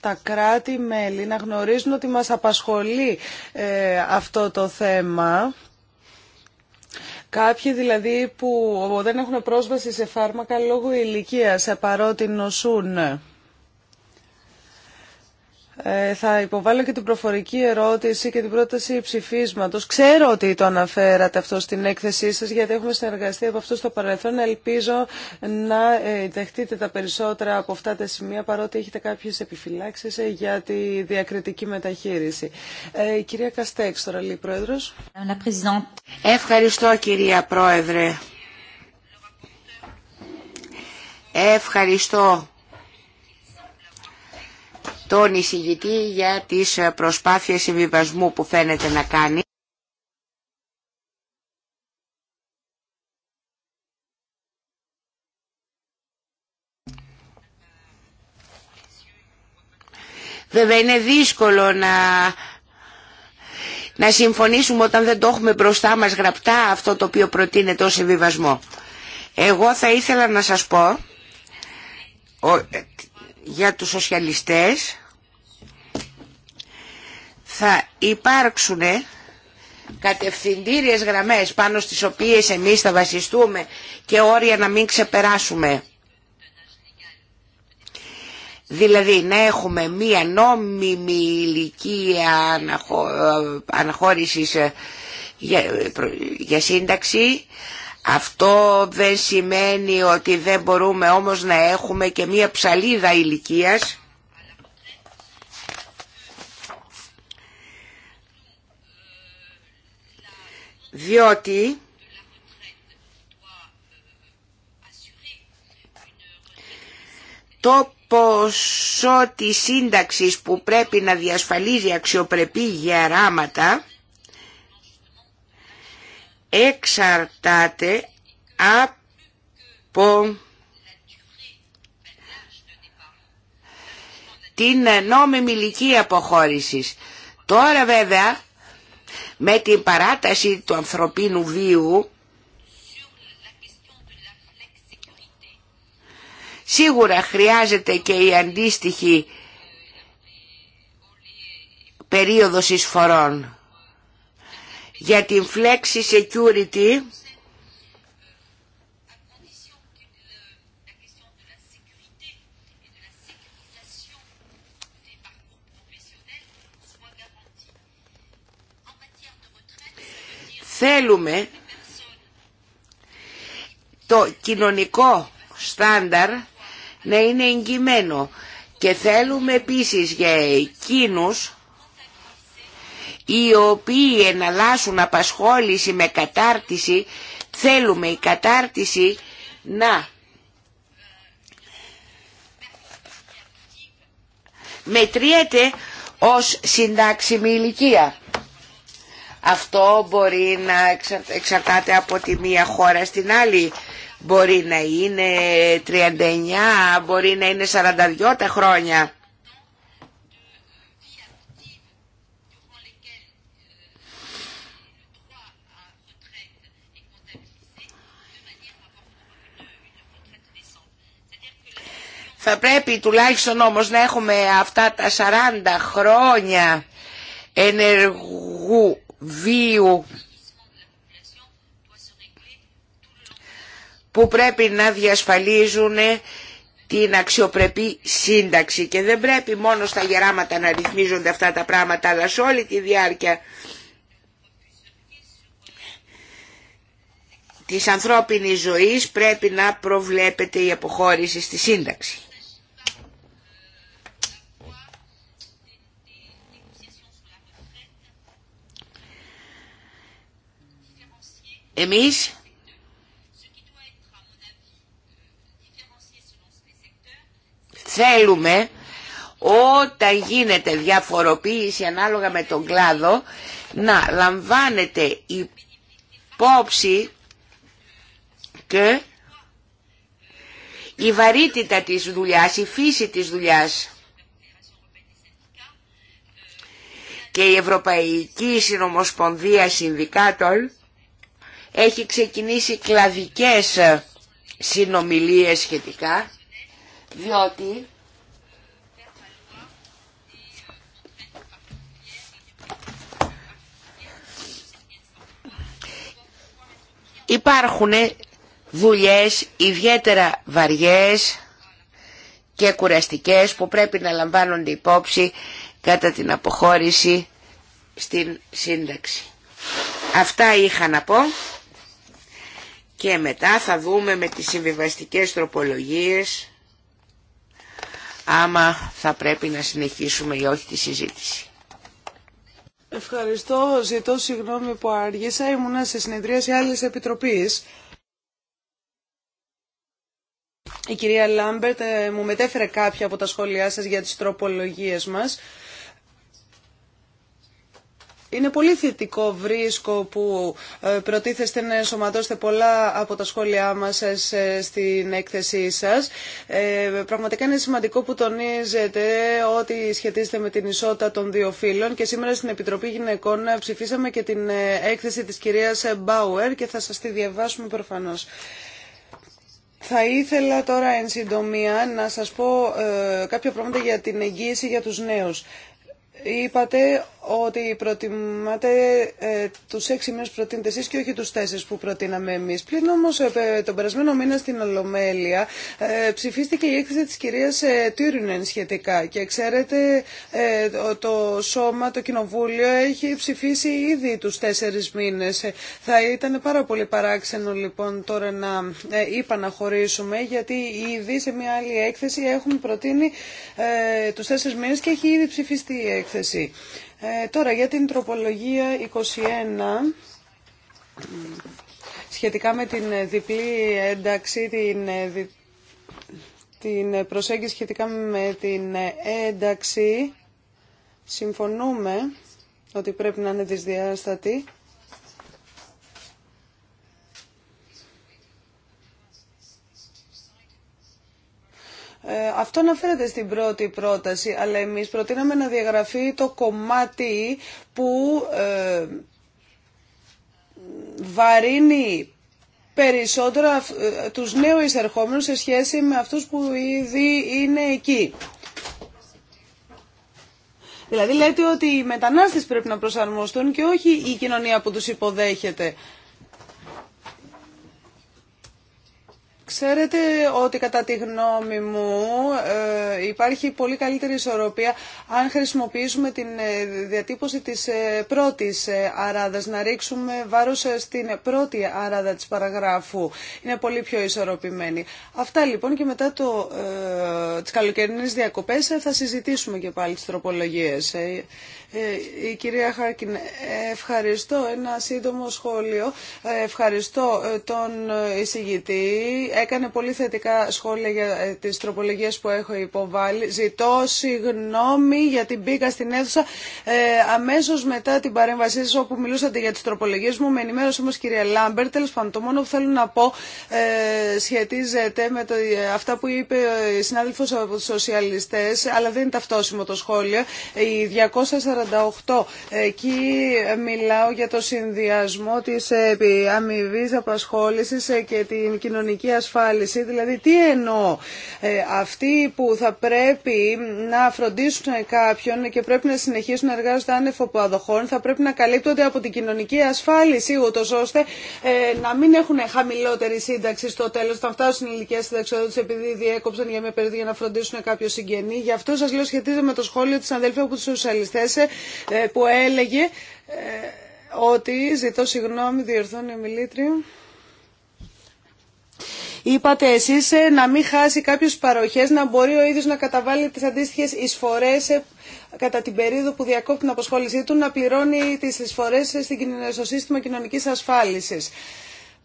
τα κράτη-μέλη να γνωρίζουν ότι μας απασχολεί ε, αυτό το θέμα. Κάποιοι δηλαδή που δεν έχουν πρόσβαση σε φάρμακα λόγω ηλικίας, παρότι νοσούν. Ε, θα υποβάλω και την προφορική ερώτηση και την πρόταση ψηφίσματος. Ξέρω ότι το αναφέρατε αυτό στην έκθεσή σας, γιατί έχουμε συνεργαστεί από αυτό στο παρελθόν. Ελπίζω να ε, δεχτείτε τα περισσότερα από αυτά τα σημεία, παρότι έχετε κάποιες επιφυλάξεις ε, για τη διακριτική μεταχείριση. κυρία Καστέξ, τώρα λέει Πρόεδρος. Ευχαριστώ κυρία Πρόεδρε. Ευχαριστώ τον εισηγητή για τις ε, προσπάθειες συμβιβασμού που φαίνεται να κάνει. Βέβαια είναι δύσκολο να, να συμφωνήσουμε όταν δεν το έχουμε μπροστά μας γραπτά αυτό το οποίο προτείνεται ως συμβιβασμό. Εγώ θα ήθελα να σας πω ε, για τους σοσιαλιστές θα υπάρξουν κατευθυντήριες γραμμές πάνω στις οποίες εμείς θα βασιστούμε και όρια να μην ξεπεράσουμε. Δηλαδή να έχουμε μία νόμιμη ηλικία αναχώρησης ε, για σύνταξη, αυτό δεν σημαίνει ότι δεν μπορούμε όμως να έχουμε και μία ψαλίδα ηλικίας διότι το ποσό της σύνταξης που πρέπει να διασφαλίζει αξιοπρεπή γεράματα εξαρτάται από την νόμιμη ηλικία αποχώρησης. Τώρα βέβαια με την παράταση του ανθρωπίνου βίου σίγουρα χρειάζεται και η αντίστοιχη περίοδος εισφορών για την Flexi Security θέλουμε το κοινωνικό στάνταρ να είναι εγγυημένο και θέλουμε επίσης για εκείνους οι οποίοι εναλλάσσουν απασχόληση με κατάρτιση, θέλουμε η κατάρτιση να μετριέται ως συντάξιμη ηλικία. Αυτό μπορεί να εξαρτάται από τη μία χώρα στην άλλη. Μπορεί να είναι 39, μπορεί να είναι 42 χρόνια. Θα πρέπει τουλάχιστον όμως να έχουμε αυτά τα 40 χρόνια ενεργού βίου που πρέπει να διασφαλίζουν την αξιοπρεπή σύνταξη και δεν πρέπει μόνο στα γεράματα να ρυθμίζονται αυτά τα πράγματα αλλά σε όλη τη διάρκεια της ανθρώπινης ζωής πρέπει να προβλέπεται η αποχώρηση στη σύνταξη. Εμείς θέλουμε όταν γίνεται διαφοροποίηση ανάλογα με τον κλάδο να λαμβάνεται υπόψη και η βαρύτητα της δουλειάς, η φύση της δουλειάς και η Ευρωπαϊκή Συνομοσπονδία Συνδικάτων έχει ξεκινήσει κλαδικές ε, συνομιλίες σχετικά, διότι υπάρχουν δουλειές ιδιαίτερα βαριές και κουραστικές που πρέπει να λαμβάνονται υπόψη κατά την αποχώρηση στην σύνταξη. Αυτά είχα να πω και μετά θα δούμε με τις συμβιβαστικές τροπολογίες άμα θα πρέπει να συνεχίσουμε ή όχι τη συζήτηση. Ευχαριστώ. Ζητώ συγγνώμη που αργήσα. Ήμουνα σε συνεδρίαση άλλης επιτροπής. Η κυρία ημουνα σε συνεδριαση αλλες επιτροπης η κυρια λαμπερτ ε, μου μετέφερε κάποια από τα σχόλιά σας για τις τροπολογίες μας. Είναι πολύ θετικό βρίσκο που ε, προτίθεστε να ενσωματώσετε πολλά από τα σχόλιά μας ε, στην έκθεσή σας. Ε, πραγματικά είναι σημαντικό που τονίζετε ότι σχετίζεται με την ισότητα των δύο φύλων και σήμερα στην Επιτροπή Γυναικών ψηφίσαμε και την έκθεση της κυρίας Μπάουερ και θα σας τη διαβάσουμε προφανώς. Θα ήθελα τώρα εν συντομία να σας πω κάποια πράγματα για την εγγύηση για τους νέους. Είπατε ότι προτιμάτε ε, τους έξι μήνες που προτείνετε εσείς και όχι τους τέσσερις που προτείναμε εμείς. Πλην όμως ε, τον περασμένο μήνα στην Ολομέλεια ε, ψηφίστηκε η έκθεση της κυρίας ε, σχετικά και ξέρετε ε, το, το, σώμα, το κοινοβούλιο έχει ψηφίσει ήδη τους τέσσερις μήνες. Ε, θα ήταν πάρα πολύ παράξενο λοιπόν τώρα να είπα να χωρίσουμε γιατί ήδη σε μια άλλη έκθεση έχουμε προτείνει ε, τους τέσσερις μήνες και έχει ήδη ψηφιστεί η έκθεση έκθεση. Ε, τώρα για την τροπολογία 21 σχετικά με την ε, διπλή ένταξη, την, ε, την ε, προσέγγιση σχετικά με την ένταξη, συμφωνούμε ότι πρέπει να είναι δυσδιάστατη. Ε, αυτό αναφέρεται στην πρώτη πρόταση, αλλά εμείς προτείναμε να διαγραφεί το κομμάτι που ε, βαρύνει περισσότερο ε, τους νέους εισερχόμενους σε σχέση με αυτούς που ήδη είναι εκεί. Δηλαδή λέτε ότι οι μετανάστες πρέπει να προσαρμοστούν και όχι η κοινωνία που τους υποδέχεται. Ξέρετε ότι κατά τη γνώμη μου ε, υπάρχει πολύ καλύτερη ισορροπία αν χρησιμοποιήσουμε την ε, διατύπωση της ε, πρώτης αράδας, να ρίξουμε βάρος στην πρώτη αράδα της παραγράφου. Είναι πολύ πιο ισορροπημένη. Αυτά λοιπόν και μετά το, ε, τις καλοκαιρινές διακοπές θα συζητήσουμε και πάλι τις τροπολογίες. Ε, η κυρία Χάρκιν, ευχαριστώ. Ένα σύντομο σχόλιο. Ε, ευχαριστώ ε, τον εισηγητή. Έκανε πολύ θετικά σχόλια για τις τροπολογίες που έχω υποβάλει. Ζητώ συγγνώμη γιατί μπήκα στην αίθουσα αμέσως μετά την παρέμβασή σας όπου μιλούσατε για τις τροπολογίες μου. Με ενημέρωσε όμως κυρία Λάμπερ. Τέλος πάντων, το μόνο που θέλω να πω σχετίζεται με το, αυτά που είπε ο συνάδελφος από τους σοσιαλιστές, αλλά δεν είναι ταυτόσιμο το σχόλιο. Οι 48. Εκεί μιλάω για το συνδυασμό της ε, αμοιβή απασχόλησης ε, και την κοινωνική ασφάλιση. Δηλαδή τι εννοώ. Ε, αυτοί που θα πρέπει να φροντίσουν κάποιον και πρέπει να συνεχίσουν να εργάζονται άνευ οπαδοχών θα πρέπει να καλύπτονται από την κοινωνική ασφάλιση ούτω ώστε να μην έχουν χαμηλότερη σύνταξη στο τέλος όταν φτάσουν ηλικία συνταξιότητες, επειδή διέκοψαν για μια περίοδο για να φροντίσουν κάποιο συγγενή. Γι' αυτό σας λέω σχετίζεται με το σχόλιο τη αδέλφια από τους σοσιαλιστές ε, που έλεγε ε, ότι ζητώ συγγνώμη, διορθώνει ο μιλήτριο, Είπατε εσείς ε, να μην χάσει κάποιους παροχές, να μπορεί ο ίδιος να καταβάλει τις αντίστοιχες εισφορές κατά την περίοδο που διακόπτει την αποσχόλησή του, να πληρώνει τις εισφορές στο σύστημα κοινωνικής ασφάλισης.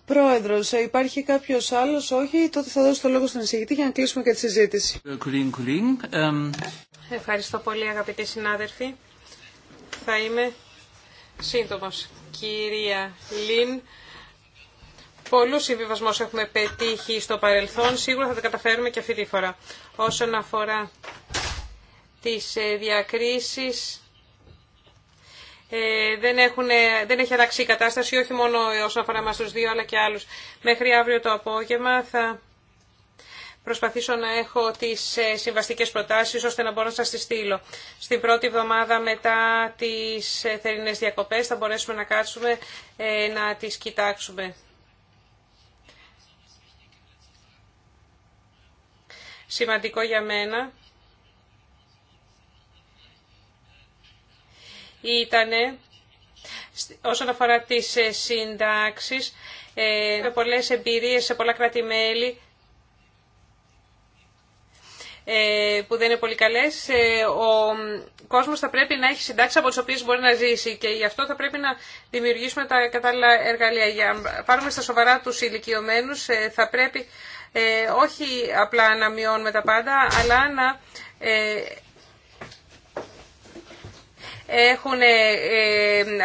Πρόεδρος, υπάρχει κάποιος άλλος, όχι, τότε θα δώσω το λόγο στον εισηγητή για να κλείσουμε και τη συζήτηση. Ευχαριστώ πολύ αγαπητοί συνάδελφοι. Θα είμαι σύντομος. Κυρία Λίν, πολλούς συμβιβασμούς έχουμε πετύχει στο παρελθόν. Σίγουρα θα τα καταφέρουμε και αυτή τη φορά. Όσον αφορά τις ε, διακρίσεις, ε, δεν, έχουν, δεν έχει αλλάξει η κατάσταση, όχι μόνο όσον αφορά μας τους δύο, αλλά και άλλους. Μέχρι αύριο το απόγευμα θα προσπαθήσω να έχω τις ε, συμβαστικές προτάσεις ώστε να μπορώ να σας τις στείλω. Στην πρώτη εβδομάδα μετά τις ε, θερινές διακοπές θα μπορέσουμε να κάτσουμε ε, να τις κοιτάξουμε. Σημαντικό για μένα ήταν όσον αφορά τις συντάξεις, με πολλές εμπειρίες σε πολλά κράτη-μέλη, ε, που δεν είναι πολύ καλές, ε, ο κόσμος θα πρέπει να έχει συντάξει από τι οποίε μπορεί να ζήσει και γι' αυτό θα πρέπει να δημιουργήσουμε τα κατάλληλα εργαλεία. Για να πάρουμε στα σοβαρά τους ηλικιωμένου, ε, θα πρέπει όχι απλά να μειώνουμε τα πάντα, αλλά να έχουν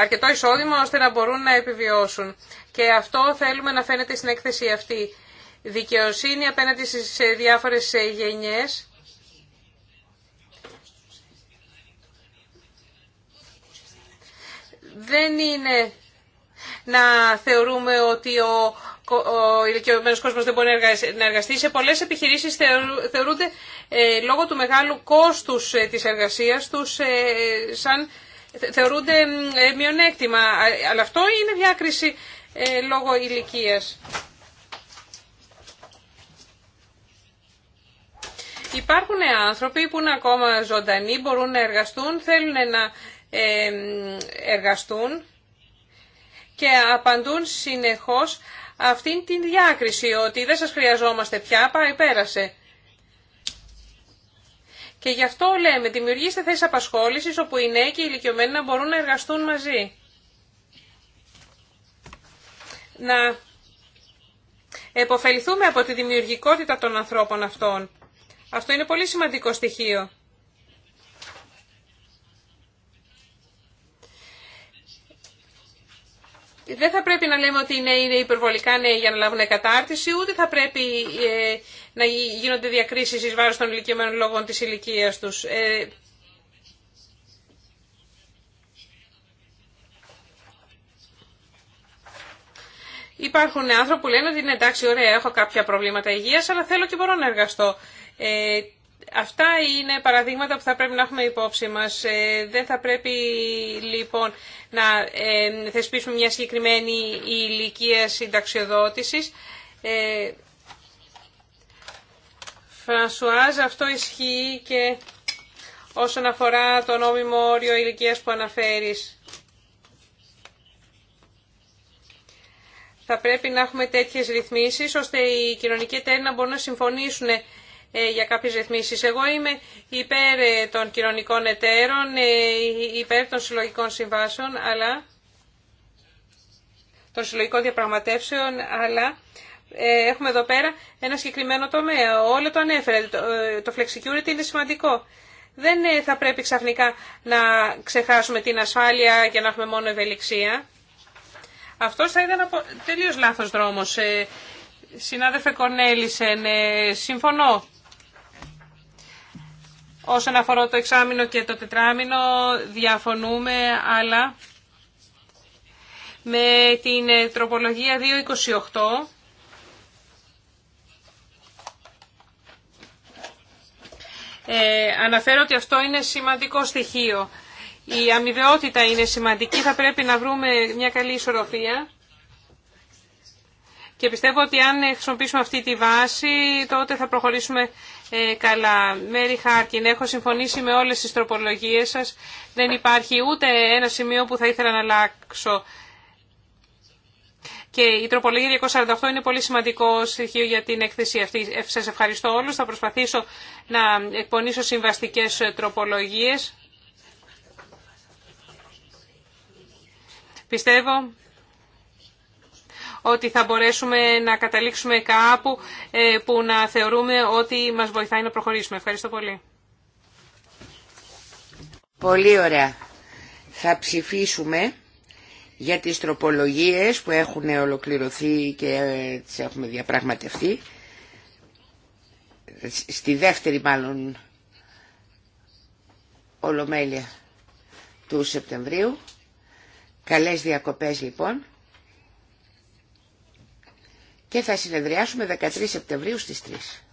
αρκετό εισόδημα ώστε να μπορούν να επιβιώσουν. Και αυτό θέλουμε να φαίνεται στην έκθεση αυτή δικαιοσύνη απέναντι στις διάφορες ε, γενιές. Δεν είναι να θεωρούμε ότι ο ο ηλικιωμένος κόσμος δεν μπορεί να εργαστεί. Σε πολλές επιχειρήσεις θεωρούνται ε, λόγω του μεγάλου κόστους ε, της εργασίας τους ε, σαν θεωρούνται μειονέκτημα. Αλλά αυτό είναι διάκριση λόγω ηλικίας. Υπάρχουν άνθρωποι που είναι ακόμα ζωντανοί, μπορούν να εργαστούν, θέλουν να ε, εργαστούν και απαντούν συνεχώς αυτήν την διάκριση ότι δεν σας χρειαζόμαστε πια, πάει πέρασε. Και γι' αυτό λέμε, δημιουργήστε θέσεις απασχόλησης όπου οι νέοι και οι ηλικιωμένοι να μπορούν να εργαστούν μαζί. Να εποφεληθούμε από τη δημιουργικότητα των ανθρώπων αυτών. Αυτό είναι πολύ σημαντικό στοιχείο. Δεν θα πρέπει να λέμε ότι οι νέοι είναι υπερβολικά νέοι για να λάβουν κατάρτιση, ούτε θα πρέπει ε, να γίνονται διακρίσεις εις βάρος των ηλικιωμένων λόγων της ηλικία τους. Ε, υπάρχουν άνθρωποι που λένε ότι είναι εντάξει, ωραία, έχω κάποια προβλήματα υγείας, αλλά θέλω και μπορώ να εργαστώ. Ε, αυτά είναι παραδείγματα που θα πρέπει να έχουμε υπόψη μας. Ε, δεν θα πρέπει λοιπόν να ε, θεσπίσουμε μια συγκεκριμένη ηλικία συνταξιοδότησης. Φρανσουάζ, αυτό ισχύει και όσον αφορά το νόμιμο όριο ηλικίας που αναφέρεις. Θα πρέπει να έχουμε τέτοιες ρυθμίσεις ώστε οι κοινωνικοί εταίροι να μπορούν να συμφωνήσουν ε, για κάποιες ρυθμίσεις. Εγώ είμαι υπέρ ε, των κοινωνικών εταίρων, ε, υπέρ των συλλογικών συμβάσεων, αλλά των συλλογικών διαπραγματεύσεων, αλλά έχουμε εδώ πέρα ένα συγκεκριμένο τομέα. Όλο το ανέφερε. Το flexicurity είναι σημαντικό. Δεν θα πρέπει ξαφνικά να ξεχάσουμε την ασφάλεια και να έχουμε μόνο ευελιξία. Αυτό θα ήταν τελείω λάθο δρόμο. Συνάδελφε συμφωνώ. Όσον αφορά το εξάμεινο και το τετράμινο διαφωνούμε, αλλά με την ε, τροπολογία 228 Ε, αναφέρω ότι αυτό είναι σημαντικό στοιχείο. Η αμοιβαιότητα είναι σημαντική, θα πρέπει να βρούμε μια καλή ισορροφία. Και πιστεύω ότι αν χρησιμοποιήσουμε αυτή τη βάση, τότε θα προχωρήσουμε ε, καλά, Μέρι Χάρκιν, έχω συμφωνήσει με όλες τις τροπολογίες σας. Δεν υπάρχει ούτε ένα σημείο που θα ήθελα να αλλάξω. Και η τροπολογία 248 είναι πολύ σημαντικό στοιχείο για την έκθεση αυτή. Ε, σας ευχαριστώ όλους. Θα προσπαθήσω να εκπονήσω συμβαστικές τροπολογίες. Πιστεύω ότι θα μπορέσουμε να καταλήξουμε κάπου ε, που να θεωρούμε ότι μας βοηθάει να προχωρήσουμε. Ευχαριστώ πολύ. Πολύ ωραία. Θα ψηφίσουμε για τις τροπολογίες που έχουν ολοκληρωθεί και ε, τις έχουμε διαπραγματευτεί. Στη δεύτερη μάλλον ολομέλεια του Σεπτεμβρίου. Καλές διακοπές λοιπόν και θα συνεδριάσουμε 13 Σεπτεμβρίου στις 3.